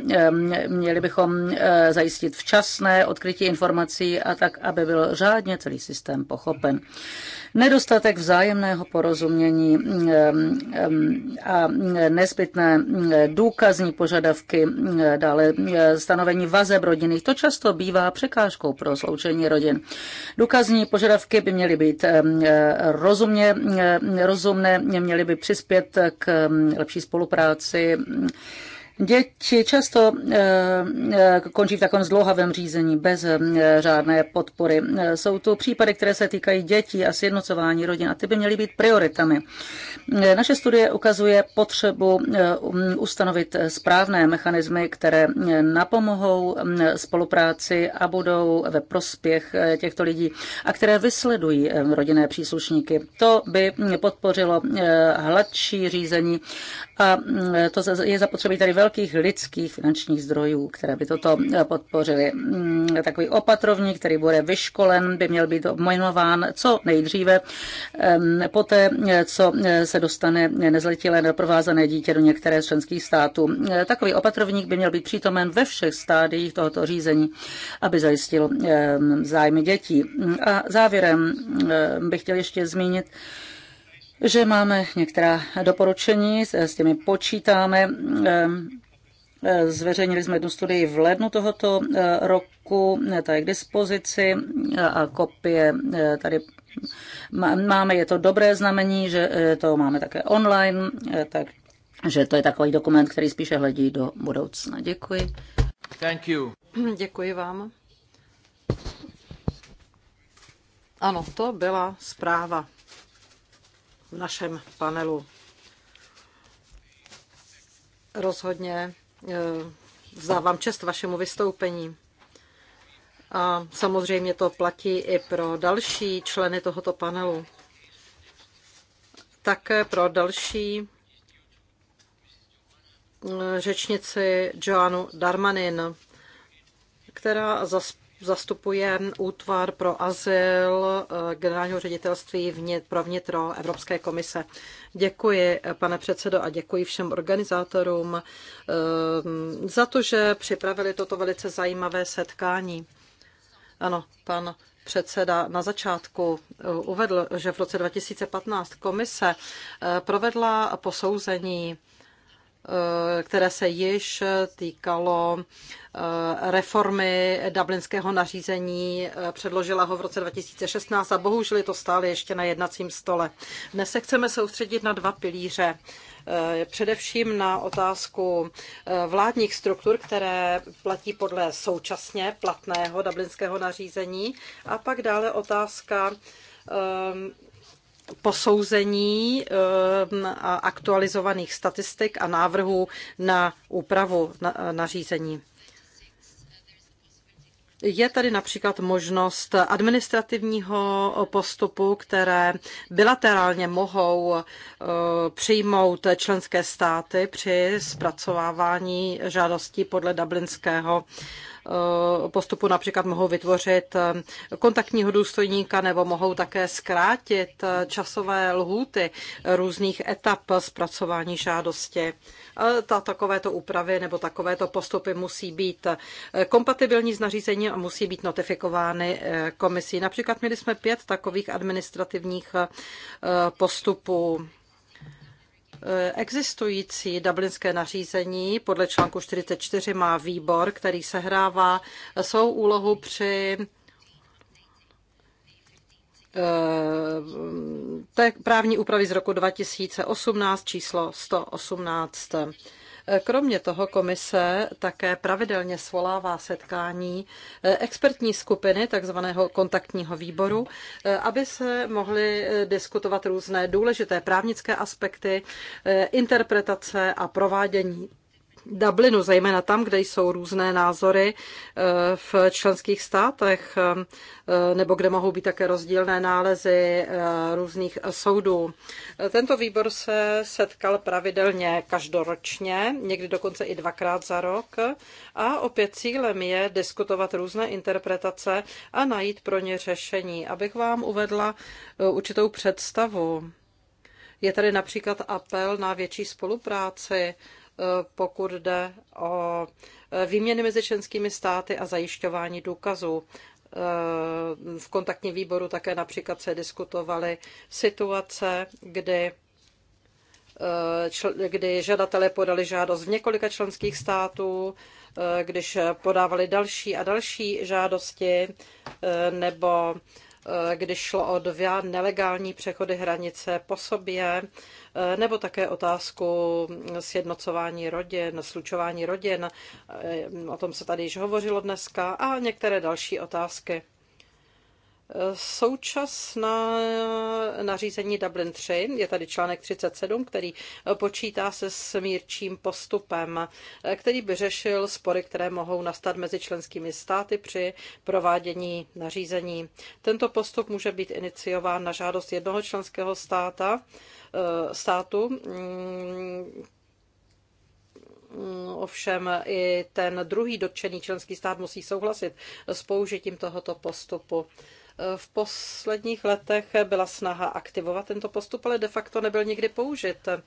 Měli bychom eh, zajistit včasné odkrytí informací a tak, aby byl řádně celý systém pochopen nedostatek vzájemného porozumění mm, mm, a nezbytné mm, důkazní požadavky, dále stanovení vazeb rodinných. To často bývá překážkou pro sloučení rodin. Důkazní požadavky by měly být rozumně, rozumné, měly by přispět k lepší spolupráci Děti často eh, eh, končí v takovém zdlouhavém řízení bez žádné eh, podpory. Jsou tu případy, které se týkají dětí a sjednocování rodin a ty by měly být prioritami. Naše studie ukazuje potřebu um, ustanovit správné mechanismy, které napomohou mm, spolupráci a budou ve prospěch těchto lidí a které vysledují rodinné příslušníky. To by mm, podpořilo hladší řízení a mm, to je zapotřebí tady velkých lidských finančních zdrojů, které by toto eh, podpořily. Mm, takový opatrovník, který bude vyškolen, by měl být obmojnován co nejdříve, poté, eh, co eh, se dostane nezletilé neprovázané dítě do některé z členských států. Takový opatrovník by měl být přítomen ve všech stádiích tohoto řízení, aby zajistil zájmy dětí. Mm, a závěrem bych chtěl ještě zmínit, že máme některá doporučení, s těmi počítáme. Ehm, ehm, zveřejnili jsme jednu studii v lednu tohoto eh, roku, eh, ta je k dispozici eh, a kopie tady máme. Je to dobré znamení, že to máme také online, takže to je takový dokument, který spíše hledí do budoucna. Děkuji. Thank you. Děkuji vám. Ano, to byla zpráva v našem panelu. Rozhodně eh, vzdávám čest vašemu vystoupení. A samozřejmě to platí i pro další členy tohoto panelu. Také pro další eh, řečnici Joanu Darmanin, která zastupuje útvar pro azyl eh, generálního ředitelství vnitř, pro vnitro Evropské komise. Děkuji, eh, pane předsedo, a děkuji všem organizátorům eh, za to, že připravili toto velice zajímavé setkání. Ano, pan předseda na začátku uvedl, že v roce 2015 komise provedla posouzení Eh, které se již týkalo eh, reformy dublinského nařízení. Eh, předložila ho v roce 2016 a bohužel je to stále ještě na jednacím stole. Dnes se chceme soustředit na dva pilíře. Především na otázku vládních struktur, které platí podle současně platného dublinského nařízení. A pak dále otázka posouzení ehm, aktualizovaných statistik a návrhů na úpravu nařízení. Je tady například možnost administrativního postupu, které bilaterálně mohou eh, přijmout členské státy při zpracovávání žádostí podle dublinského Eh, postupu například mohou vytvořit eh, kontaktního důstojníka nebo mohou také zkrátit eh, časové lhůty různých etap zpracování žádosti. Ta, takovéto úpravy nebo takovéto postupy musí být kompatibilní s nařízením a musí být notifikovány komisí. Například měli jsme pět takových administrativních postupů Eh, existující dublinské nařízení podle článku 44 má výbor, který sehrává svou úlohu při eh, té právní úpravy z roku 2018 číslo 118. Kromě toho komise také pravidelně svolává setkání eh, expertní skupiny, takzvaného kontaktního výboru, eh, aby se mohly eh, diskutovat různé důležité právnické aspekty, interpretace a provádění Dublinu, zejména tam, kde jsou různé názory eh, v členských státech, eh, nebo kde mohou být také rozdílné nálezy eh, různých soudů. Tento výbor se setkal pravidelně každoročně, někdy dokonce i dvakrát za rok, a opět cílem je diskutovat různé interpretace a najít pro ně řešení. Abych vám uvedla určitou představu. Je tady například apel na větší spolupráci Eh, pokud jde o eh, výměny mezi členskými státy a zajišťování důkazů. Eh, v kontaktním výboru také například se diskutovaly situace, kdy kdy žadatelé podali žádost v několika členských států, když podávali další a další žádosti, nebo když šlo o dvě nelegální přechody hranice po sobě, nebo také otázku sjednocování rodin, slučování rodin, eh, o tom se tady již hovořilo dneska, a některé další otázky. Současná nařízení Dublin 3, je tady článek 37, který počítá se smírčím postupem, eh, který by řešil spory, které mohou nastat mezi členskými státy při provádění nařízení. Tento postup může být iniciován na žádost jednoho členského státa Eh, státu. Mm, ovšem i ten druhý dotčený členský stát musí souhlasit s použitím tohoto postupu. Eh, v posledních letech byla snaha aktivovat tento postup, ale de facto nebyl nikdy použit. Eh,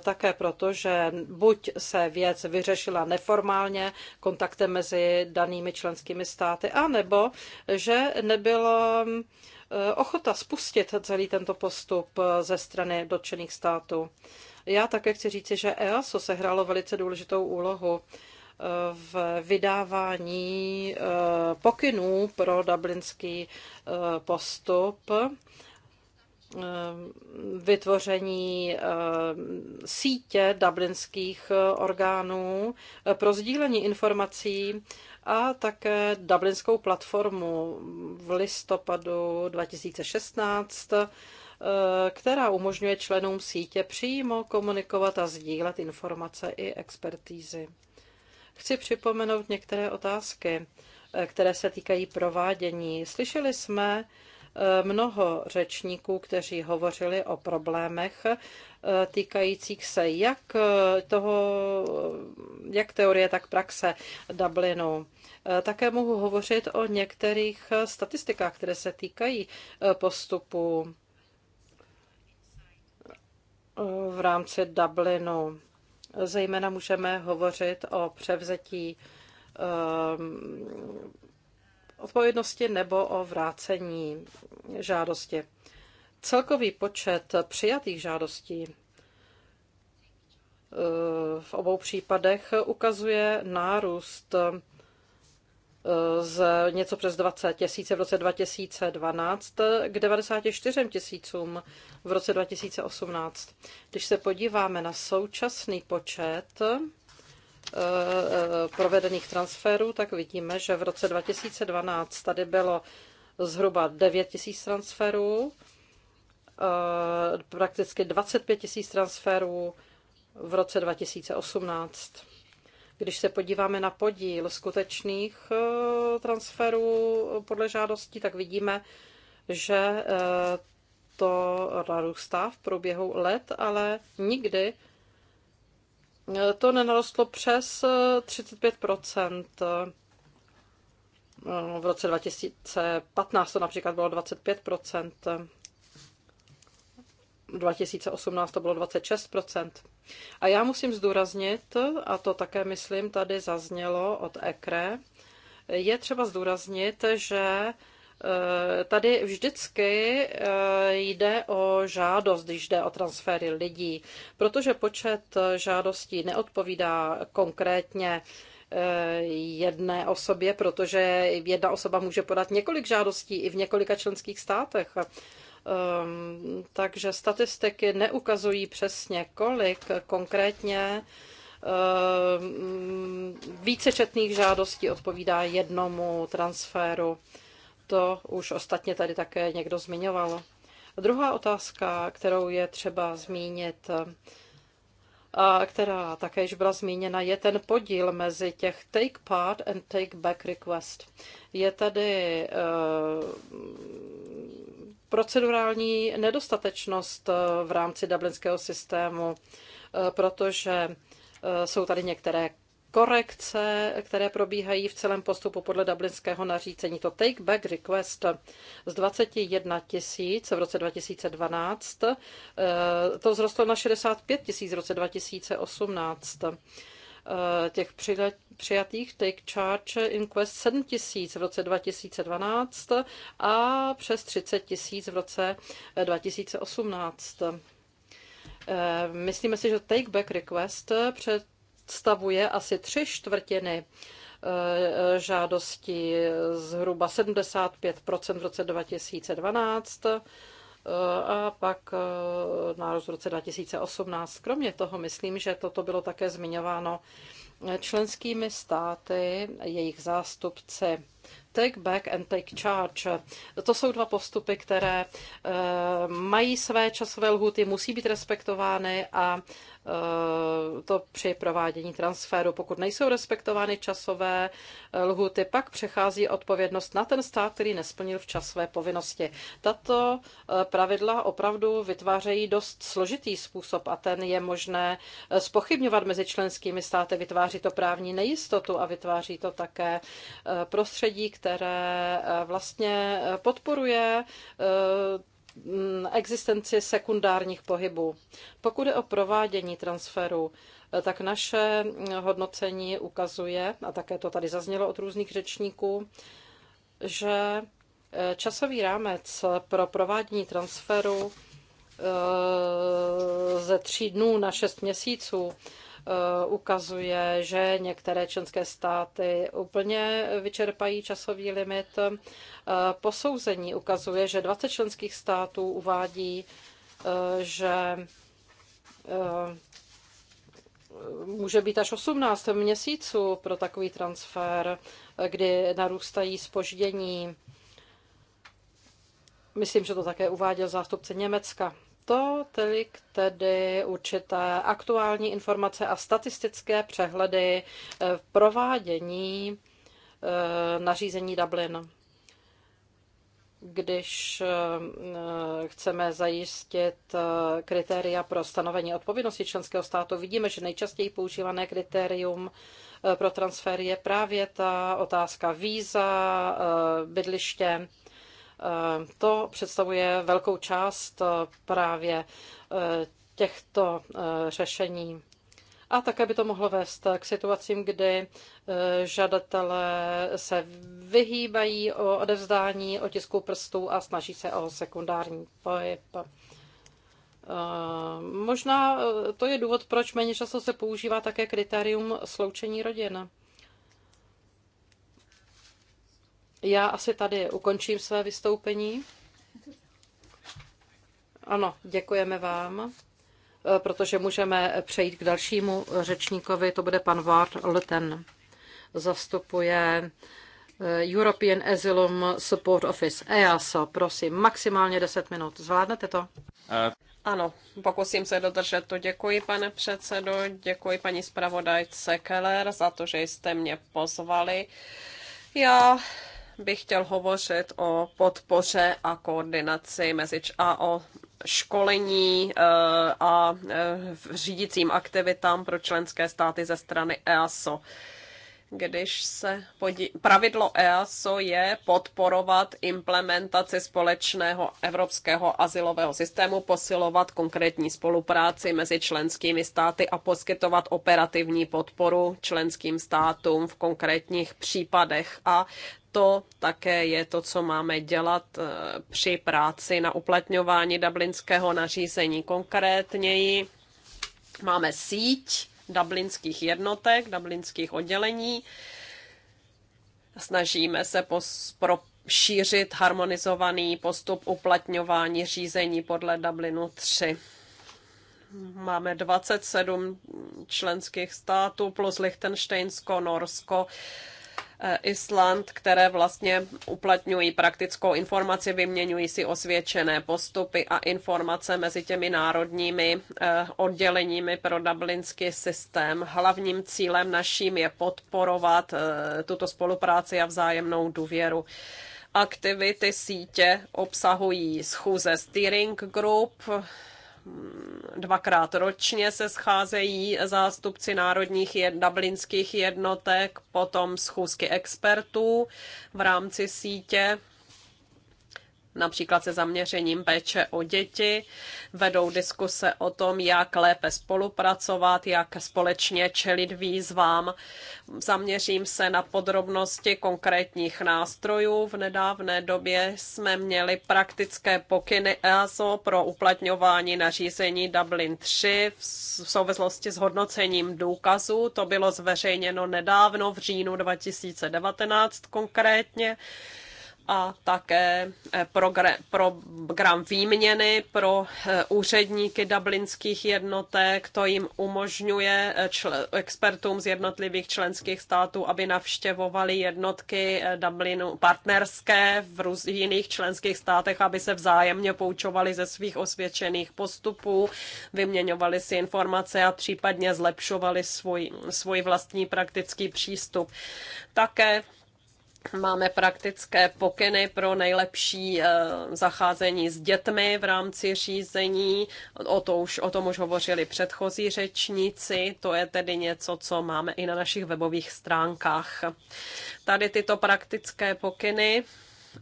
také proto, že buď se věc vyřešila neformálně kontaktem mezi danými členskými státy, anebo že nebylo mm, Eh, ochota spustit celý tento postup eh, ze strany dotčených států. Já také chci říci, že EASO sehrálo velice důležitou úlohu eh, v vydávání pokynů pro dublinský postup vytvoření sítě dublinských orgánů pro sdílení informací a také Dublinskou platformu v listopadu 2016, eh, která umožňuje členům sítě přímo komunikovat a sdílet informace i expertízy. Chci připomenout některé otázky, eh, které se týkají provádění. Slyšeli jsme, mnoho řečníků, kteří hovořili o problémech eh, týkajících se jak eh, toho, jak teorie, tak praxe Dublinu. Eh, také mohu hovořit o některých statistikách, které se týkají postupu v rámci Dublinu. Zejména můžeme hovořit o převzetí odpovědnosti nebo o vrácení žádosti. Celkový počet přijatých žádostí eh, v obou případech ukazuje nárůst eh, z něco přes 20 tisíce v roce 2012 k 94 tisícům v roce 2018. Když se podíváme na současný počet Eh, eh, provedených transferů, tak vidíme, že v roce 2012 tady bylo zhruba 9 tisíc transferů, eh, prakticky 25 tisíc transferů v roce 2018. Když se podíváme na podíl skutečných transferů podle žádostí, tak vidíme, že to narůstá v průběhu let, ale nikdy to nenarostlo přes 35 eh, eh, v roce 2015 to například bylo 25 2018 to bylo 26 A já musím zdůraznit, a to také myslím tady zaznělo od EKRE, je třeba zdůraznit, že Eh, tady vždycky eh, jde o žádost, když jde o transfery lidí, protože počet eh, žádostí neodpovídá konkrétně jedné osobě, protože jedna osoba může podat několik žádostí i v několika členských státech. Ehm, takže statistiky neukazují přesně, kolik konkrétně vícečetných žádostí odpovídá jednomu transferu. To už ostatně tady také někdo zmiňoval. Druhá otázka, kterou je třeba zmínit, a která také již byla zmíněna, je ten podíl mezi těch take part and take back request. Je tady uh, procedurální nedostatečnost eh, v rámci dublinského systému, eh, protože jsou tady některé korekce, které probíhají v celém postupu podle dublinského nařícení, To take back request z 21 tisíc v roce 2012, eh, to vzrostlo na 65 tisíc v roce 2018 eh, těch přijatých take charge inquest 7 tisíc v roce 2012 a přes 30 tisíc v roce 2018. Eh, myslíme si, že take back request před představuje asi tři čtvrtiny eh, žádostí zhruba 75 v roce 2012 eh, a pak eh, nárůst v roce 2018. Kromě toho myslím, že toto bylo také zmiňováno členskými státy, jejich zástupci Take back and take charge. To jsou dva postupy, které eh, mají své časové lhuty, musí být respektovány a eh, to při provádění transferu. Pokud nejsou respektovány časové eh, lhuty, pak přechází odpovědnost na ten stát, který nesplnil včas své povinnosti. Tato pravidla opravdu vytvářejí dost složitý způsob a ten je možné spochybňovat mezi členskými státy. Vytváří to právní nejistotu a vytváří to také prostředí, prostředí, které eh, vlastně eh, podporuje eh, existenci sekundárních pohybů. Pokud je o provádění transferu, tak naše hodnocení ukazuje, a také to tady zaznělo od různých řečníků, že časový rámec pro provádění transferu ze tří dnů na šest měsíců Eh, ukazuje, že některé členské státy úplně vyčerpají časový limit. Eh, posouzení ukazuje, že 20 členských států uvádí, eh, že může být až 18 měsíců pro takový transfer, kdy narůstají spoždění. Myslím, že to také uváděl zástupce Německa. To tolik tedy určité aktuální informace a statistické přehledy v eh, provádění eh, nařízení Dublin. Když eh, chceme zajistit kritéria pro stanovení odpovědnosti členského státu, vidíme, že nejčastěji používané kritérium pro transfer je právě ta otázka víza, bydliště Eh, to představuje velkou část eh, právě eh, těchto řešení. A také by to mohlo vést k situacím, kdy žadatelé se vyhýbají o odevzdání otisků prstů a snaží se o sekundární pohyb. Možná to je důvod, proč méně často se používá také kritérium sloučení rodin. Já asi tady ukončím své vystoupení. Ano, děkujeme vám, eh, protože můžeme přejít k dalšímu řečníkovi. To bude pan Ward Leten. Zastupuje eh, European Asylum Support Office, EASO. Prosím, maximálně 10 minut. Zvládnete to? Eh. Ano, pokusím se dodržet to. Děkuji, pane předsedo, děkuji paní zpravodajce Keller za to, že jste mě pozvali. Já bych chtěl hovořit o podpoře a koordinaci mezi a o školení eh, a eh, řídícím aktivitám pro členské státy ze strany EASO když se podí... pravidlo EASO je podporovat implementaci společného evropského asilového systému, posilovat konkrétní spolupráci mezi členskými státy a poskytovat operativní podporu členským státům v konkrétních případech a to také je to, co máme dělat eh, při práci na uplatňování dublinského nařízení. Konkrétněji máme síť dublinských jednotek, dublinských oddělení. Snažíme se pos, pro, šířit harmonizovaný postup uplatňování řízení podle Dublinu 3. Máme 27 členských států plus Lichtensteinsko, Norsko, Eh, Island, které vlastně uplatňují praktickou informaci, vyměňují si osvědčené postupy a informace mezi těmi národními eh, odděleními pro dublinský systém. Hlavním cílem naším je podporovat eh, tuto spolupráci a vzájemnou důvěru aktivity sítě obsahují schůze steering group, dvakrát ročně se scházejí zástupci národních jed, dublinských jednotek, potom schůzky expertů v rámci sítě například se zaměřením péče o děti, vedou diskuse o tom, jak lépe spolupracovat, jak společně čelit výzvám. Zaměřím se na podrobnosti konkrétních nástrojů. V nedávné době jsme měli praktické pokyny EASO pro uplatňování nařízení Dublin 3 v souvislosti s hodnocením důkazů. To bylo zveřejněno nedávno v říjnu 2019 konkrétně a také eh, program výměny pro eh, úředníky dublinských jednotek. To jim umožňuje eh, expertům z jednotlivých členských států, aby navštěvovali jednotky Dublinu partnerské v růz, jiných členských státech, aby se vzájemně poučovali ze svých osvědčených postupů, vyměňovali si informace a případně zlepšovali svůj, svůj vlastní praktický přístup. Také Máme praktické pokyny pro nejlepší eh, zacházení s dětmi v rámci řízení. O, to už, o tom už hovořili předchozí řečníci. To je tedy něco, co máme i na našich webových stránkách. Tady tyto praktické pokyny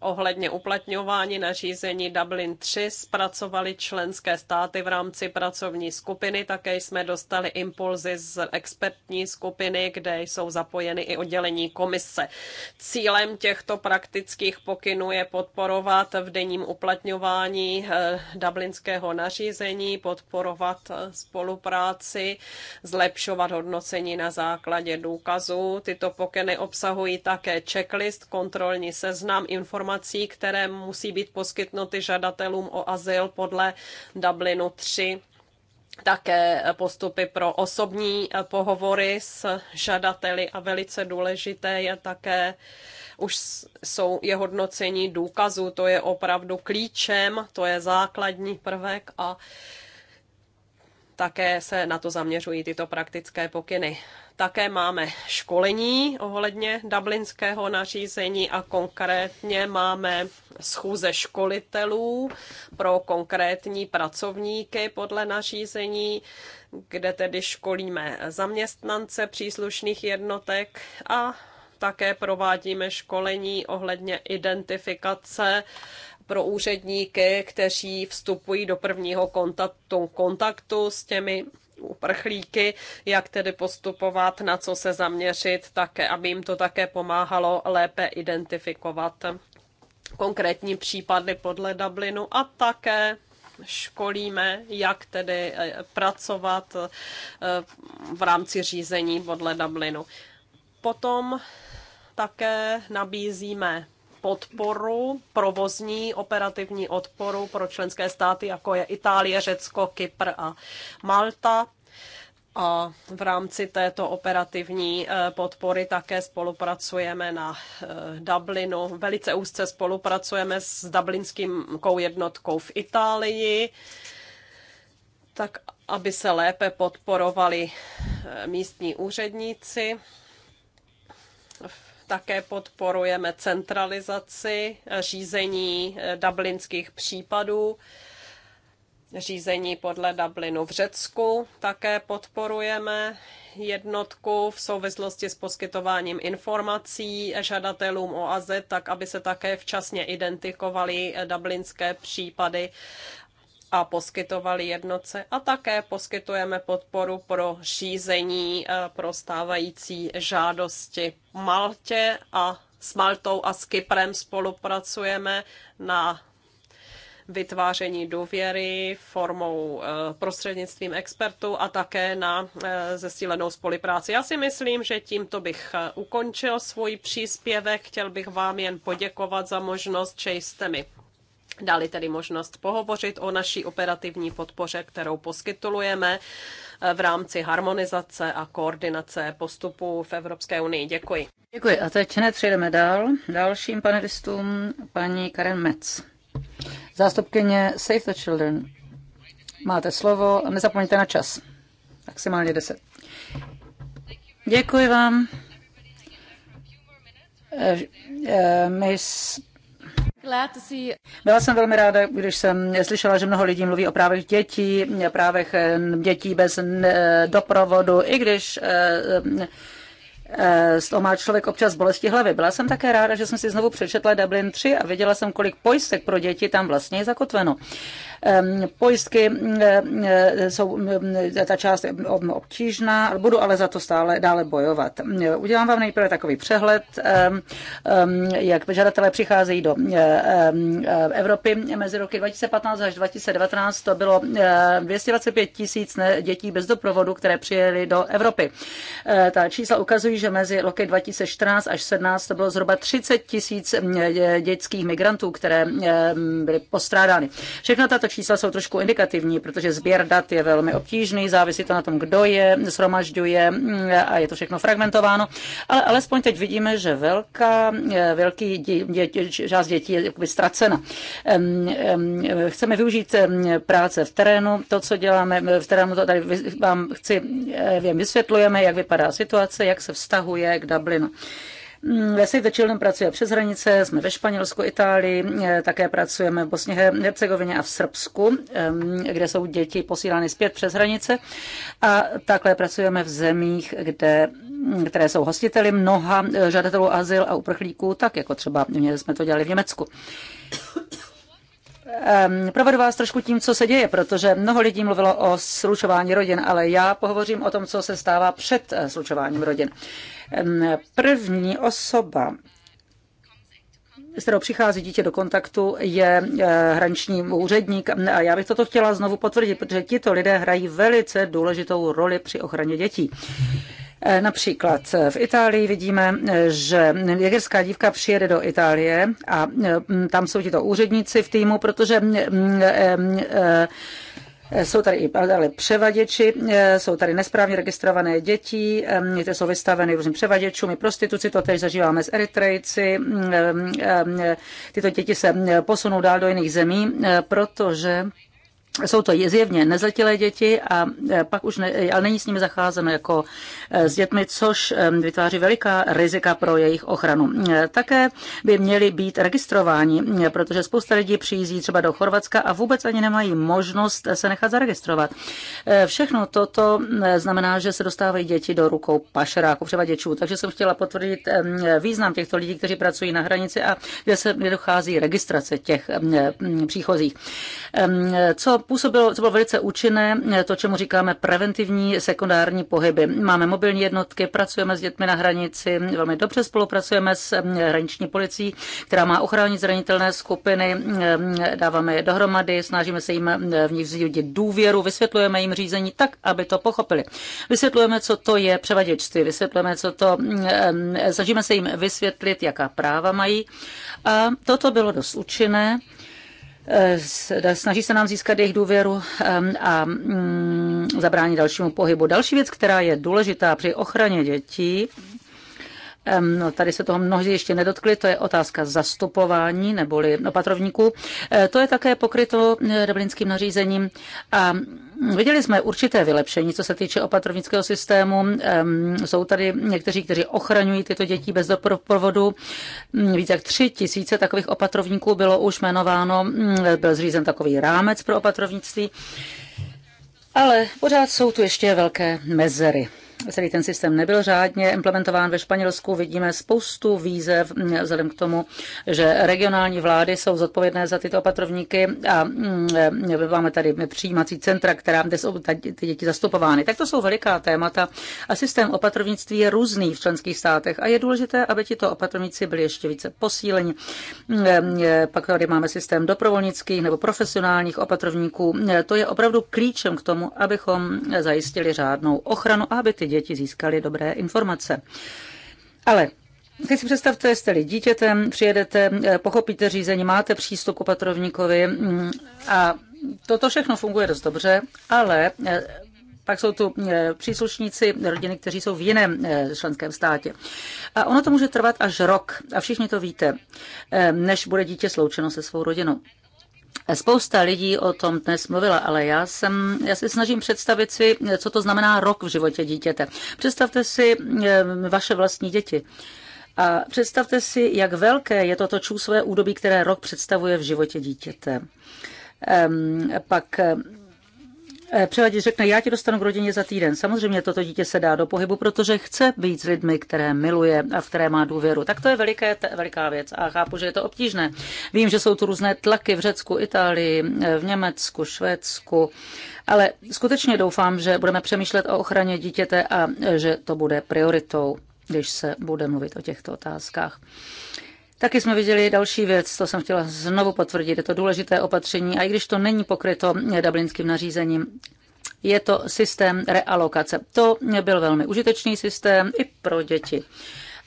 ohledně uplatňování nařízení Dublin 3 zpracovali členské státy v rámci pracovní skupiny. Také jsme dostali impulzy z expertní skupiny, kde jsou zapojeny i oddělení komise. Cílem těchto praktických pokynů je podporovat v denním uplatňování eh, dublinského nařízení, podporovat eh, spolupráci, zlepšovat hodnocení na základě důkazů. Tyto pokyny obsahují také checklist, kontrolní seznam, informace informací, které musí být poskytnuty žadatelům o azyl podle Dublinu 3 také postupy pro osobní pohovory s žadateli a velice důležité je také už jsou je hodnocení důkazů, to je opravdu klíčem, to je základní prvek a také se na to zaměřují tyto praktické pokyny. Také máme školení ohledně dublinského nařízení a konkrétně máme schůze školitelů pro konkrétní pracovníky podle nařízení, kde tedy školíme zaměstnance příslušných jednotek a také provádíme školení ohledně identifikace pro úředníky, kteří vstupují do prvního kontaktu, kontaktu s těmi uprchlíky, jak tedy postupovat, na co se zaměřit, také, aby jim to také pomáhalo lépe identifikovat konkrétní případy podle Dublinu a také školíme, jak tedy eh, pracovat eh, v rámci řízení podle Dublinu. Potom také nabízíme podporu, provozní operativní odporu pro členské státy, jako je Itálie, Řecko, Kypr a Malta. A v rámci této operativní eh, podpory také spolupracujeme na eh, Dublinu. Velice úzce spolupracujeme s dublinským jednotkou v Itálii, tak aby se lépe podporovali eh, místní úředníci také podporujeme centralizaci řízení eh, dublinských případů, řízení podle Dublinu v Řecku. Také podporujeme jednotku v souvislosti s poskytováním informací žadatelům o az, tak aby se také včasně identifikovaly eh, dublinské případy a poskytovali jednoce, a také poskytujeme podporu pro řízení eh, pro stávající žádosti Maltě a s Maltou a s Kyprem spolupracujeme na vytváření důvěry formou eh, prostřednictvím expertů a také na eh, zesílenou spolupráci. Já si myslím, že tímto bych ukončil svůj příspěvek. Chtěl bych vám jen poděkovat za možnost, že jste mi dali tedy možnost pohovořit o naší operativní podpoře, kterou poskytujeme eh, v rámci harmonizace a koordinace postupů v Evropské unii. Děkuji. Děkuji. A teď hned přejdeme dál. Dalším panelistům paní Karen Metz. Zástupkyně Save the Children. Máte slovo, nezapomeňte na čas. Maximálně 10. Děkuji vám. Eh, eh, my byla jsem velmi ráda, když jsem slyšela, že mnoho lidí mluví o právech dětí, právech eh, dětí bez eh, doprovodu, i když eh, to má člověk občas bolesti hlavy. Byla jsem také ráda, že jsem si znovu přečetla Dublin 3 a viděla jsem, kolik pojistek pro děti tam vlastně je zakotveno. Pojistky jsou ta část obtížná, budu ale za to stále dále bojovat. Udělám vám nejprve takový přehled, jak žadatelé přicházejí do Evropy. Mezi roky 2015 až 2019 to bylo 225 tisíc dětí bez doprovodu, které přijeli do Evropy. E, ta čísla ukazují, že mezi roky 2014 až 17 to bylo zhruba 30 tisíc dětských migrantů, které byly postrádány. Všechna tato čísla jsou trošku indikativní, protože sběr dat je velmi obtížný, závisí to na tom, kdo je shromažďuje mm, a je to všechno fragmentováno. Ale alespoň teď vidíme, že velká, eh, velký dě, dě, část dětí je jakoby ztracena. Chceme využít práce v terénu, to, co děláme eh, v terénu, to tady vám chci, eh, vysvětlujeme, jak vypadá situace, jak se vztahuje k Dublinu. Save the Children pracuje přes hranice, jsme ve Španělsku, Itálii, eh, také pracujeme v Bosně, Hercegovině a v Srbsku, kde jsou děti posílány zpět přes hranice a takhle pracujeme v zemích, kde, mm, které jsou hostiteli mnoha eh, žadatelů azyl a uprchlíků, tak jako třeba jsme to dělali v Německu provedu vás trošku tím, co se děje, protože mnoho lidí mluvilo o slučování rodin, ale já pohovořím o tom, co se stává před eh, slučováním rodin. První osoba, s kterou přichází dítě do kontaktu, je eh, hraniční úředník. A já bych toto chtěla znovu potvrdit, protože tito lidé hrají velice důležitou roli při ochraně dětí. Eh, například eh, v Itálii vidíme, že jegerská dívka přijede do Itálie a tam jsou tito úředníci v týmu, protože mm, jsou tady i ale převaděči, jsou tady nesprávně registrované děti, ty jsou vystaveny různým převaděčům i prostituci, to teď zažíváme s Eritrejci. Tyto děti se posunou dál do jiných zemí, protože jsou to zjevně nezletilé děti a e, pak už ne, e, ale není s nimi zacházeno jako e, s dětmi, což vytváří veliká rizika pro jejich ochranu. Také by měli být registrováni, protože spousta lidí přijíždí třeba do Chorvatska a vůbec ani nemají možnost se nechat zaregistrovat. Všechno toto znamená, že se dostávají děti do rukou pašeráků, děčů. Takže jsem chtěla potvrdit význam těchto lidí, kteří pracují na hranici a kde se nedochází registrace těch příchozích. Co působilo, co bylo velice účinné, eh, to, čemu říkáme preventivní sekundární pohyby. Máme mobilní jednotky, pracujeme s dětmi na hranici, velmi dobře spolupracujeme s eh, hraniční policií, která má ochránit zranitelné skupiny, eh, dáváme je dohromady, snažíme se jim v nich vzbudit důvěru, vysvětlujeme jim řízení tak, aby to pochopili. Vysvětlujeme, co to je převaděčství, vysvětlujeme, co to, snažíme se jim vysvětlit, jaká práva mají. A toto bylo dost účinné. Eh, snaží se nám získat jejich důvěru a mm, zabránit dalšímu pohybu. Další věc, která je důležitá při ochraně dětí, No, tady se toho mnohdy ještě nedotkli, to je otázka zastupování neboli opatrovníků. E, to je také pokryto e, dublinským nařízením a mm, viděli jsme určité vylepšení, co se týče opatrovnického systému. Jsou tady někteří, kteří ochraňují tyto děti bez doprovodu. Mm, Více jak tři tisíce takových opatrovníků bylo už jmenováno, mm, byl zřízen takový rámec pro opatrovnictví. Ale pořád jsou tu ještě velké mezery celý ten systém nebyl řádně implementován ve Španělsku. Vidíme spoustu výzev mm, vzhledem k tomu, že regionální vlády jsou zodpovědné za tyto opatrovníky a mm, e, máme tady přijímací centra, která, kde jsou ty děti zastupovány. Tak to jsou veliká témata a systém opatrovnictví je různý v členských státech a je důležité, aby tito opatrovníci byli ještě více posíleni. Mm, e, e, pak tady máme systém dobrovolnických nebo profesionálních opatrovníků. To je opravdu klíčem k tomu, abychom zajistili řádnou ochranu aby ty děti získaly dobré informace. Ale když si představte, jste-li dítětem, přijedete, eh, pochopíte řízení, máte přístup k patrovníkovi mm, a toto všechno funguje dost dobře, ale eh, pak jsou tu eh, příslušníci rodiny, kteří jsou v jiném členském státě. A ono to může trvat až rok, a všichni to víte, než bude dítě sloučeno se svou rodinou. Spousta lidí o tom dnes mluvila, ale já, jsem, já si snažím představit si, co to znamená rok v životě dítěte. Představte si eh, vaše vlastní děti. A představte si, jak velké je toto čůsové údobí, které rok představuje v životě dítěte. Ehm, pak Eh, přehledě řekne, já ti dostanu k rodině za týden. Samozřejmě toto dítě se dá do pohybu, protože chce být s lidmi, které miluje a v které má důvěru. Tak to je veliké, veliká věc a chápu, že je to obtížné. Vím, že jsou tu různé tlaky v Řecku, Itálii, eh, v Německu, Švédsku, ale skutečně doufám, že budeme přemýšlet o ochraně dítěte a eh, že to bude prioritou, když se bude mluvit o těchto otázkách. Taky jsme viděli další věc, to jsem chtěla znovu potvrdit, je to důležité opatření, a i když to není pokryto dublinským nařízením, je to systém realokace. To byl velmi užitečný systém i pro děti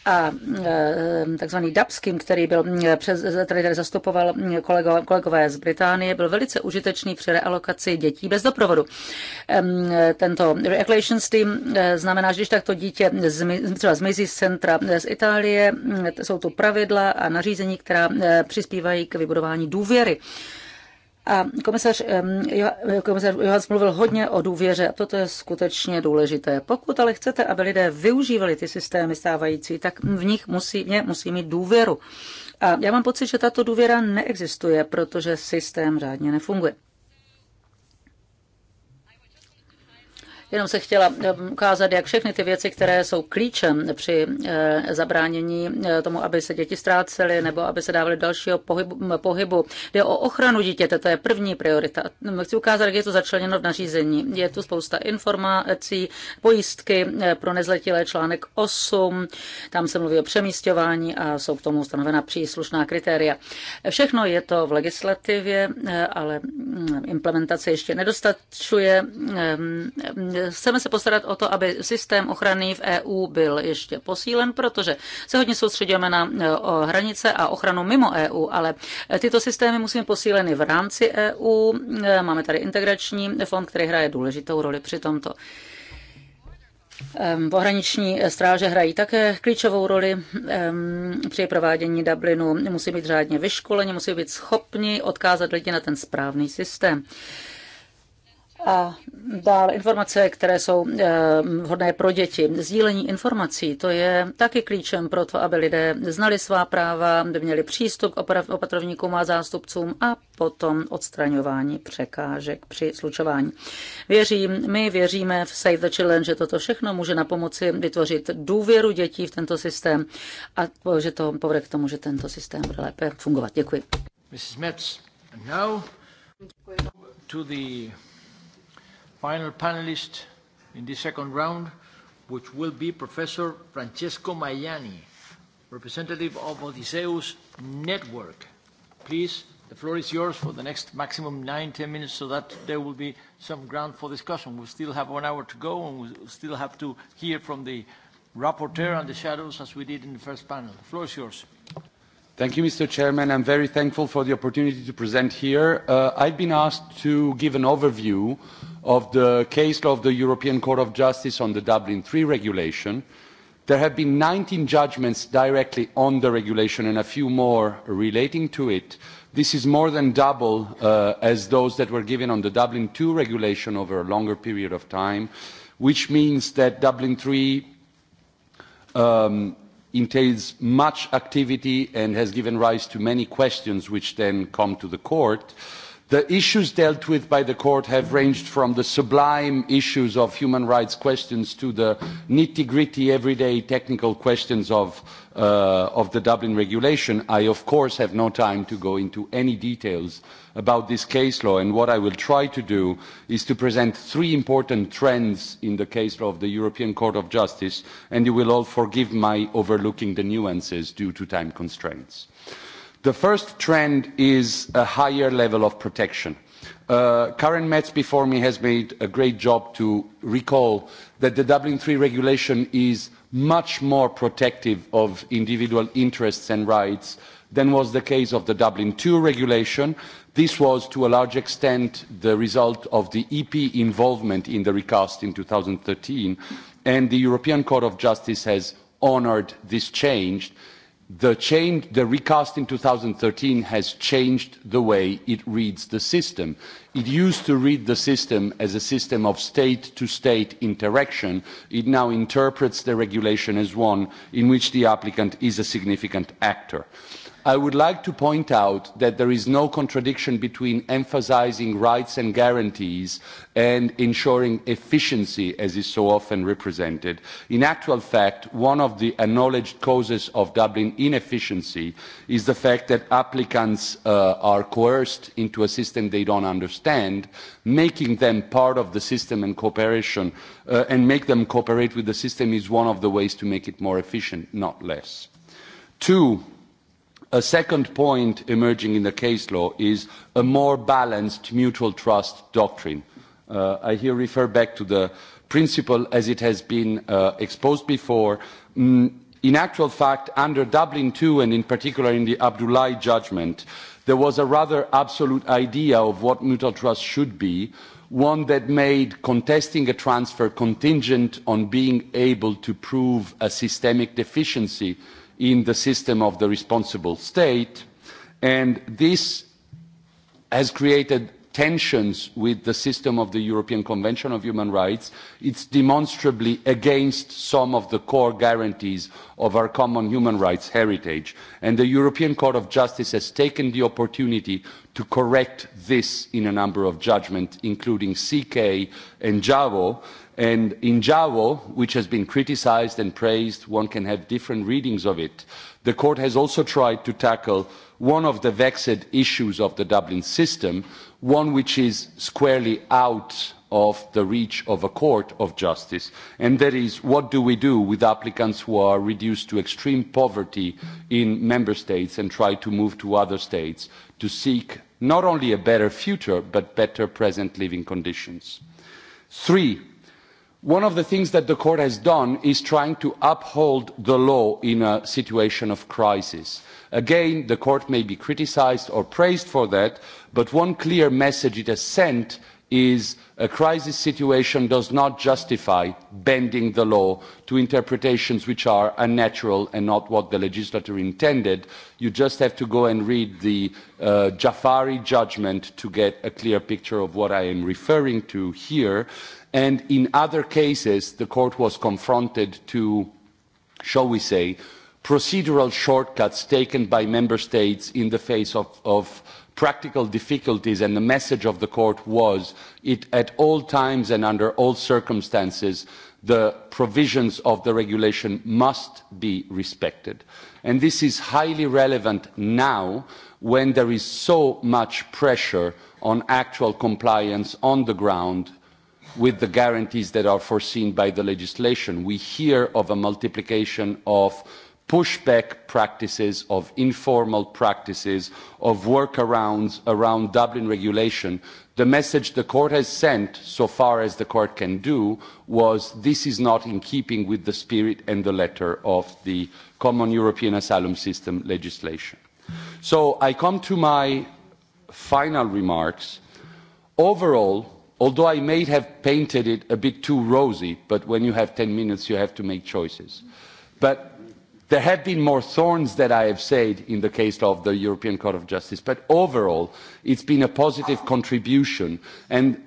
a eh, takzvaný Dabskim, který byl mm, přes, který tady zastupoval mm, kolego, kolegové z Británie, byl velice užitečný při realokaci dětí bez doprovodu. Tento Reclations Team eh, znamená, že když takto dítě zmi, třeba zmizí z centra eh, z Itálie, mm, jsou tu pravidla a nařízení, která přispívají k vybudování důvěry a komisař, komisař Johans mluvil hodně o důvěře a toto je skutečně důležité. Pokud ale chcete, aby lidé využívali ty systémy stávající, tak v nich musí, mě musí mít důvěru. A já mám pocit, že tato důvěra neexistuje, protože systém řádně nefunguje. Jenom se chtěla eh, ukázat, jak všechny ty věci, které jsou klíčem při eh, zabránění eh, tomu, aby se děti ztrácely nebo aby se dávaly dalšího pohybu, pohybu. Jde o ochranu dítěte, to je první priorita. Hm, chci ukázat, jak je to začleněno v nařízení. Je tu spousta informací, pojistky pro nezletilé článek 8, tam se mluví o přemístování a jsou k tomu stanovena příslušná kritéria. Všechno je to v legislativě, ale hm, implementace ještě nedostačuje hm, chceme se postarat o to, aby systém ochrany v EU byl ještě posílen, protože se hodně soustředíme na e, hranice a ochranu mimo EU, ale tyto systémy musíme posíleny v rámci EU. E, máme tady integrační fond, který hraje důležitou roli při tomto. Pohraniční stráže hrají také klíčovou roli při provádění Dublinu. Musí být řádně vyškoleni, musí být schopni odkázat lidi na ten správný systém. A dále informace, které jsou eh, vhodné pro děti. Sdílení informací, to je taky klíčem pro to, aby lidé znali svá práva, aby měli přístup k opatrovníkům a zástupcům a potom odstraňování překážek při slučování. Věřím, my věříme v Save the Children, že toto všechno může na pomoci vytvořit důvěru dětí v tento systém a že to povede k tomu, že tento systém bude lépe fungovat. Děkuji. Mrs. Metz, now to the final panelist in the second round, which will be Professor Francesco Maiani, representative of Odysseus Network. Please, the floor is yours for the next maximum nine, ten minutes so that there will be some ground for discussion. We still have one hour to go and we still have to hear from the rapporteur and the shadows as we did in the first panel. The floor is yours. Thank you, Mr. Chairman. I'm very thankful for the opportunity to present here. Uh, I've been asked to give an overview of the case of the European Court of Justice on the Dublin III regulation. There have been 19 judgments directly on the regulation and a few more relating to it. This is more than double uh, as those that were given on the Dublin II regulation over a longer period of time, which means that Dublin III um, entails much activity and has given rise to many questions which then come to the court. The issues dealt with by the court have ranged from the sublime issues of human rights questions to the nitty-gritty everyday technical questions of Uh, of the Dublin regulation. I, of course, have no time to go into any details about this case law, and what I will try to do is to present three important trends in the case law of the European Court of Justice, and you will all forgive my overlooking the nuances due to time constraints. The first trend is a higher level of protection. Uh, Karen Metz before me has made a great job to recall that the Dublin III regulation is much more protective of individual interests and rights than was the case of the Dublin II regulation. This was, to a large extent, the result of the EP involvement in the recast in 2013, and the European Court of Justice has honoured this change The, change, the recast in 2013 has changed the way it reads the system. It used to read the system as a system of state-to-state interaction. It now interprets the regulation as one in which the applicant is a significant actor. I would like to point out that there is no contradiction between emphasizing rights and guarantees and ensuring efficiency, as is so often represented. In actual fact, one of the acknowledged causes of Dublin inefficiency is the fact that applicants uh, are coerced into a system they don't understand, making them part of the system and cooperation, uh, and make them cooperate with the system is one of the ways to make it more efficient, not less. Two, a second point emerging in the case law is a more balanced mutual trust doctrine. Uh, I here refer back to the principle as it has been uh, exposed before. Mm, in actual fact, under Dublin II and in particular in the Abdullahi judgment, there was a rather absolute idea of what mutual trust should be, one that made contesting a transfer contingent on being able to prove a systemic deficiency in the system of the responsible state. And this has created tensions with the system of the European Convention of Human Rights. It's demonstrably against some of the core guarantees of our common human rights heritage. And the European Court of Justice has taken the opportunity to correct this in a number of judgments, including CK and Javo. And in Javo, which has been criticized and praised, one can have different readings of it. The court has also tried to tackle one of the vexed issues of the Dublin system, one which is squarely out of the reach of a court of justice, and that is what do we do with applicants who are reduced to extreme poverty in member states and try to move to other states to seek not only a better future, but better present living conditions. Three, one of the things that the court has done is trying to uphold the law in a situation of crisis. Again, the court may be criticised or praised for that, but one clear message it has sent is a crisis situation does not justify bending the law to interpretations which are unnatural and not what the legislator intended. You just have to go and read the uh, Jafari judgment to get a clear picture of what I am referring to here. And in other cases, the court was confronted to, shall we say, procedural shortcuts taken by member states in the face of, of practical difficulties and the message of the court was it at all times and under all circumstances the provisions of the regulation must be respected and this is highly relevant now when there is so much pressure on actual compliance on the ground with the guarantees that are foreseen by the legislation. We hear of a multiplication of pushback practices, of informal practices, of workarounds around Dublin regulation. The message the court has sent, so far as the court can do, was this is not in keeping with the spirit and the letter of the common European asylum system legislation. So I come to my final remarks. Overall, although I may have painted it a bit too rosy, but when you have 10 minutes, you have to make choices. But there have been more thorns that I have said in the case of the European Court of Justice, but overall, it's been a positive contribution. And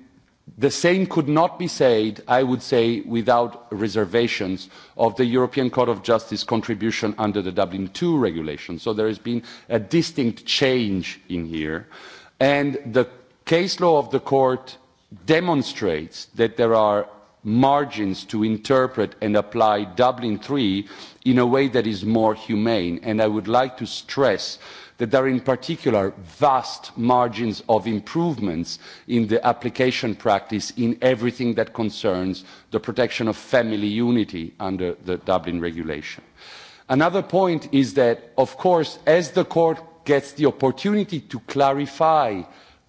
the same could not be said, I would say, without reservations of the European Court of Justice contribution under the Dublin II regulation. So there has been a distinct change in here. And the case law of the court demonstrates that there are margins to interpret and apply Dublin III in a way that is more humane. And I would like to stress that there are in particular vast margins of improvements in the application practice in everything that concerns the protection of family unity under the Dublin regulation. Another point is that, of course, as the court gets the opportunity to clarify uh,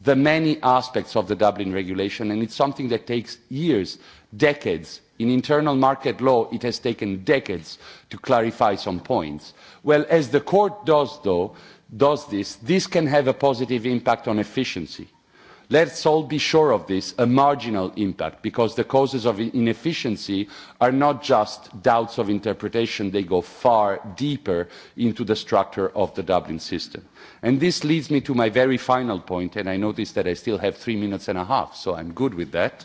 the many aspects of the Dublin regulation, and it's something that takes years, decades. In internal market law, it has taken decades to clarify some points. Well, as the court does, though, does this, this can have a positive impact on efficiency Let's all be sure of this, a marginal impact, because the causes of inefficiency are not just doubts of interpretation, they go far deeper into the structure of the Dublin system. And this leads me to my very final point, and I notice that I still have three minutes and a half, so I'm good with that.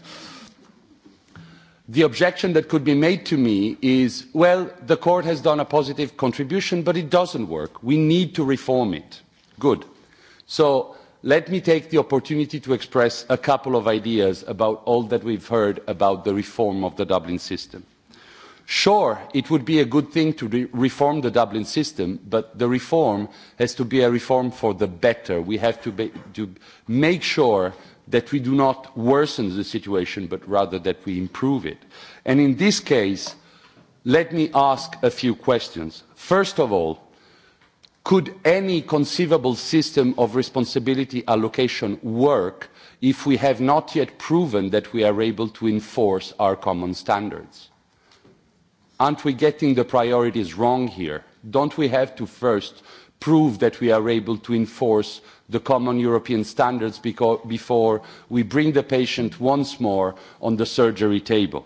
The objection that could be made to me is, well, the court has done a positive contribution, but it doesn't work. We need to reform it. Good. So Let me take the opportunity to express a couple of ideas about all that we've heard about the reform of the Dublin system. Sure, it would be a good thing to re reform the Dublin system, but the reform has to be a reform for the better. We have to, be, to make sure that we do not worsen the situation, but rather that we improve it. And in this case, let me ask a few questions. First of all, could any conceivable system of responsibility allocation work if we have not yet proven that we are able to enforce our common standards? Aren't we getting the priorities wrong here? Don't we have to first prove that we are able to enforce the common European standards before we bring the patient once more on the surgery table?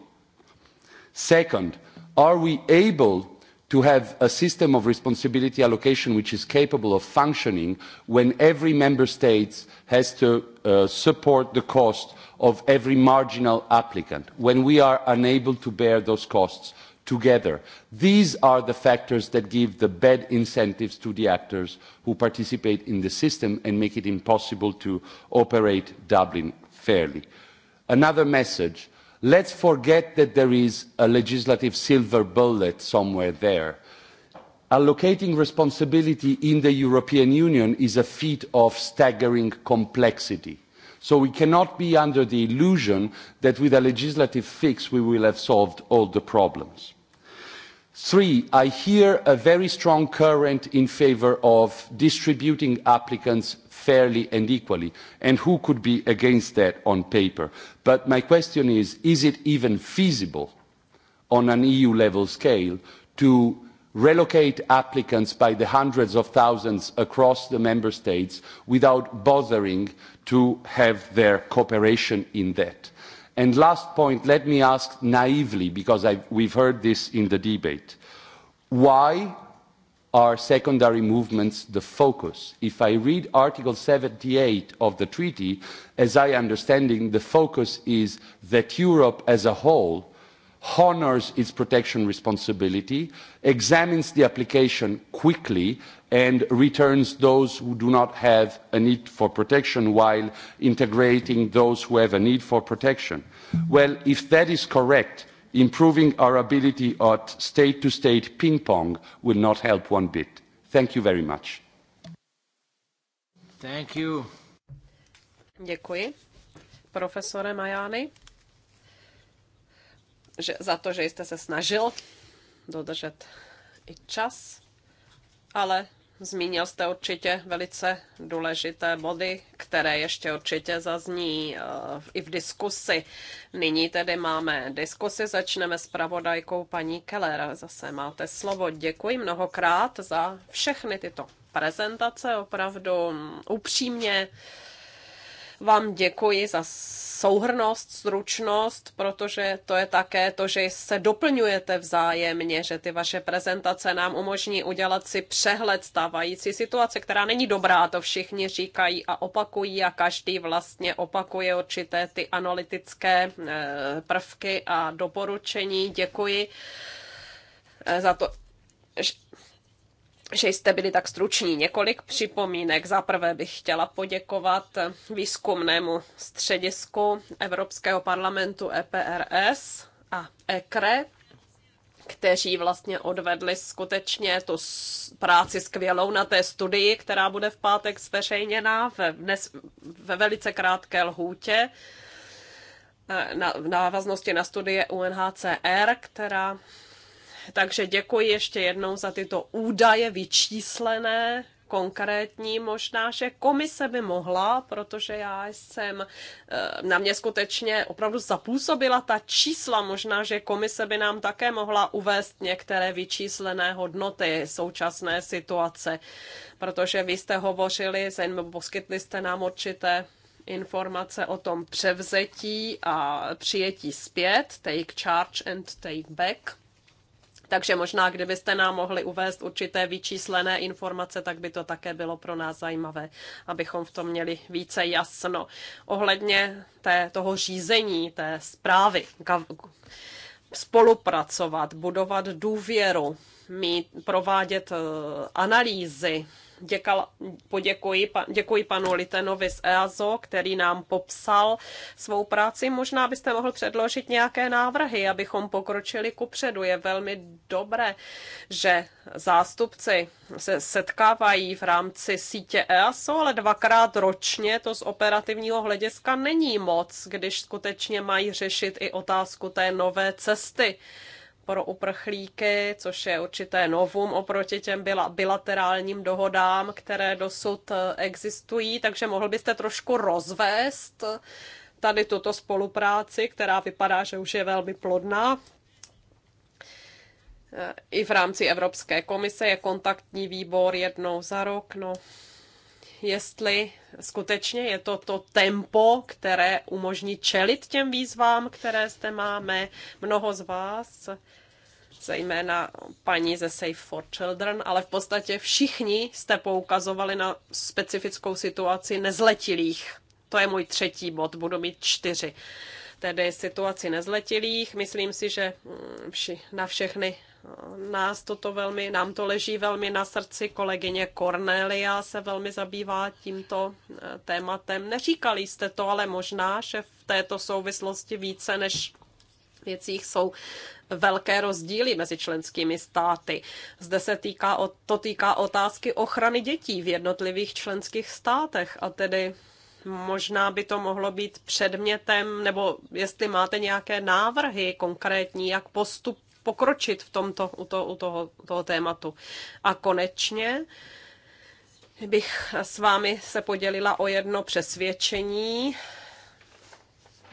Second, are we able to have a system of responsibility allocation which is capable of functioning when every member state has to uh, support the cost of every marginal applicant, when we are unable to bear those costs together. These are the factors that give the bad incentives to the actors who participate in the system and make it impossible to operate Dublin fairly. Another message Let's forget that there is a legislative silver bullet somewhere there. Allocating responsibility in the European Union is a feat of staggering complexity. So we cannot be under the illusion that with a legislative fix we will have solved all the problems. Three, I hear a very strong current in favor of distributing applicants fairly and equally, and who could be against that on paper? But my question is, is it even feasible on an EU-level scale to relocate applicants by the hundreds of thousands across the member states without bothering to have their cooperation in that? And last point, let me ask naively, because I've, we've heard this in the debate. Why are secondary movements the focus? If I read Article 78 of the treaty, as I understand it, the focus is that Europe as a whole honors its protection responsibility, examines the application quickly, and returns those who do not have a need for protection while integrating those who have a need for protection. Well, if that is correct, improving our ability at state-to-state ping pong will not help one bit. Thank you very much. Thank you. Děkuji. Profesore Majány že, za to, že jste se snažil dodržet i čas, ale zmínil jste určitě velice důležité body, které ještě určitě zazní eh, i v diskusi. Nyní tedy máme diskusi, začneme s pravodajkou paní Keller. Zase máte slovo. Děkuji mnohokrát za všechny tyto prezentace, opravdu mm, upřímně vám děkuji za souhrnost, stručnost, protože to je také to, že se doplňujete vzájemně, že ty vaše prezentace nám umožní udělat si přehled stávající situace, která není dobrá, to všichni říkají a opakují a každý vlastně opakuje určité ty analytické eh, prvky a doporučení. Děkuji eh, za to, že jste byli tak struční. Několik připomínek. Za prvé bych chtěla poděkovat výzkumnému středisku Evropského parlamentu EPRS a ECRE, e, kteří vlastně odvedli skutečně tu práci skvělou na té studii, která bude v pátek zveřejněna ve, dnes, ve velice krátké lhůtě eh, na, v návaznosti na studie UNHCR, která takže děkuji ještě jednou za tyto údaje vyčíslené, konkrétní možná, že komise by mohla, protože já jsem, eh, na mě skutečně opravdu zapůsobila ta čísla, možná, že komise by nám také mohla uvést některé vyčíslené hodnoty současné situace, protože vy jste hovořili, poskytli jste nám určité informace o tom převzetí a přijetí zpět, take charge and take back. Takže možná, kdybyste nám mohli uvést určité vyčíslené informace, tak by to také bylo pro nás zajímavé, abychom v tom měli více jasno. Ohledně té, toho řízení, té zprávy, spolupracovat, budovat důvěru, mít, provádět eh, analýzy, děkala, poděkuji, děkuji panu Litenovi z EASO, který nám popsal svou práci. Možná byste mohl předložit nějaké návrhy, abychom pokročili kupředu. Je velmi dobré, že zástupci se setkávají v rámci sítě EASO, ale dvakrát ročně to z operativního hlediska není moc, když skutečně mají řešit i otázku té nové cesty pro uprchlíky, což je určité novum oproti těm bilaterálním dohodám, které dosud eh, existují. Takže mohl byste trošku rozvést eh, tady tuto spolupráci, která vypadá, že už je velmi plodná. Eh, I v rámci Evropské komise je kontaktní výbor jednou za rok. No, jestli skutečně je to to tempo, které umožní čelit těm výzvám, které zde máme. Mnoho z vás zejména paní ze Safe for Children, ale v podstatě všichni jste poukazovali na specifickou situaci nezletilých. To je můj třetí bod, budu mít čtyři. Tedy situaci nezletilých, myslím si, že mm, vši, na všechny eh, nás toto velmi, nám to leží velmi na srdci. Kolegyně Cornelia se velmi zabývá tímto eh, tématem. Neříkali jste to, ale možná, že v této souvislosti více než věcích jsou velké rozdíly mezi členskými státy. Zde se týká, to týká otázky ochrany dětí v jednotlivých členských státech a tedy možná by to mohlo být předmětem, nebo jestli máte nějaké návrhy konkrétní, jak postup pokročit v tomto, u, to, u toho, toho tématu. A konečně bych s vámi se podělila o jedno přesvědčení,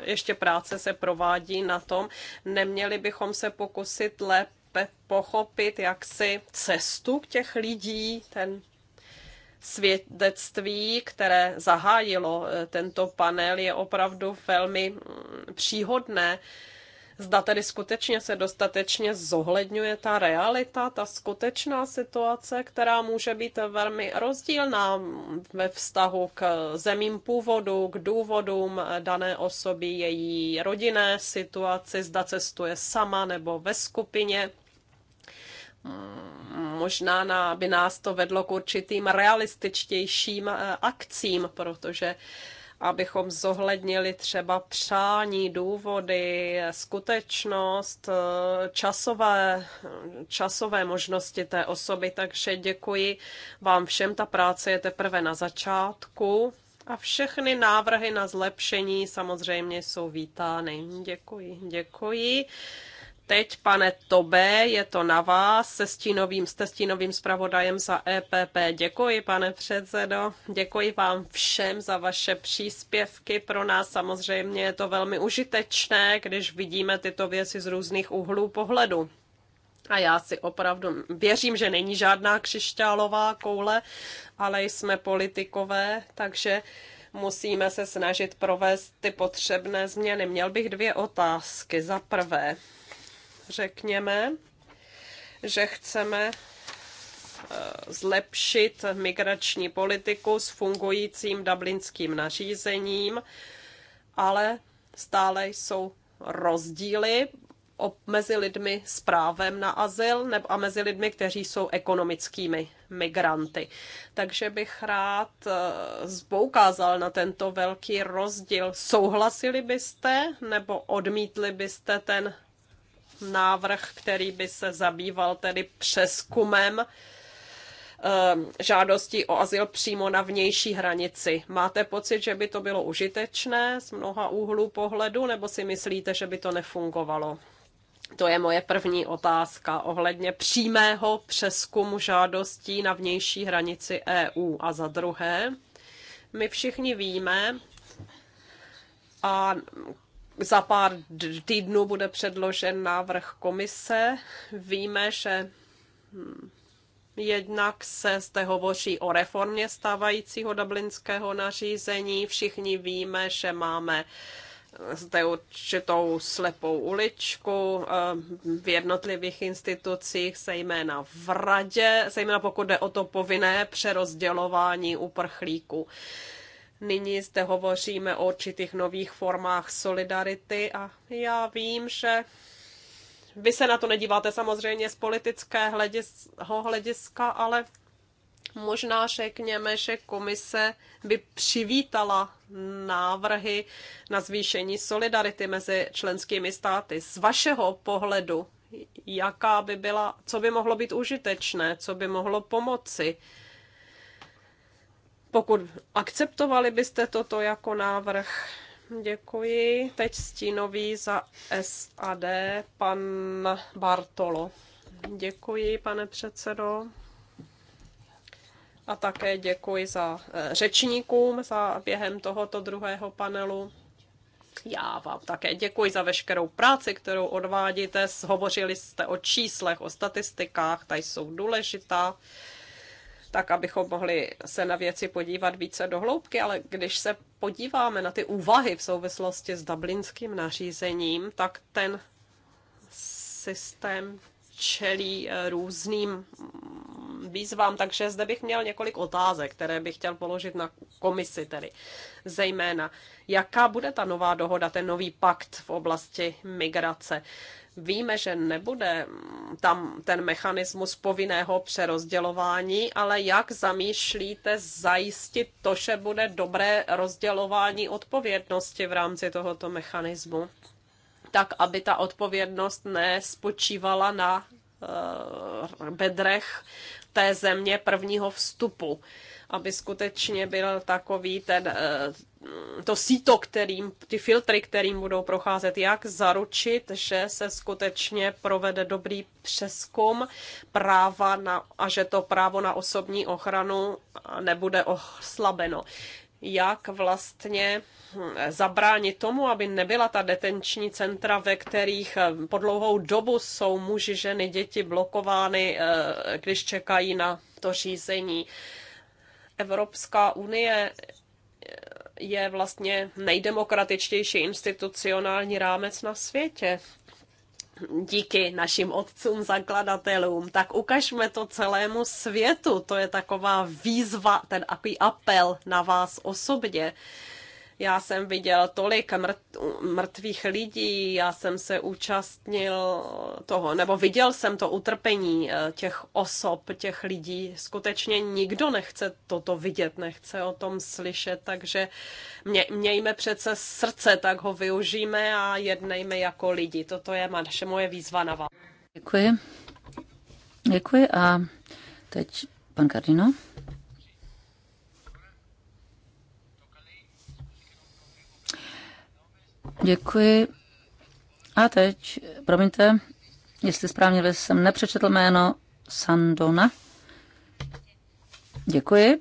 ještě práce se provádí na tom, neměli bychom se pokusit lépe pochopit jaksi cestu těch lidí, ten svědectví, které zahájilo eh, tento panel, je opravdu velmi mm, příhodné. Zda tedy skutečně se dostatečně zohledňuje ta realita, ta skutečná situace, která může být velmi rozdílná ve vztahu k zemím původu, k důvodům dané osoby, její rodinné situaci, zda cestuje sama nebo ve skupině možná by nás to vedlo k určitým realističtějším eh, akcím, protože abychom zohlednili třeba přání, důvody, skutečnost, eh, časové, časové možnosti té osoby. Takže děkuji vám všem. Ta práce je teprve na začátku. A všechny návrhy na zlepšení samozřejmě jsou vítány. Děkuji, děkuji teď, pane Tobe, je to na vás se stínovým, se stínovým zpravodajem za EPP. Děkuji, pane předsedo. Děkuji vám všem za vaše příspěvky. Pro nás samozřejmě je to velmi užitečné, když vidíme tyto věci z různých úhlů pohledu. A já si opravdu věřím, že není žádná křišťálová koule, ale jsme politikové, takže musíme se snažit provést ty potřebné změny. Měl bych dvě otázky. Za prvé, řekněme, že chceme eh, zlepšit migrační politiku s fungujícím dublinským nařízením, ale stále jsou rozdíly mezi lidmi s právem na azyl a mezi lidmi, kteří jsou ekonomickými migranty. Takže bych rád zboukázal eh, na tento velký rozdíl. Souhlasili byste nebo odmítli byste ten návrh, který by se zabýval tedy přeskumem ehm, žádosti o azyl přímo na vnější hranici. Máte pocit, že by to bylo užitečné z mnoha úhlů pohledu, nebo si myslíte, že by to nefungovalo? To je moje první otázka ohledně přímého přeskumu žádostí na vnější hranici EU. A za druhé, my všichni víme, a za pár týdnů bude předložen návrh komise. Víme, že hm, jednak se zde hovoří o reformě stávajícího dublinského nařízení. Všichni víme, že máme eh, zde určitou slepou uličku eh, v jednotlivých institucích, zejména v radě, zejména pokud jde o to povinné přerozdělování uprchlíků. Nyní zde hovoříme o určitých nových formách solidarity a já vím, že vy se na to nedíváte samozřejmě z politického hlediska, ale možná řekněme, že komise by přivítala návrhy na zvýšení solidarity mezi členskými státy. Z vašeho pohledu, jaká by byla, co by mohlo být užitečné, co by mohlo pomoci? Pokud akceptovali byste toto jako návrh, děkuji. Teď stínový za SAD, pan Bartolo. Děkuji, pane předsedo. A také děkuji za eh, řečníkům za během tohoto druhého panelu. Já vám také děkuji za veškerou práci, kterou odvádíte. Hovořili jste o číslech, o statistikách, ta jsou důležitá tak abychom mohli se na věci podívat více do hloubky, ale když se podíváme na ty úvahy v souvislosti s dublinským nařízením, tak ten systém čelí eh, různým výzvám, takže zde bych měl několik otázek, které bych chtěl položit na komisi tedy. Zejména, jaká bude ta nová dohoda, ten nový pakt v oblasti migrace? Víme, že nebude tam ten mechanismus povinného přerozdělování, ale jak zamýšlíte zajistit to, že bude dobré rozdělování odpovědnosti v rámci tohoto mechanismu? tak, aby ta odpovědnost nespočívala na eh, bedrech té země prvního vstupu aby skutečně byl takový ten, eh, to síto, kterým, ty filtry, kterým budou procházet, jak zaručit, že se skutečně provede dobrý přeskum práva na, a že to právo na osobní ochranu nebude oslabeno jak vlastně hm, zabránit tomu, aby nebyla ta detenční centra, ve kterých eh, po dlouhou dobu jsou muži, ženy, děti blokovány, eh, když čekají na to řízení. Evropská unie je vlastně nejdemokratičtější institucionální rámec na světě. Díky našim otcům, zakladatelům, tak ukažme to celému světu. To je taková výzva, ten takový apel na vás osobně. Já jsem viděl tolik mrtvých lidí, já jsem se účastnil toho, nebo viděl jsem to utrpení eh, těch osob, těch lidí. Skutečně nikdo nechce toto vidět, nechce o tom slyšet, takže mě, mějme přece srdce, tak ho využijme a jednejme jako lidi. Toto je naše moje výzva na vás. Děkuji. Děkuji a teď pan kardinál. Děkuji. A teď, promiňte, jestli správně jsem nepřečetl jméno Sandona. Děkuji.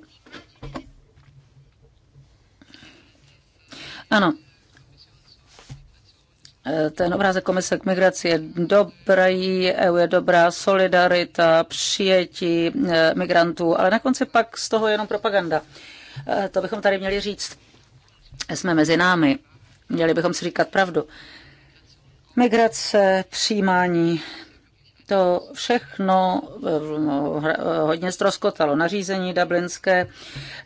Ano, ten obrázek komise k migraci je dobrý, EU je dobrá, solidarita, přijetí eh, migrantů, ale na konci pak z toho jenom propaganda. Eh, to bychom tady měli říct. Jsme mezi námi. Měli bychom si říkat pravdu. Migrace, přijímání, to všechno eh, eh, hodně ztroskotalo. Nařízení dublinské,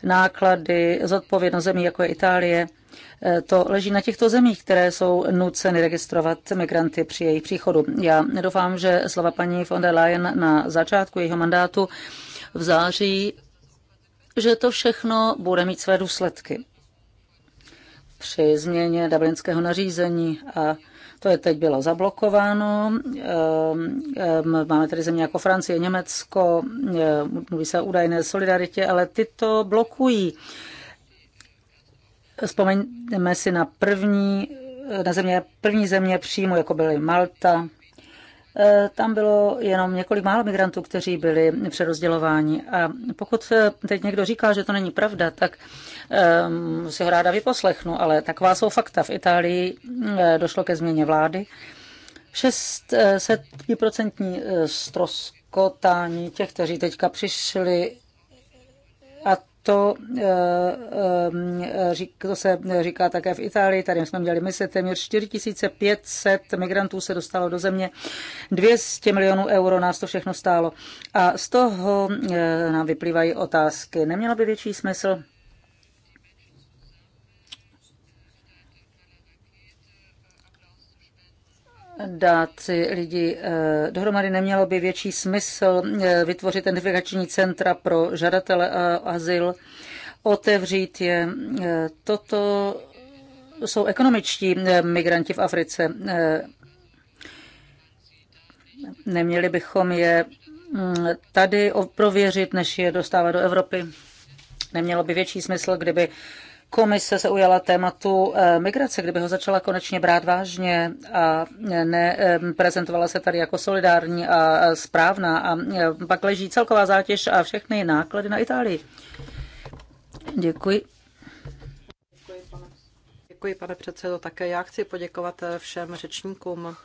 náklady, zodpovědnost zemí jako je Itálie. Eh, to leží na těchto zemích, které jsou nuceny registrovat migranty při jejich příchodu. Já doufám, že slova paní von der Leyen na začátku jejího mandátu v září, že to všechno bude mít své důsledky při změně dublinského nařízení a to je teď bylo zablokováno. Ehm, ehm, máme tady země jako Francie, Německo, ehm, mluví se o údajné solidaritě, ale to blokují. Vzpomeňme si na první na země, první země příjmu, jako byly Malta, Eh, tam bylo jenom několik málo migrantů, kteří byli přerozdělováni. A pokud eh, teď někdo říká, že to není pravda, tak um, si ho ráda vyposlechnu, ale taková jsou fakta. V Itálii eh, došlo ke změně vlády. 600% stroskotání těch, kteří teďka přišli a to, eh, eh, to se říká také v Itálii, tady jsme měli mise téměř 4500 migrantů se dostalo do země, 200 milionů euro nás to všechno stálo. A z toho eh, nám vyplývají otázky. Nemělo by větší smysl dát si lidi eh, dohromady. Nemělo by větší smysl eh, vytvořit identifikační centra pro žadatele a azyl, otevřít je. Eh, toto jsou ekonomičtí migranti v Africe. Neměli bychom je mm, tady prověřit, než je dostávat do Evropy. Nemělo by větší smysl, kdyby komise se ujala tématu eh, migrace, kdyby ho začala konečně brát vážně a ne, eh, prezentovala se tady jako solidární a správná a eh, pak leží celková zátěž a všechny náklady na Itálii. Děkuji. Děkuji, pane, Děkuji, pane předsedo. Také já chci poděkovat všem řečníkům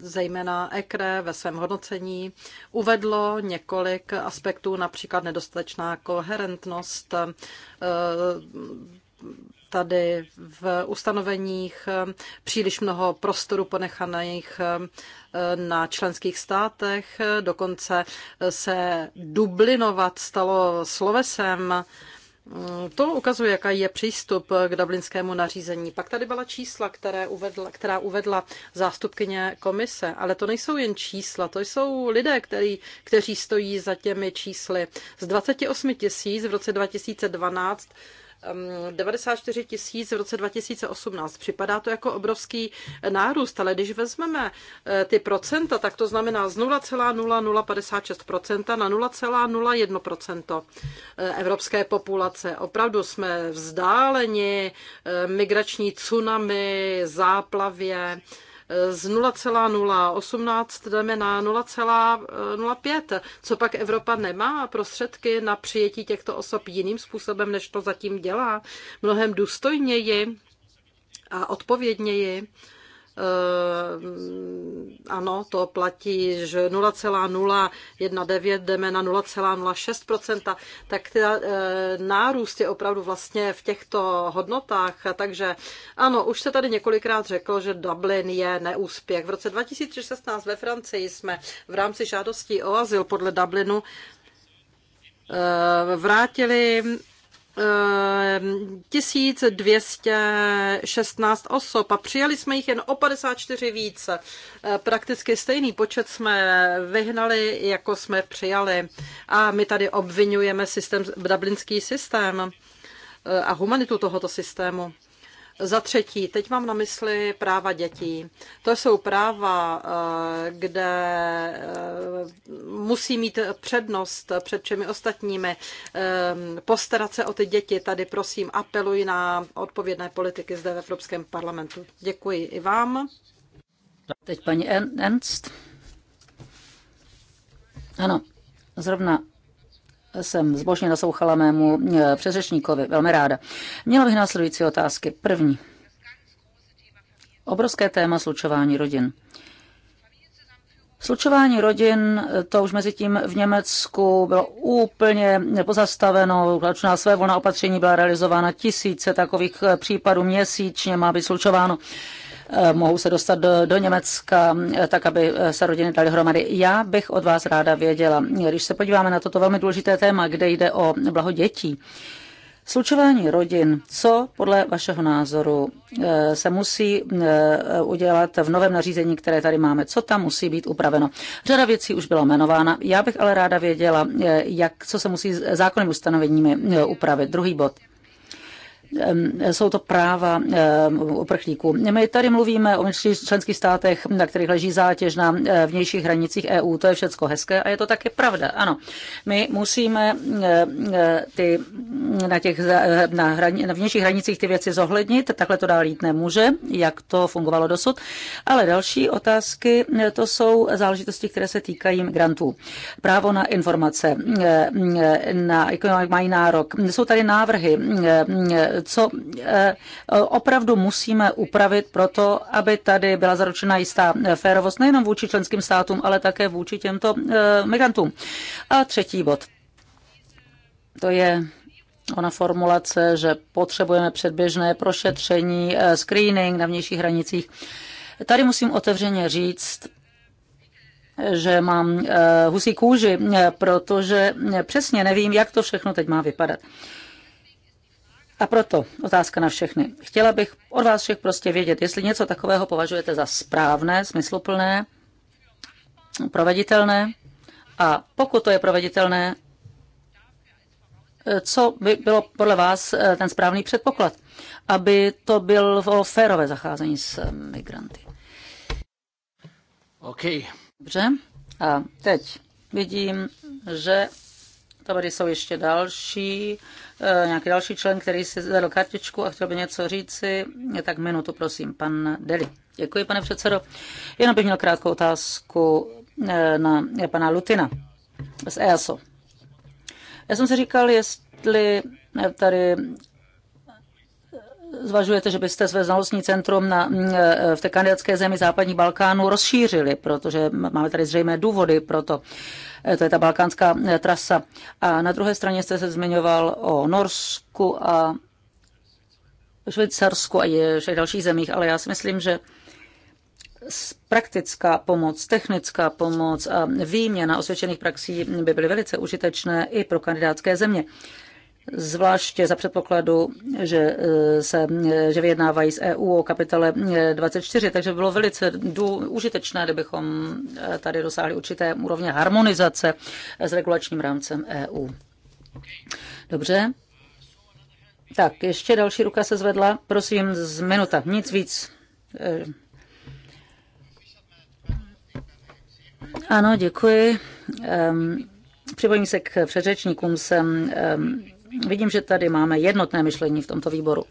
zejména ECRE ve svém hodnocení uvedlo několik aspektů, například nedostatečná koherentnost eh, tady v ustanoveních eh, příliš mnoho prostoru ponechaných eh, na členských státech. Dokonce se dublinovat stalo slovesem Mm, to ukazuje, jaká je přístup k dublinskému nařízení. Pak tady byla čísla, které uvedla, která uvedla zástupkyně komise, ale to nejsou jen čísla, to jsou lidé, který, kteří stojí za těmi čísly. Z 28 tisíc v roce 2012 94 ehm, tisíc v roce 2018. Připadá to jako obrovský eh, nárůst, ale když vezmeme eh, ty procenta, tak to znamená z 0,0056% na 0,01% eh, evropské populace. Opravdu jsme vzdáleni migrační tsunami, záplavě, z 0,018 jdeme na 0,05. Co pak Evropa nemá prostředky na přijetí těchto osob jiným způsobem, než to zatím dělá? Mnohem důstojněji a odpovědněji Eh, ano, to platí, že 0,019 jdeme na 0,06%, tak ty, eh, nárůst je opravdu vlastně v těchto hodnotách. Takže ano, už se tady několikrát řekl, že Dublin je neúspěch. V roce 2016 ve Francii jsme v rámci žádostí o azyl podle Dublinu eh, vrátili 1216 osob a přijali jsme jich jen o 54 více. Eh, prakticky stejný počet jsme vyhnali, jako jsme přijali. A my tady obvinujeme systém, dublinský systém eh, a humanitu tohoto systému. Za třetí, teď mám na mysli práva dětí. To jsou práva, eh, kde eh, musí mít přednost před všemi ostatními, eh, postarat se o ty děti. Tady prosím apeluji na odpovědné politiky zde v Evropském parlamentu. Děkuji i vám. Teď paní Ernst. Ano, zrovna jsem zbožně naslouchala mému e, přeřečníkovi, velmi ráda. Měla bych následující otázky. První. Obrovské téma slučování rodin. Slučování rodin, e, to už mezi tím v Německu bylo úplně pozastaveno, Na své volná opatření byla realizována, tisíce takových e, případů měsíčně má být slučováno. Eh, mohou se dostat do, do Německa, eh, tak aby eh, se rodiny dali hromady. Já bych od vás ráda věděla, když se podíváme na toto velmi důležité téma, kde jde o blaho dětí, Slučování rodin, co podle vašeho názoru se musí udělat v novém nařízení, které tady máme, co tam musí být upraveno. Řada věcí už byla jmenována, já bych ale ráda věděla, jak, co se musí zákonnými ustanoveními upravit. Druhý bod jsou to práva uprchlíků. My tady mluvíme o členských státech, na kterých leží zátěž na eh, vnějších hranicích EU. To je všecko hezké a je to také pravda. Ano, my musíme eh, eh, ty, na, těch, na, hraní, na vnějších hranicích ty věci zohlednit. Takhle to dál jít nemůže, jak to fungovalo dosud. Ale další otázky, to jsou záležitosti, které se týkají grantů, Právo na informace, na, mají nárok. Jsou tady návrhy co eh, opravdu musíme upravit proto, aby tady byla zaručena jistá férovost nejenom vůči členským státům, ale také vůči těmto eh, migrantům. A třetí bod. To je ona formulace, že potřebujeme předběžné prošetření, eh, screening na vnějších hranicích. Tady musím otevřeně říct, že mám husí kůži, protože přesně nevím, jak to všechno teď má vypadat. A proto otázka na všechny. Chtěla bych od vás všech prostě vědět, jestli něco takového považujete za správné, smysluplné, proveditelné a pokud to je proveditelné, co by bylo podle vás eh, ten správný předpoklad, aby to bylo férové zacházení s eh, migranty. OK. Dobře. A teď vidím, že Tady jsou ještě další, eh, nějaký další člen, který si zadal kartičku a chtěl by něco říci. Tak minutu, prosím, pan Deli. Děkuji, pane předsedo. Jenom bych měl krátkou otázku eh, na pana Lutina z EASO. Já jsem si říkal, jestli eh, tady zvažujete, že byste své znalostní centrum na, mm, v té kandidátské zemi západní Balkánu rozšířili, protože máme tady zřejmé důvody pro to. Eh, to je ta balkánská eh, trasa. A na druhé straně jste se zmiňoval o Norsku a Švýcarsku a je všech dalších zemích, ale já si myslím, že praktická pomoc, technická pomoc a výměna osvědčených praxí by byly velice užitečné i pro kandidátské země zvláště za předpokladu, že eh, se eh, že vyjednávají z EU o kapitole 24, eh, takže bylo velice dů, užitečné, kdybychom tady dosáhli určité úrovně harmonizace s regulačním rámcem EU. Dobře. Tak, ještě další ruka se zvedla. Prosím, z minuta, nic víc. Ano, děkuji. Ehm, připojím se k předřečníkům. Jsem ehm, Vidím, že tady máme jednotné myšlení v tomto výboru.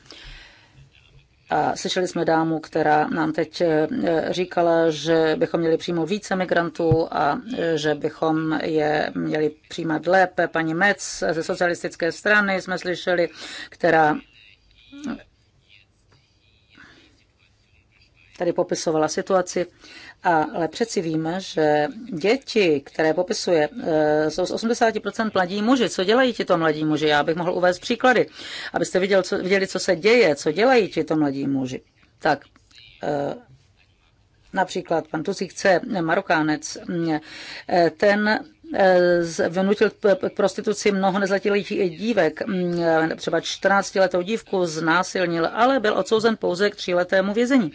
A slyšeli jsme dámu, která nám teď eh, říkala, že bychom měli přijmout více migrantů a eh, že bychom je měli přijímat lépe. Paní Mec ze socialistické strany jsme slyšeli, která eh, tady popisovala situaci. Ale přeci víme, že děti, které popisuje, e, jsou z 80% mladí muži. Co dělají to mladí muži? Já bych mohl uvést příklady, abyste viděli, co, viděli, co se děje, co dělají to mladí muži. Tak, e, například pan Tuzík C, marokánec, e, ten vnutil k prostituci mnoho nezletilých dívek. Mm, třeba 14-letou dívku znásilnil, ale byl odsouzen pouze k tříletému vězení.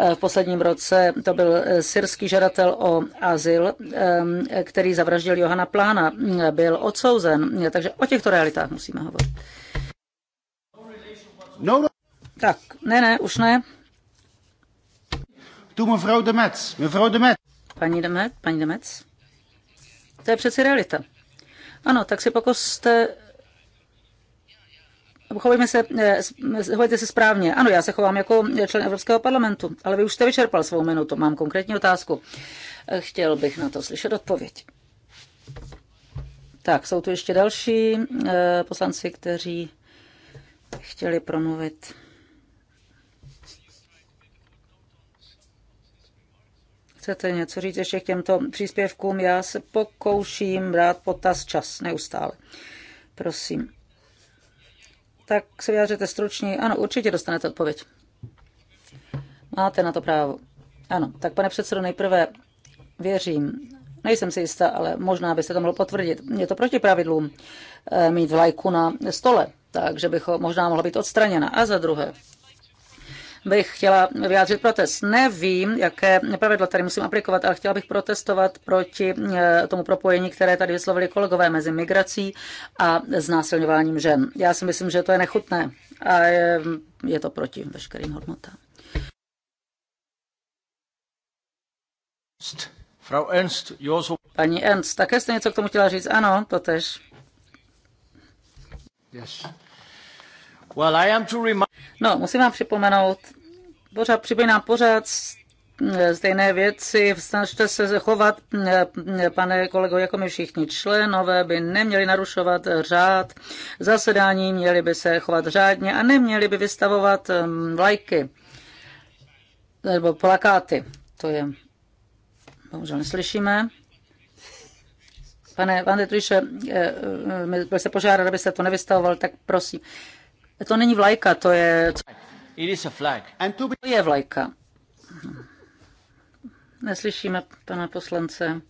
Eh, v posledním roce to byl eh, syrský žadatel o azyl, ehm, který zavraždil Johana Plána. Mm, byl odsouzen, takže o těchto realitách musíme hovořit. No, no. Tak, ne, ne, už ne. Tu mevrouw de Metz, mevrouw de Metz. Paní pani paní Metz. To je přeci realita. Ano, tak si pokuste chovejme se, eh, chovejte se správně. Ano, já se chovám jako člen Evropského parlamentu, ale vy už jste vyčerpal svou minutu. Mám konkrétní otázku. Eh, chtěl bych na to slyšet odpověď. Tak, jsou tu ještě další eh, poslanci, kteří chtěli promluvit. chcete něco říct ještě k těmto příspěvkům, já se pokouším brát potaz čas neustále. Prosím. Tak se vyjádřete stručně. Ano, určitě dostanete odpověď. Máte na to právo. Ano, tak pane předsedo, nejprve věřím, nejsem si jistá, ale možná byste to mohl potvrdit. Je to proti pravidlům eh, mít vlajku na stole, takže bych možná mohla být odstraněna. A za druhé, bych chtěla vyjádřit protest. Nevím, jaké pravidlo tady musím aplikovat, ale chtěla bych protestovat proti eh, tomu propojení, které tady vyslovili kolegové mezi migrací a znásilňováním žen. Já si myslím, že to je nechutné a je, je to proti veškerým hodnotám. Frau Ernst, Josu. Paní Ernst, také jste něco k tomu chtěla říct? Ano, to tež. Yes. Well, I am to remind... No, musím vám připomenout, pořád, připomínám pořád stejné věci, snažte se chovat, pane kolego, jako my všichni členové by neměli narušovat řád zasedání, měli by se chovat řádně a neměli by vystavovat um, lajky nebo plakáty. To je, bohužel neslyšíme. Pane Vandetriše, eh, eh, eh, byl se požádat, aby se to nevystavoval, tak prosím. To není vlajka, to je... It is a flag. And to, be... to je vlajka. Neslyšíme pana poslance.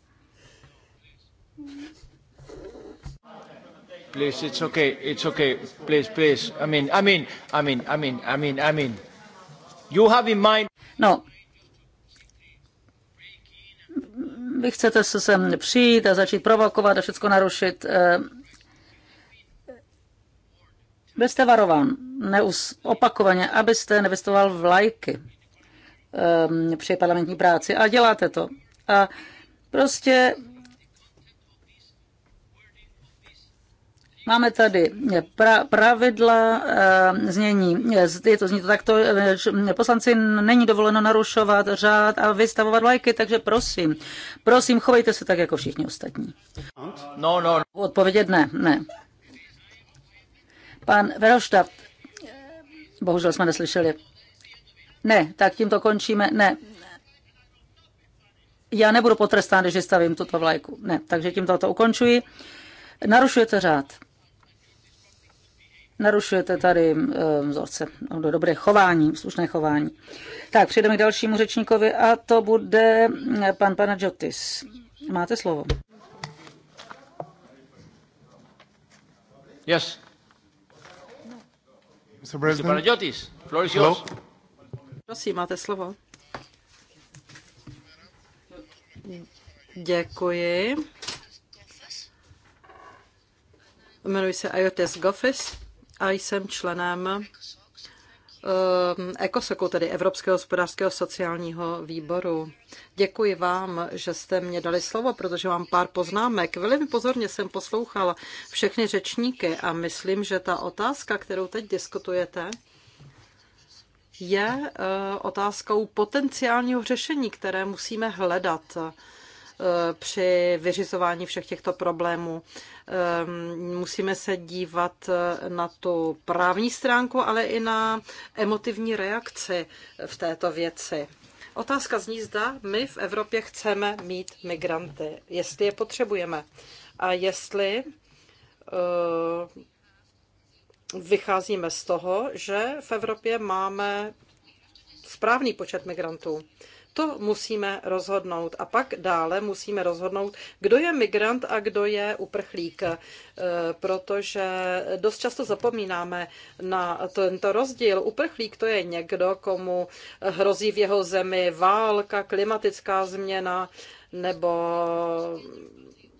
Please, it's okay, it's okay. Please, please. I mean, I mean, I mean, I mean, I mean, I mean. You have in mind... No, vy chcete se sem přijít a začít provokovat a všechno narušit. Eh, byl jste varován neus, opakovaně, abyste nevystoval lajky um, ehm, při parlamentní práci a děláte to. A prostě Máme tady pra, pravidla e, znění. Je to zní to takto, poslanci není dovoleno narušovat řád a vystavovat lajky, takže prosím, prosím, chovejte se tak jako všichni ostatní. No, no. Odpovědět ne, ne. Pan Verhofstadt, bohužel jsme neslyšeli. Ne, tak tímto končíme. Ne, já nebudu potrestán, když stavím tuto vlajku. Ne, takže tímto to ukončuji. Narušujete řád. Narušujete tady eh, vzorce do eh, dobré chování, slušné chování. Tak, přejdeme k dalšímu řečníkovi a to bude eh, pan Panagiotis. Máte slovo. Yes. Mr. President. Panagiotis, floor is yours. Prosím, máte slovo. Děkuji. Jmenuji se Ayotes Goffis a jsem členem ECOSOKu, ehm, tedy Evropského hospodářského sociálního výboru. Děkuji vám, že jste mě dali slovo, protože mám pár poznámek. Velmi pozorně jsem poslouchala všechny řečníky a myslím, že ta otázka, kterou teď diskutujete, je eh, otázkou potenciálního řešení, které musíme hledat Eh, při vyřizování všech těchto problémů. Ehm, musíme se dívat eh, na tu právní stránku, ale i na emotivní reakci v této věci. Otázka zní, zda my v Evropě chceme mít migranty, jestli je potřebujeme a jestli eh, vycházíme z toho, že v Evropě máme správný počet migrantů. To musíme rozhodnout. A pak dále musíme rozhodnout, kdo je migrant a kdo je uprchlík, e, protože dost často zapomínáme na tento rozdíl. Uprchlík to je někdo, komu hrozí v jeho zemi válka, klimatická změna nebo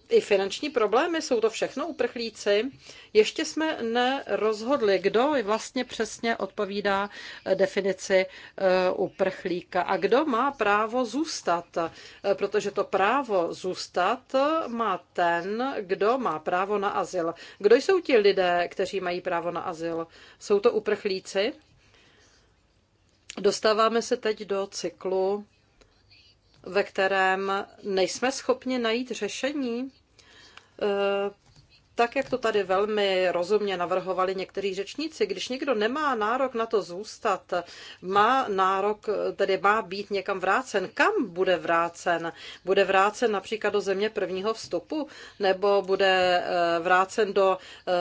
i finanční problémy, jsou to všechno uprchlíci. Ještě jsme nerozhodli, kdo vlastně přesně odpovídá eh, definici eh, uprchlíka a kdo má právo zůstat, eh, protože to právo zůstat má ten, kdo má právo na azyl. Kdo jsou ti lidé, kteří mají právo na azyl? Jsou to uprchlíci? Dostáváme se teď do cyklu ve kterém nejsme schopni najít řešení eh, tak, jak to tady velmi rozumně navrhovali někteří řečníci, když někdo nemá nárok na to zůstat, má nárok, tedy má být někam vrácen. Kam bude vrácen? Bude vrácen například do země prvního vstupu, nebo bude eh, vrácen do, eh,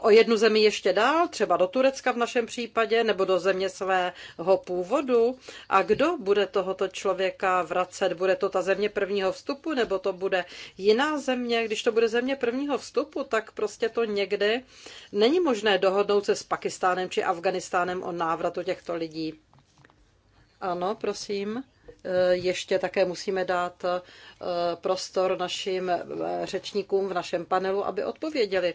o jednu zemi ještě dál, třeba do Turecka v našem případě, nebo do země svého původu? A kdo bude tohoto člověka vracet? Bude to ta země prvního vstupu, nebo to bude jiná země? Když to bude země prvního vstupu, tak tak prostě to někdy není možné dohodnout se s Pakistánem či Afganistánem o návratu těchto lidí. Ano, prosím. E, ještě také musíme dát e, prostor našim e, řečníkům v našem panelu, aby odpověděli.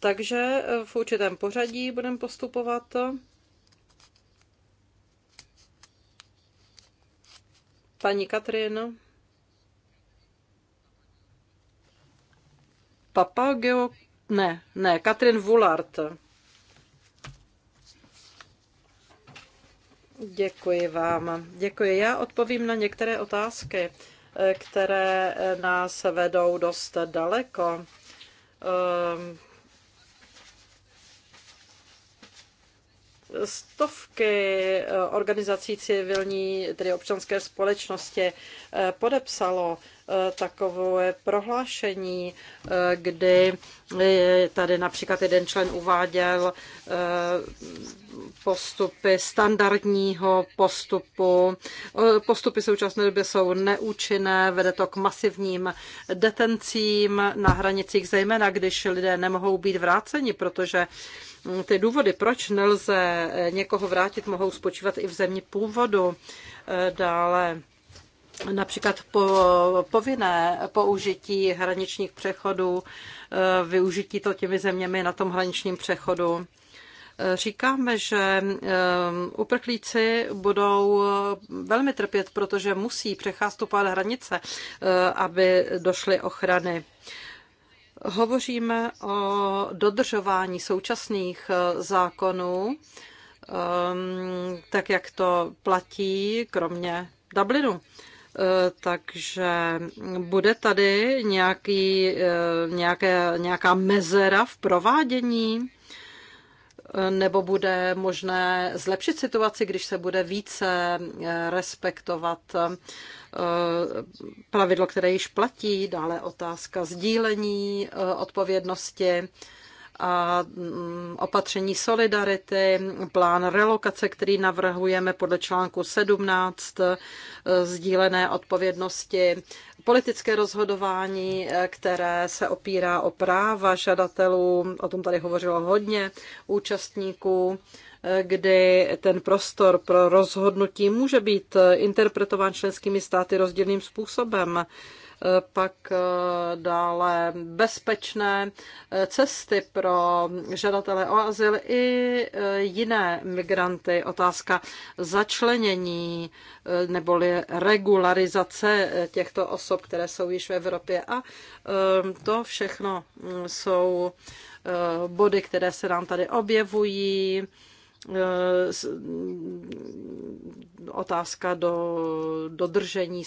Takže v určitém pořadí budeme postupovat. Paní Katrin. Papageo, ne, ne, Katrin Vulard. Děkuji vám. Děkuji. Já odpovím na některé otázky, eh, které eh, nás vedou dost daleko. Ehm, stovky eh, organizací civilní, tedy občanské společnosti, podepsalo Eh, takové prohlášení, eh, kdy eh, tady například jeden člen uváděl postupy standardního postupu. Postupy současné době jsou neúčinné, vede to k masivním detencím na hranicích, zejména když lidé nemohou být vráceni, protože ty důvody, proč nelze někoho vrátit, mohou spočívat i v zemi původu. Dále například po, povinné použití hraničních přechodů, eh, využití to těmi zeměmi na tom hraničním přechodu. Eh, říkáme, že eh, uprchlíci budou velmi trpět, protože musí přechástupovat hranice, aby došly ochrany. Hovoříme o dodržování současných zákonů, tak jak to platí, kromě Dublinu. Eh, takže bude tady nějaký, eh, nějaké, nějaká mezera v provádění? Eh, nebo bude možné zlepšit situaci, když se bude více respektovat pravidlo, které již platí? Dále otázka sdílení odpovědnosti a mm, opatření solidarity, plán relokace, který navrhujeme podle článku 17, e, sdílené odpovědnosti, politické rozhodování, e, které se opírá o práva žadatelů, o tom tady hovořilo hodně účastníků, e, kdy ten prostor pro rozhodnutí může být interpretován členskými státy rozdílným způsobem pak eh, dále bezpečné eh, cesty pro žadatele o azyl i eh, jiné migranty. Otázka začlenění neboli regularizace těchto osob, které jsou již v Evropě. A to všechno mm, jsou body, které se nám tady objevují Eh, mm, otázka do dodržení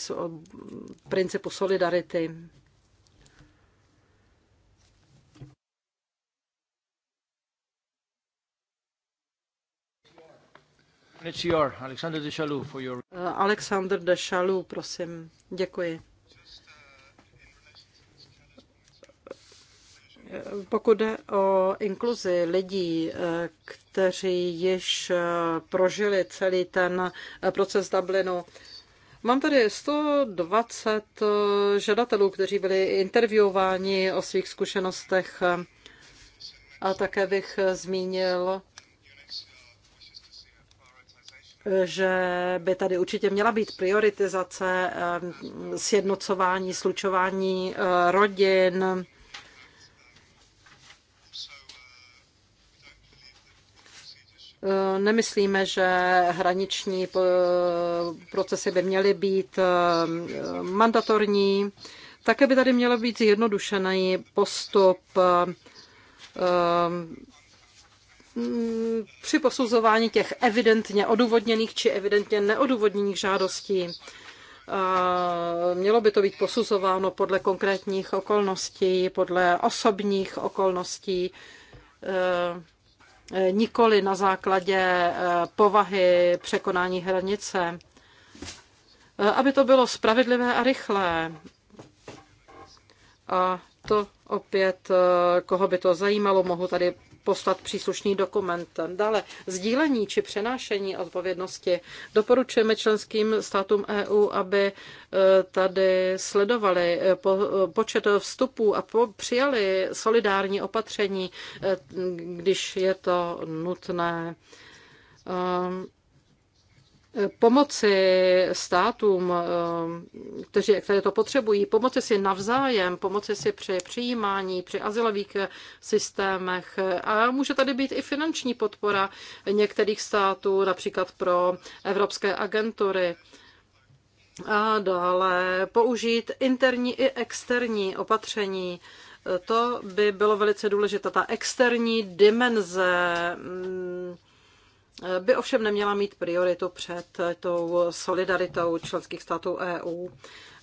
principu solidarity. Eh, Alexander Deschalou, prosím. Děkuji. Pokud jde o inkluzi lidí, kteří již prožili celý ten proces Dublinu, Mám tady 120 žadatelů, kteří byli intervjuováni o svých zkušenostech a také bych zmínil, že by tady určitě měla být prioritizace eh, sjednocování, slučování eh, rodin, Nemyslíme, že hraniční eh, procesy by měly být eh, mandatorní. Také by tady mělo být zjednodušený postup eh, při posuzování těch evidentně odůvodněných či evidentně neodůvodněných žádostí. Mělo by to být posuzováno podle konkrétních okolností, podle osobních okolností Eh, nikoli na základě eh, povahy překonání hranice, eh, aby to bylo spravedlivé a rychlé. A to opět, koho by to zajímalo, mohu tady poslat příslušný dokument. Dále sdílení či přenášení odpovědnosti. Doporučujeme členským státům EU, aby e, tady sledovali e, e, počet vstupů a přijali solidární opatření, když je to nutné ehm, pomoci státům, eh, kteří, které to potřebují, pomoci si navzájem, pomoci si při přijímání, při azylových systémech a může tady být i finanční podpora některých států, například pro evropské agentury. A dále použít interní i externí opatření, to by bylo velice důležité. Ta externí dimenze mm, by ovšem neměla mít prioritu před tou solidaritou členských států EU.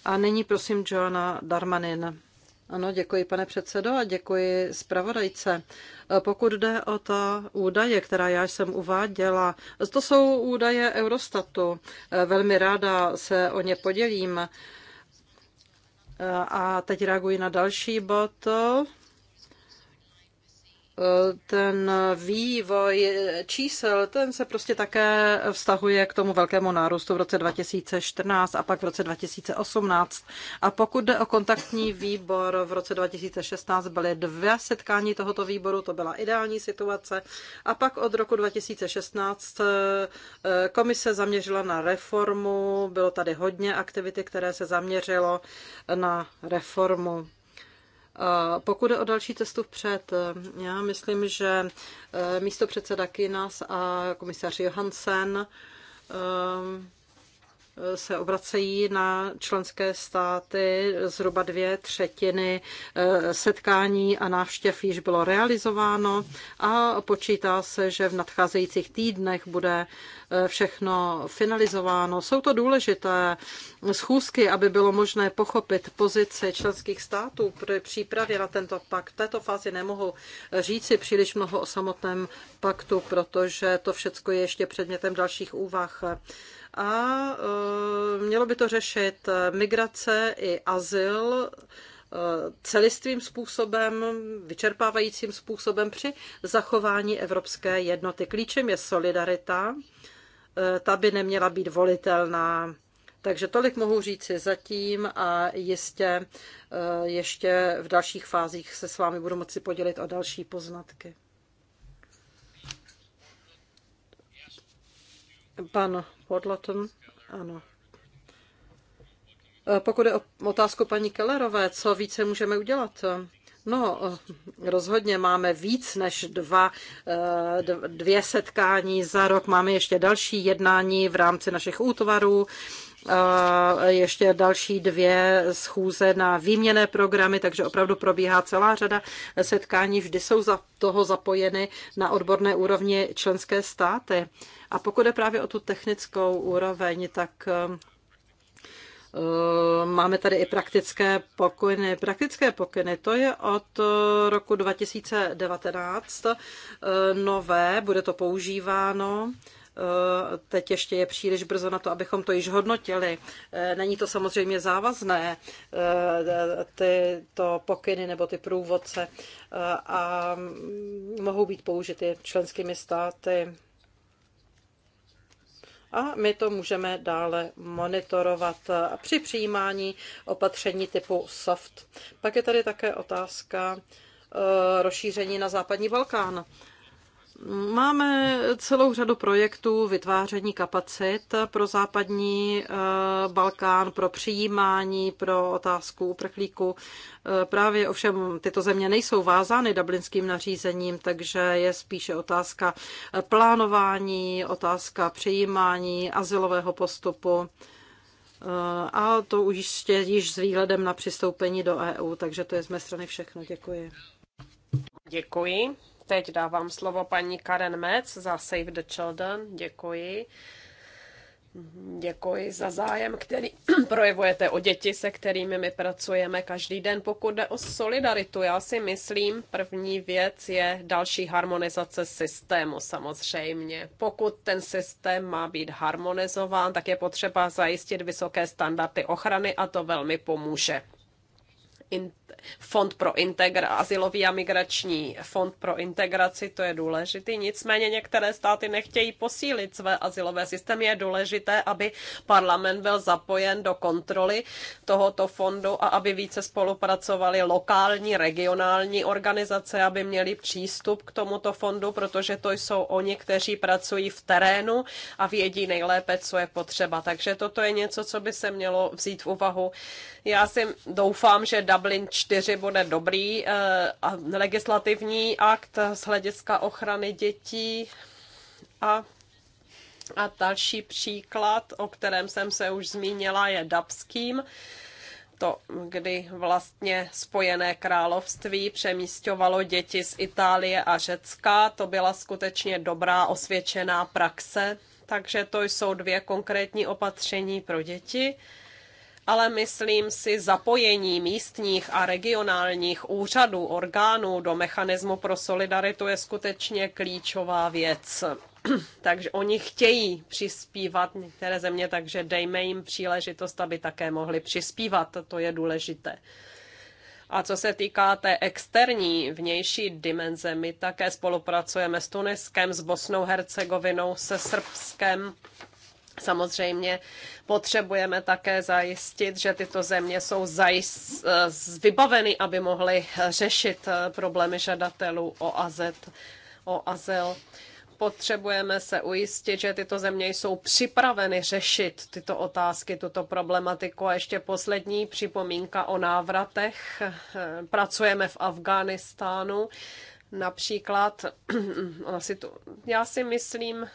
A nyní prosím Joana Darmanin. Ano, děkuji, pane předsedo, a děkuji zpravodajce. Pokud jde o ta údaje, která já jsem uváděla, to jsou údaje Eurostatu. Velmi ráda se o ně podělím. A teď reaguji na další bod ten vývoj čísel, ten se prostě také vztahuje k tomu velkému nárůstu v roce 2014 a pak v roce 2018. A pokud jde o kontaktní výbor, v roce 2016 byly dvě setkání tohoto výboru, to byla ideální situace. A pak od roku 2016 eh, komise zaměřila na reformu, bylo tady hodně aktivity, které se zaměřilo na reformu pokud je o další cestu vpřed, já myslím, že eh, místo předseda Kynas a komisař Johansen ehm, se obracejí na členské státy. Zhruba dvě třetiny eh, setkání a návštěv již bylo realizováno a počítá se, že v nadcházejících týdnech bude eh, všechno finalizováno. Jsou to důležité schůzky, aby bylo možné pochopit pozici členských států při přípravě na tento pakt. V této fázi nemohu říci příliš mnoho o samotném paktu, protože to všechno je ještě předmětem dalších úvah a eh, mělo by to řešit eh, migrace i azyl eh, celistvým způsobem, vyčerpávajícím způsobem při zachování evropské jednoty. Klíčem je solidarita, ta by neměla být volitelná. Takže tolik mohu říci zatím a jistě ještě v dalších fázích se s vámi budu moci podělit o další poznatky. Pan Podlaton, ano. E, pokud je o otázku paní Kellerové, co více můžeme udělat? No, e, rozhodně máme víc než dva, e, dvě setkání za rok. Máme ještě další jednání v rámci našich útvarů ještě další dvě schůze na výměné programy, takže opravdu probíhá celá řada setkání. Vždy jsou za toho zapojeny na odborné úrovni členské státy. A pokud je právě o tu technickou úroveň, tak eh, Máme tady i praktické pokyny. Praktické pokyny, to je od eh, roku 2019 eh, nové, bude to používáno Eh, teď ještě je příliš brzo na to, abychom to již hodnotili. Eh, není to samozřejmě závazné, eh, ty to pokyny nebo ty průvodce a mohou být použity členskými státy. A my to můžeme dále monitorovat při přijímání opatření typu soft. Pak je tady také otázka rozšíření na západní Balkán Máme celou řadu projektů vytváření kapacit pro západní eh, Balkán, pro přijímání, pro otázku uprchlíků. Eh, právě ovšem tyto země nejsou vázány dublinským nařízením, takže je spíše otázka plánování, otázka přijímání, asilového postupu eh, a to už ještě již s výhledem na přistoupení do EU, takže to je z mé strany všechno. Děkuji. Děkuji. Teď dávám slovo paní Karen Metz za Save the Children. Děkuji. Děkuji za zájem, který projevujete o děti, se kterými my pracujeme každý den. Pokud jde o solidaritu, já si myslím, první věc je další harmonizace systému samozřejmě. Pokud ten systém má být harmonizován, tak je potřeba zajistit vysoké standardy ochrany a to velmi pomůže. In fond pro integra, azylový a migrační fond pro integraci, to je důležitý. Nicméně některé státy nechtějí posílit své azylové systémy. Je důležité, aby parlament byl zapojen do kontroly tohoto fondu a aby více spolupracovali lokální, regionální organizace, aby měli přístup k tomuto fondu, protože to jsou oni, kteří pracují v terénu a vědí nejlépe, co je potřeba. Takže toto je něco, co by se mělo vzít v úvahu. Já si doufám, že Dublin 4 bude dobrý eh, legislativní akt z hlediska ochrany dětí a a další příklad, o kterém jsem se už zmínila, je Dabským to, kdy vlastně Spojené království přemístovalo děti z Itálie a Řecka. To byla skutečně dobrá osvědčená praxe, takže to jsou dvě konkrétní opatření pro děti ale myslím si zapojení místních a regionálních úřadů, orgánů do mechanismu pro solidaritu je skutečně klíčová věc. takže oni chtějí přispívat některé země, takže dejme jim příležitost, aby také mohli přispívat, to je důležité. A co se týká té externí vnější dimenze, my také spolupracujeme s Tuniskem, s Bosnou Hercegovinou, se Srbskem Samozřejmě potřebujeme také zajistit, že tyto země jsou zajist, vybaveny, aby mohly řešit eh, problémy žadatelů o, azet, o azyl. Potřebujeme se ujistit, že tyto země jsou připraveny řešit tyto otázky, tuto problematiku. A ještě poslední připomínka o návratech. Eh, pracujeme v Afghánistánu. Například, já si myslím,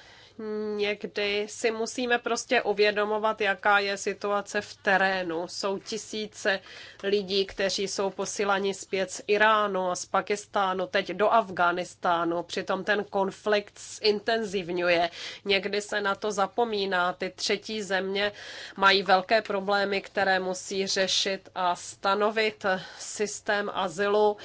někdy si musíme prostě uvědomovat, jaká je situace v terénu. Jsou tisíce lidí, kteří jsou posílani zpět z Iránu a z Pakistánu, teď do Afganistánu. Přitom ten konflikt intenzivňuje. Někdy se na to zapomíná. Ty třetí země mají velké problémy, které musí řešit a stanovit systém azylu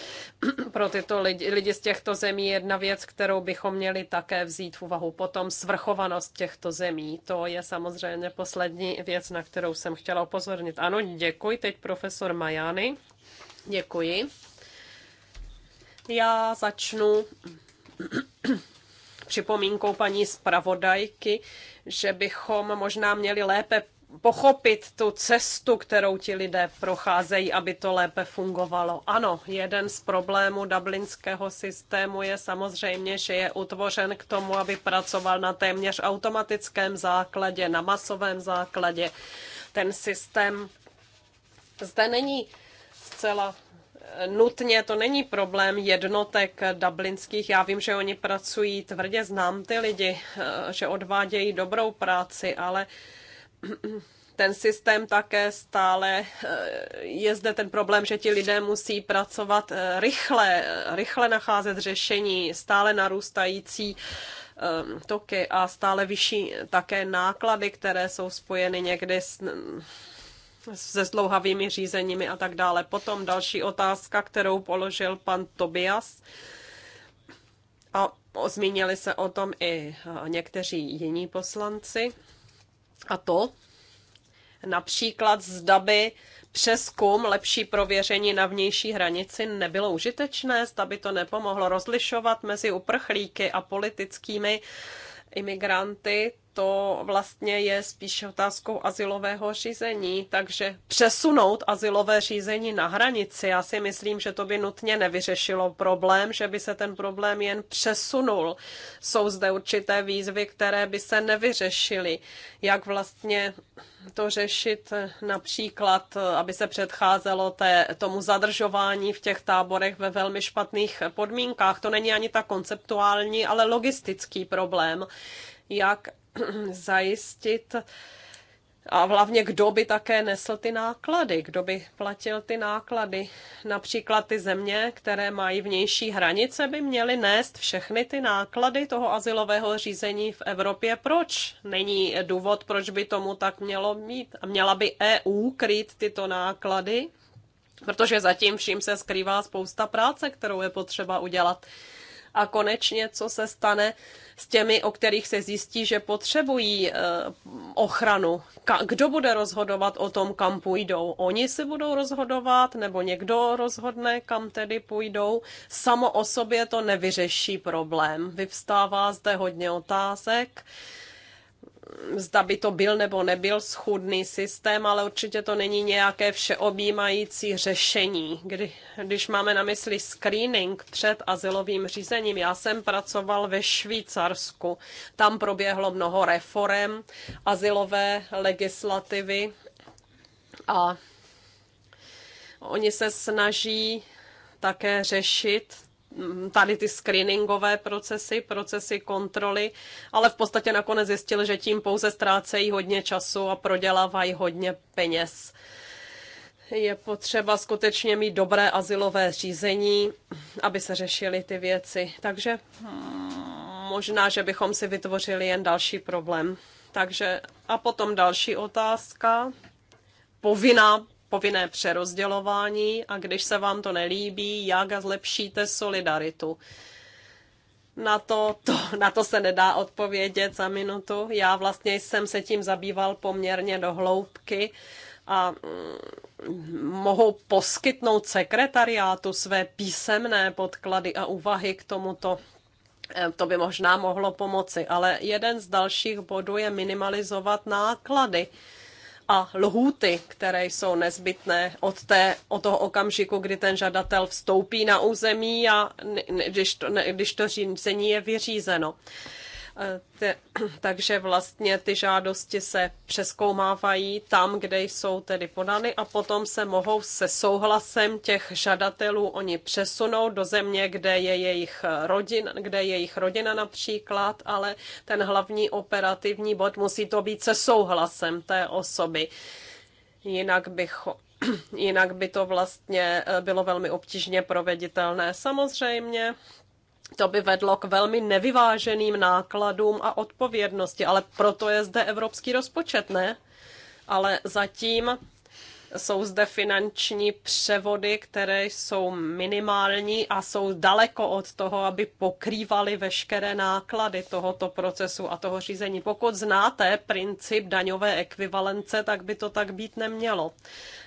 pro tyto lidi, lidi z těchto zemí. Jedna věc, kterou bychom měli také vzít v úvahu. Potom svrch svrchovanost těchto zemí. To je samozřejmě poslední věc, na kterou jsem chtěla upozornit. Ano, děkuji. Teď profesor Majany. Děkuji. Já začnu připomínkou paní zpravodajky, že bychom možná měli lépe pochopit tu cestu, kterou ti lidé procházejí, aby to lépe fungovalo. Ano, jeden z problémů dublinského systému je samozřejmě, že je utvořen k tomu, aby pracoval na téměř automatickém základě, na masovém základě. Ten systém zde není zcela eh, nutně to není problém jednotek dublinských. Já vím, že oni pracují tvrdě, znám ty lidi, eh, že odvádějí dobrou práci, ale ten systém také stále eh, je zde ten problém, že ti lidé musí pracovat eh, rychle, eh, rychle nacházet řešení, stále narůstající toky a stále vyšší také náklady, které jsou spojeny někdy s, se zdlouhavými řízeními a tak dále. Potom další otázka, kterou položil pan Tobias. A zmínili se o tom i někteří jiní poslanci. A to například zda by přeskum, lepší prověření na vnější hranici nebylo užitečné, zda by to nepomohlo rozlišovat mezi uprchlíky a politickými imigranty, to vlastně je spíše otázkou asilového řízení, takže přesunout asilové řízení na hranici, já si myslím, že to by nutně nevyřešilo problém, že by se ten problém jen přesunul. Jsou zde určité výzvy, které by se nevyřešily. Jak vlastně to řešit například, aby se předcházelo té, tomu zadržování v těch táborech ve velmi špatných podmínkách. To není ani tak konceptuální, ale logistický problém jak zajistit a hlavně, kdo by také nesl ty náklady, kdo by platil ty náklady. Například ty země, které mají vnější hranice, by měly nést všechny ty náklady toho asilového řízení v Evropě. Proč? Není důvod, proč by tomu tak mělo mít. A měla by EU kryt tyto náklady? Protože zatím vším se skrývá spousta práce, kterou je potřeba udělat a konečně, co se stane s těmi, o kterých se zjistí, že potřebují eh, ochranu. Kdo bude rozhodovat o tom, kam půjdou? Oni si budou rozhodovat, nebo někdo rozhodne, kam tedy půjdou? Samo o sobě to nevyřeší problém. Vyvstává zde hodně otázek zda by to byl nebo nebyl schudný systém, ale určitě to není nějaké všeobjímající řešení. Kdy, když máme na mysli screening před azylovým řízením, já jsem pracoval ve Švýcarsku. Tam proběhlo mnoho reform azylové legislativy a oni se snaží také řešit tady ty screeningové procesy, procesy kontroly, ale v podstatě nakonec zjistil, že tím pouze ztrácejí hodně času a prodělávají hodně peněz. Je potřeba skutečně mít dobré asilové řízení, aby se řešily ty věci. Takže hmm, možná, že bychom si vytvořili jen další problém. Takže a potom další otázka. Povinná povinné přerozdělování a když se vám to nelíbí, jak zlepšíte solidaritu. Na to, to, na to se nedá odpovědět za minutu. Já vlastně jsem se tím zabýval poměrně do hloubky a mm, mohu poskytnout sekretariátu své písemné podklady a úvahy k tomuto. Eh, to by možná mohlo pomoci, ale jeden z dalších bodů je minimalizovat náklady a lhůty, které jsou nezbytné od, té, od toho okamžiku, kdy ten žadatel vstoupí na území a když to, ne, když to řízení je vyřízeno. takže vlastně ty žádosti se přeskoumávají tam, kde jsou tedy podany a potom se mohou se souhlasem těch žadatelů oni přesunout do země, kde je jejich rodina, kde je jejich rodina například, ale ten hlavní operativní bod musí to být se souhlasem té osoby. Jinak bych jinak by to vlastně eh, bylo velmi obtížně proveditelné. Samozřejmě to by vedlo k velmi nevyváženým nákladům a odpovědnosti, ale proto je zde evropský rozpočet, ne? Ale zatím jsou zde finanční převody, které jsou minimální a jsou daleko od toho, aby pokrývaly veškeré náklady tohoto procesu a toho řízení. Pokud znáte princip daňové ekvivalence, tak by to tak být nemělo.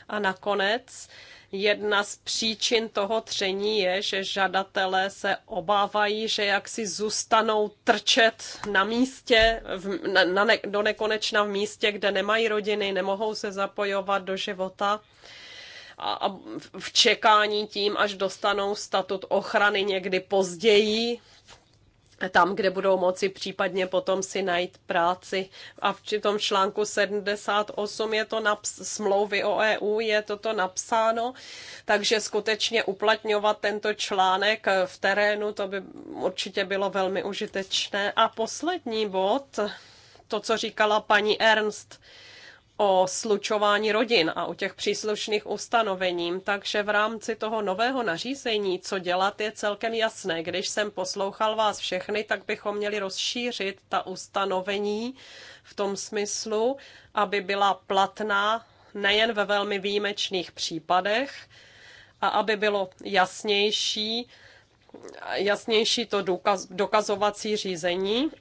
A nakonec Jedna z příčin toho tření je, že žadatelé se obávají, že jaksi zůstanou trčet na místě, v, na, na ne, do nekonečna v místě, kde nemají rodiny, nemohou se zapojovat do života a, a v čekání tím, až dostanou statut ochrany někdy později, tam, kde budou moci případně potom si najít práci. A v tom článku 78 je to naps- smlouvy o EU je toto napsáno, takže skutečně uplatňovat tento článek v terénu, to by určitě bylo velmi užitečné. A poslední bod, to, co říkala paní Ernst, o slučování rodin a o těch příslušných ustanovením, takže v rámci toho nového nařízení, co dělat, je celkem jasné. Když jsem poslouchal vás všechny, tak bychom měli rozšířit ta ustanovení v tom smyslu, aby byla platná nejen ve velmi výjimečných případech a aby bylo jasnější, jasnější to důkaz, dokazovací řízení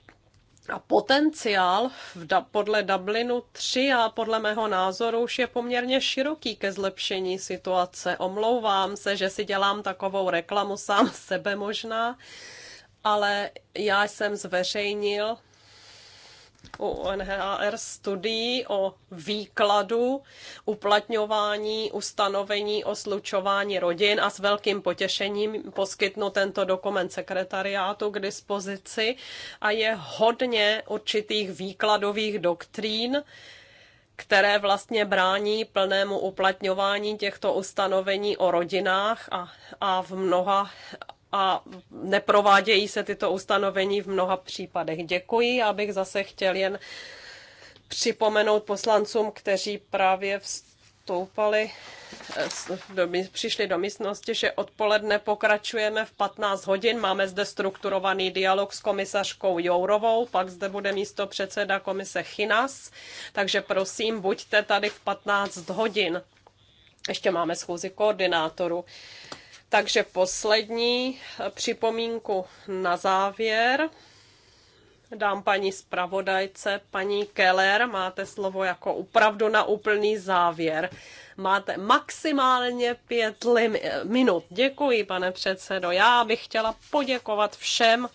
a potenciál podle Dublinu 3 a podle mého názoru už je poměrně široký ke zlepšení situace. Omlouvám se, že si dělám takovou reklamu sám sebe možná, ale já jsem zveřejnil u NHR studií o výkladu uplatňování ustanovení o slučování rodin a s velkým potěšením poskytnu tento dokument sekretariátu k dispozici a je hodně určitých výkladových doktrín, které vlastně brání plnému uplatňování těchto ustanovení o rodinách a, a v mnoha a neprovádějí se tyto ustanovení v mnoha případech. Děkuji, abych zase chtěl jen připomenout poslancům, kteří právě vstoupali, eh, do, přišli do místnosti, že odpoledne pokračujeme v 15 hodin. Máme zde strukturovaný dialog s komisařkou Jourovou, pak zde bude místo předseda komise Chinas, takže prosím, buďte tady v 15 hodin. Ještě máme schůzi koordinátoru. Takže poslední eh, připomínku na závěr dám paní zpravodajce, paní Keller, máte slovo jako opravdu na úplný závěr. Máte maximálně pět lim- minut. Děkuji, pane předsedo. Já bych chtěla poděkovat všem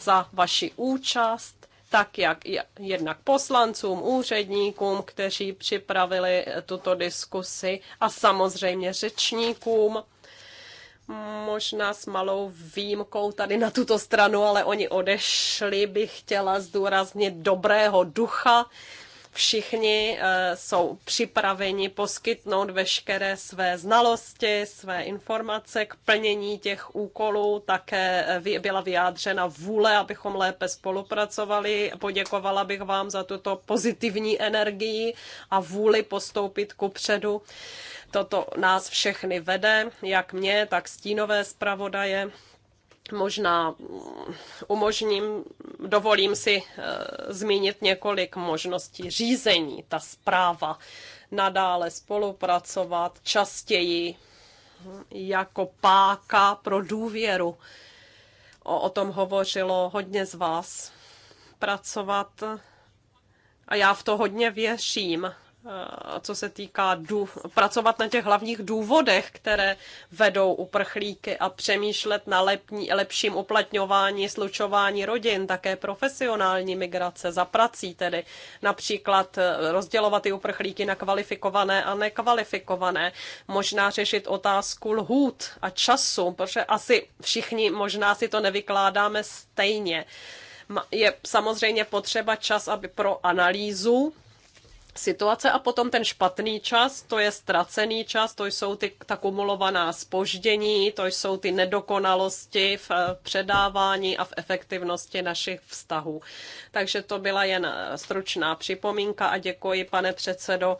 za vaši účast tak jak jednak poslancům, úředníkům, kteří připravili eh, tuto diskusi a samozřejmě řečníkům možná s malou výjimkou tady na tuto stranu, ale oni odešli, bych chtěla zdůraznit dobrého ducha. Všichni eh, jsou připraveni poskytnout veškeré své znalosti, své informace k plnění těch úkolů. Také eh, byla vyjádřena vůle, abychom lépe spolupracovali. Poděkovala bych vám za tuto pozitivní energii a vůli postoupit ku předu Toto nás všechny vede, jak mě, tak stínové zpravodaje. Možná umožním, dovolím si eh, zmínit několik možností řízení, ta zpráva, nadále spolupracovat častěji jako páka pro důvěru. O, o tom hovořilo hodně z vás. Pracovat a já v to hodně věřím co se týká dů, pracovat na těch hlavních důvodech, které vedou uprchlíky a přemýšlet na lepní, lepším uplatňování, slučování rodin, také profesionální migrace za prací, tedy například eh, rozdělovat ty uprchlíky na kvalifikované a nekvalifikované, možná řešit otázku lhůt a času, protože asi všichni možná si to nevykládáme stejně. Je samozřejmě potřeba čas aby pro analýzu situace a potom ten špatný čas, to je ztracený čas, to jsou ty ta kumulovaná spoždění, to jsou ty nedokonalosti v eh, předávání a v efektivnosti našich vztahů. Takže to byla jen eh, stručná připomínka a děkuji, pane předsedo,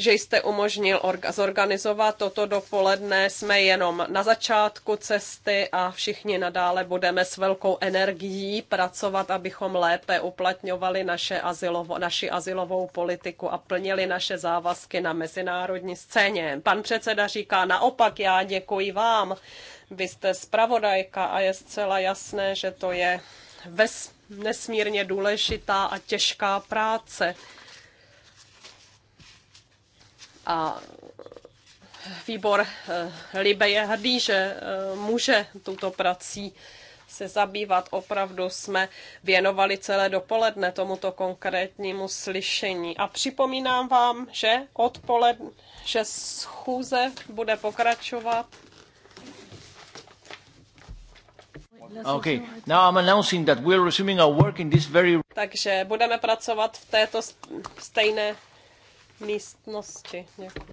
že jste umožnil zorganizovat toto dopoledne. Jsme jenom na začátku cesty a všichni nadále budeme s velkou energií pracovat, abychom lépe uplatňovali naše azylovo, naši azylovou politiku a plnili naše závazky na mezinárodní scéně. Pan předseda říká naopak, já děkuji vám. Vy jste zpravodajka a je zcela jasné, že to je ves, nesmírně důležitá a těžká práce a výbor eh, Libe je hrdý, že eh, může touto prací se zabývat. Opravdu jsme věnovali celé dopoledne tomuto konkrétnímu slyšení. A připomínám vám, že odpoledne, že schůze bude pokračovat. Okay. Now I'm announcing that we're resuming our work in this very... Takže budeme pracovat v této stejné místnosti. Děkuji.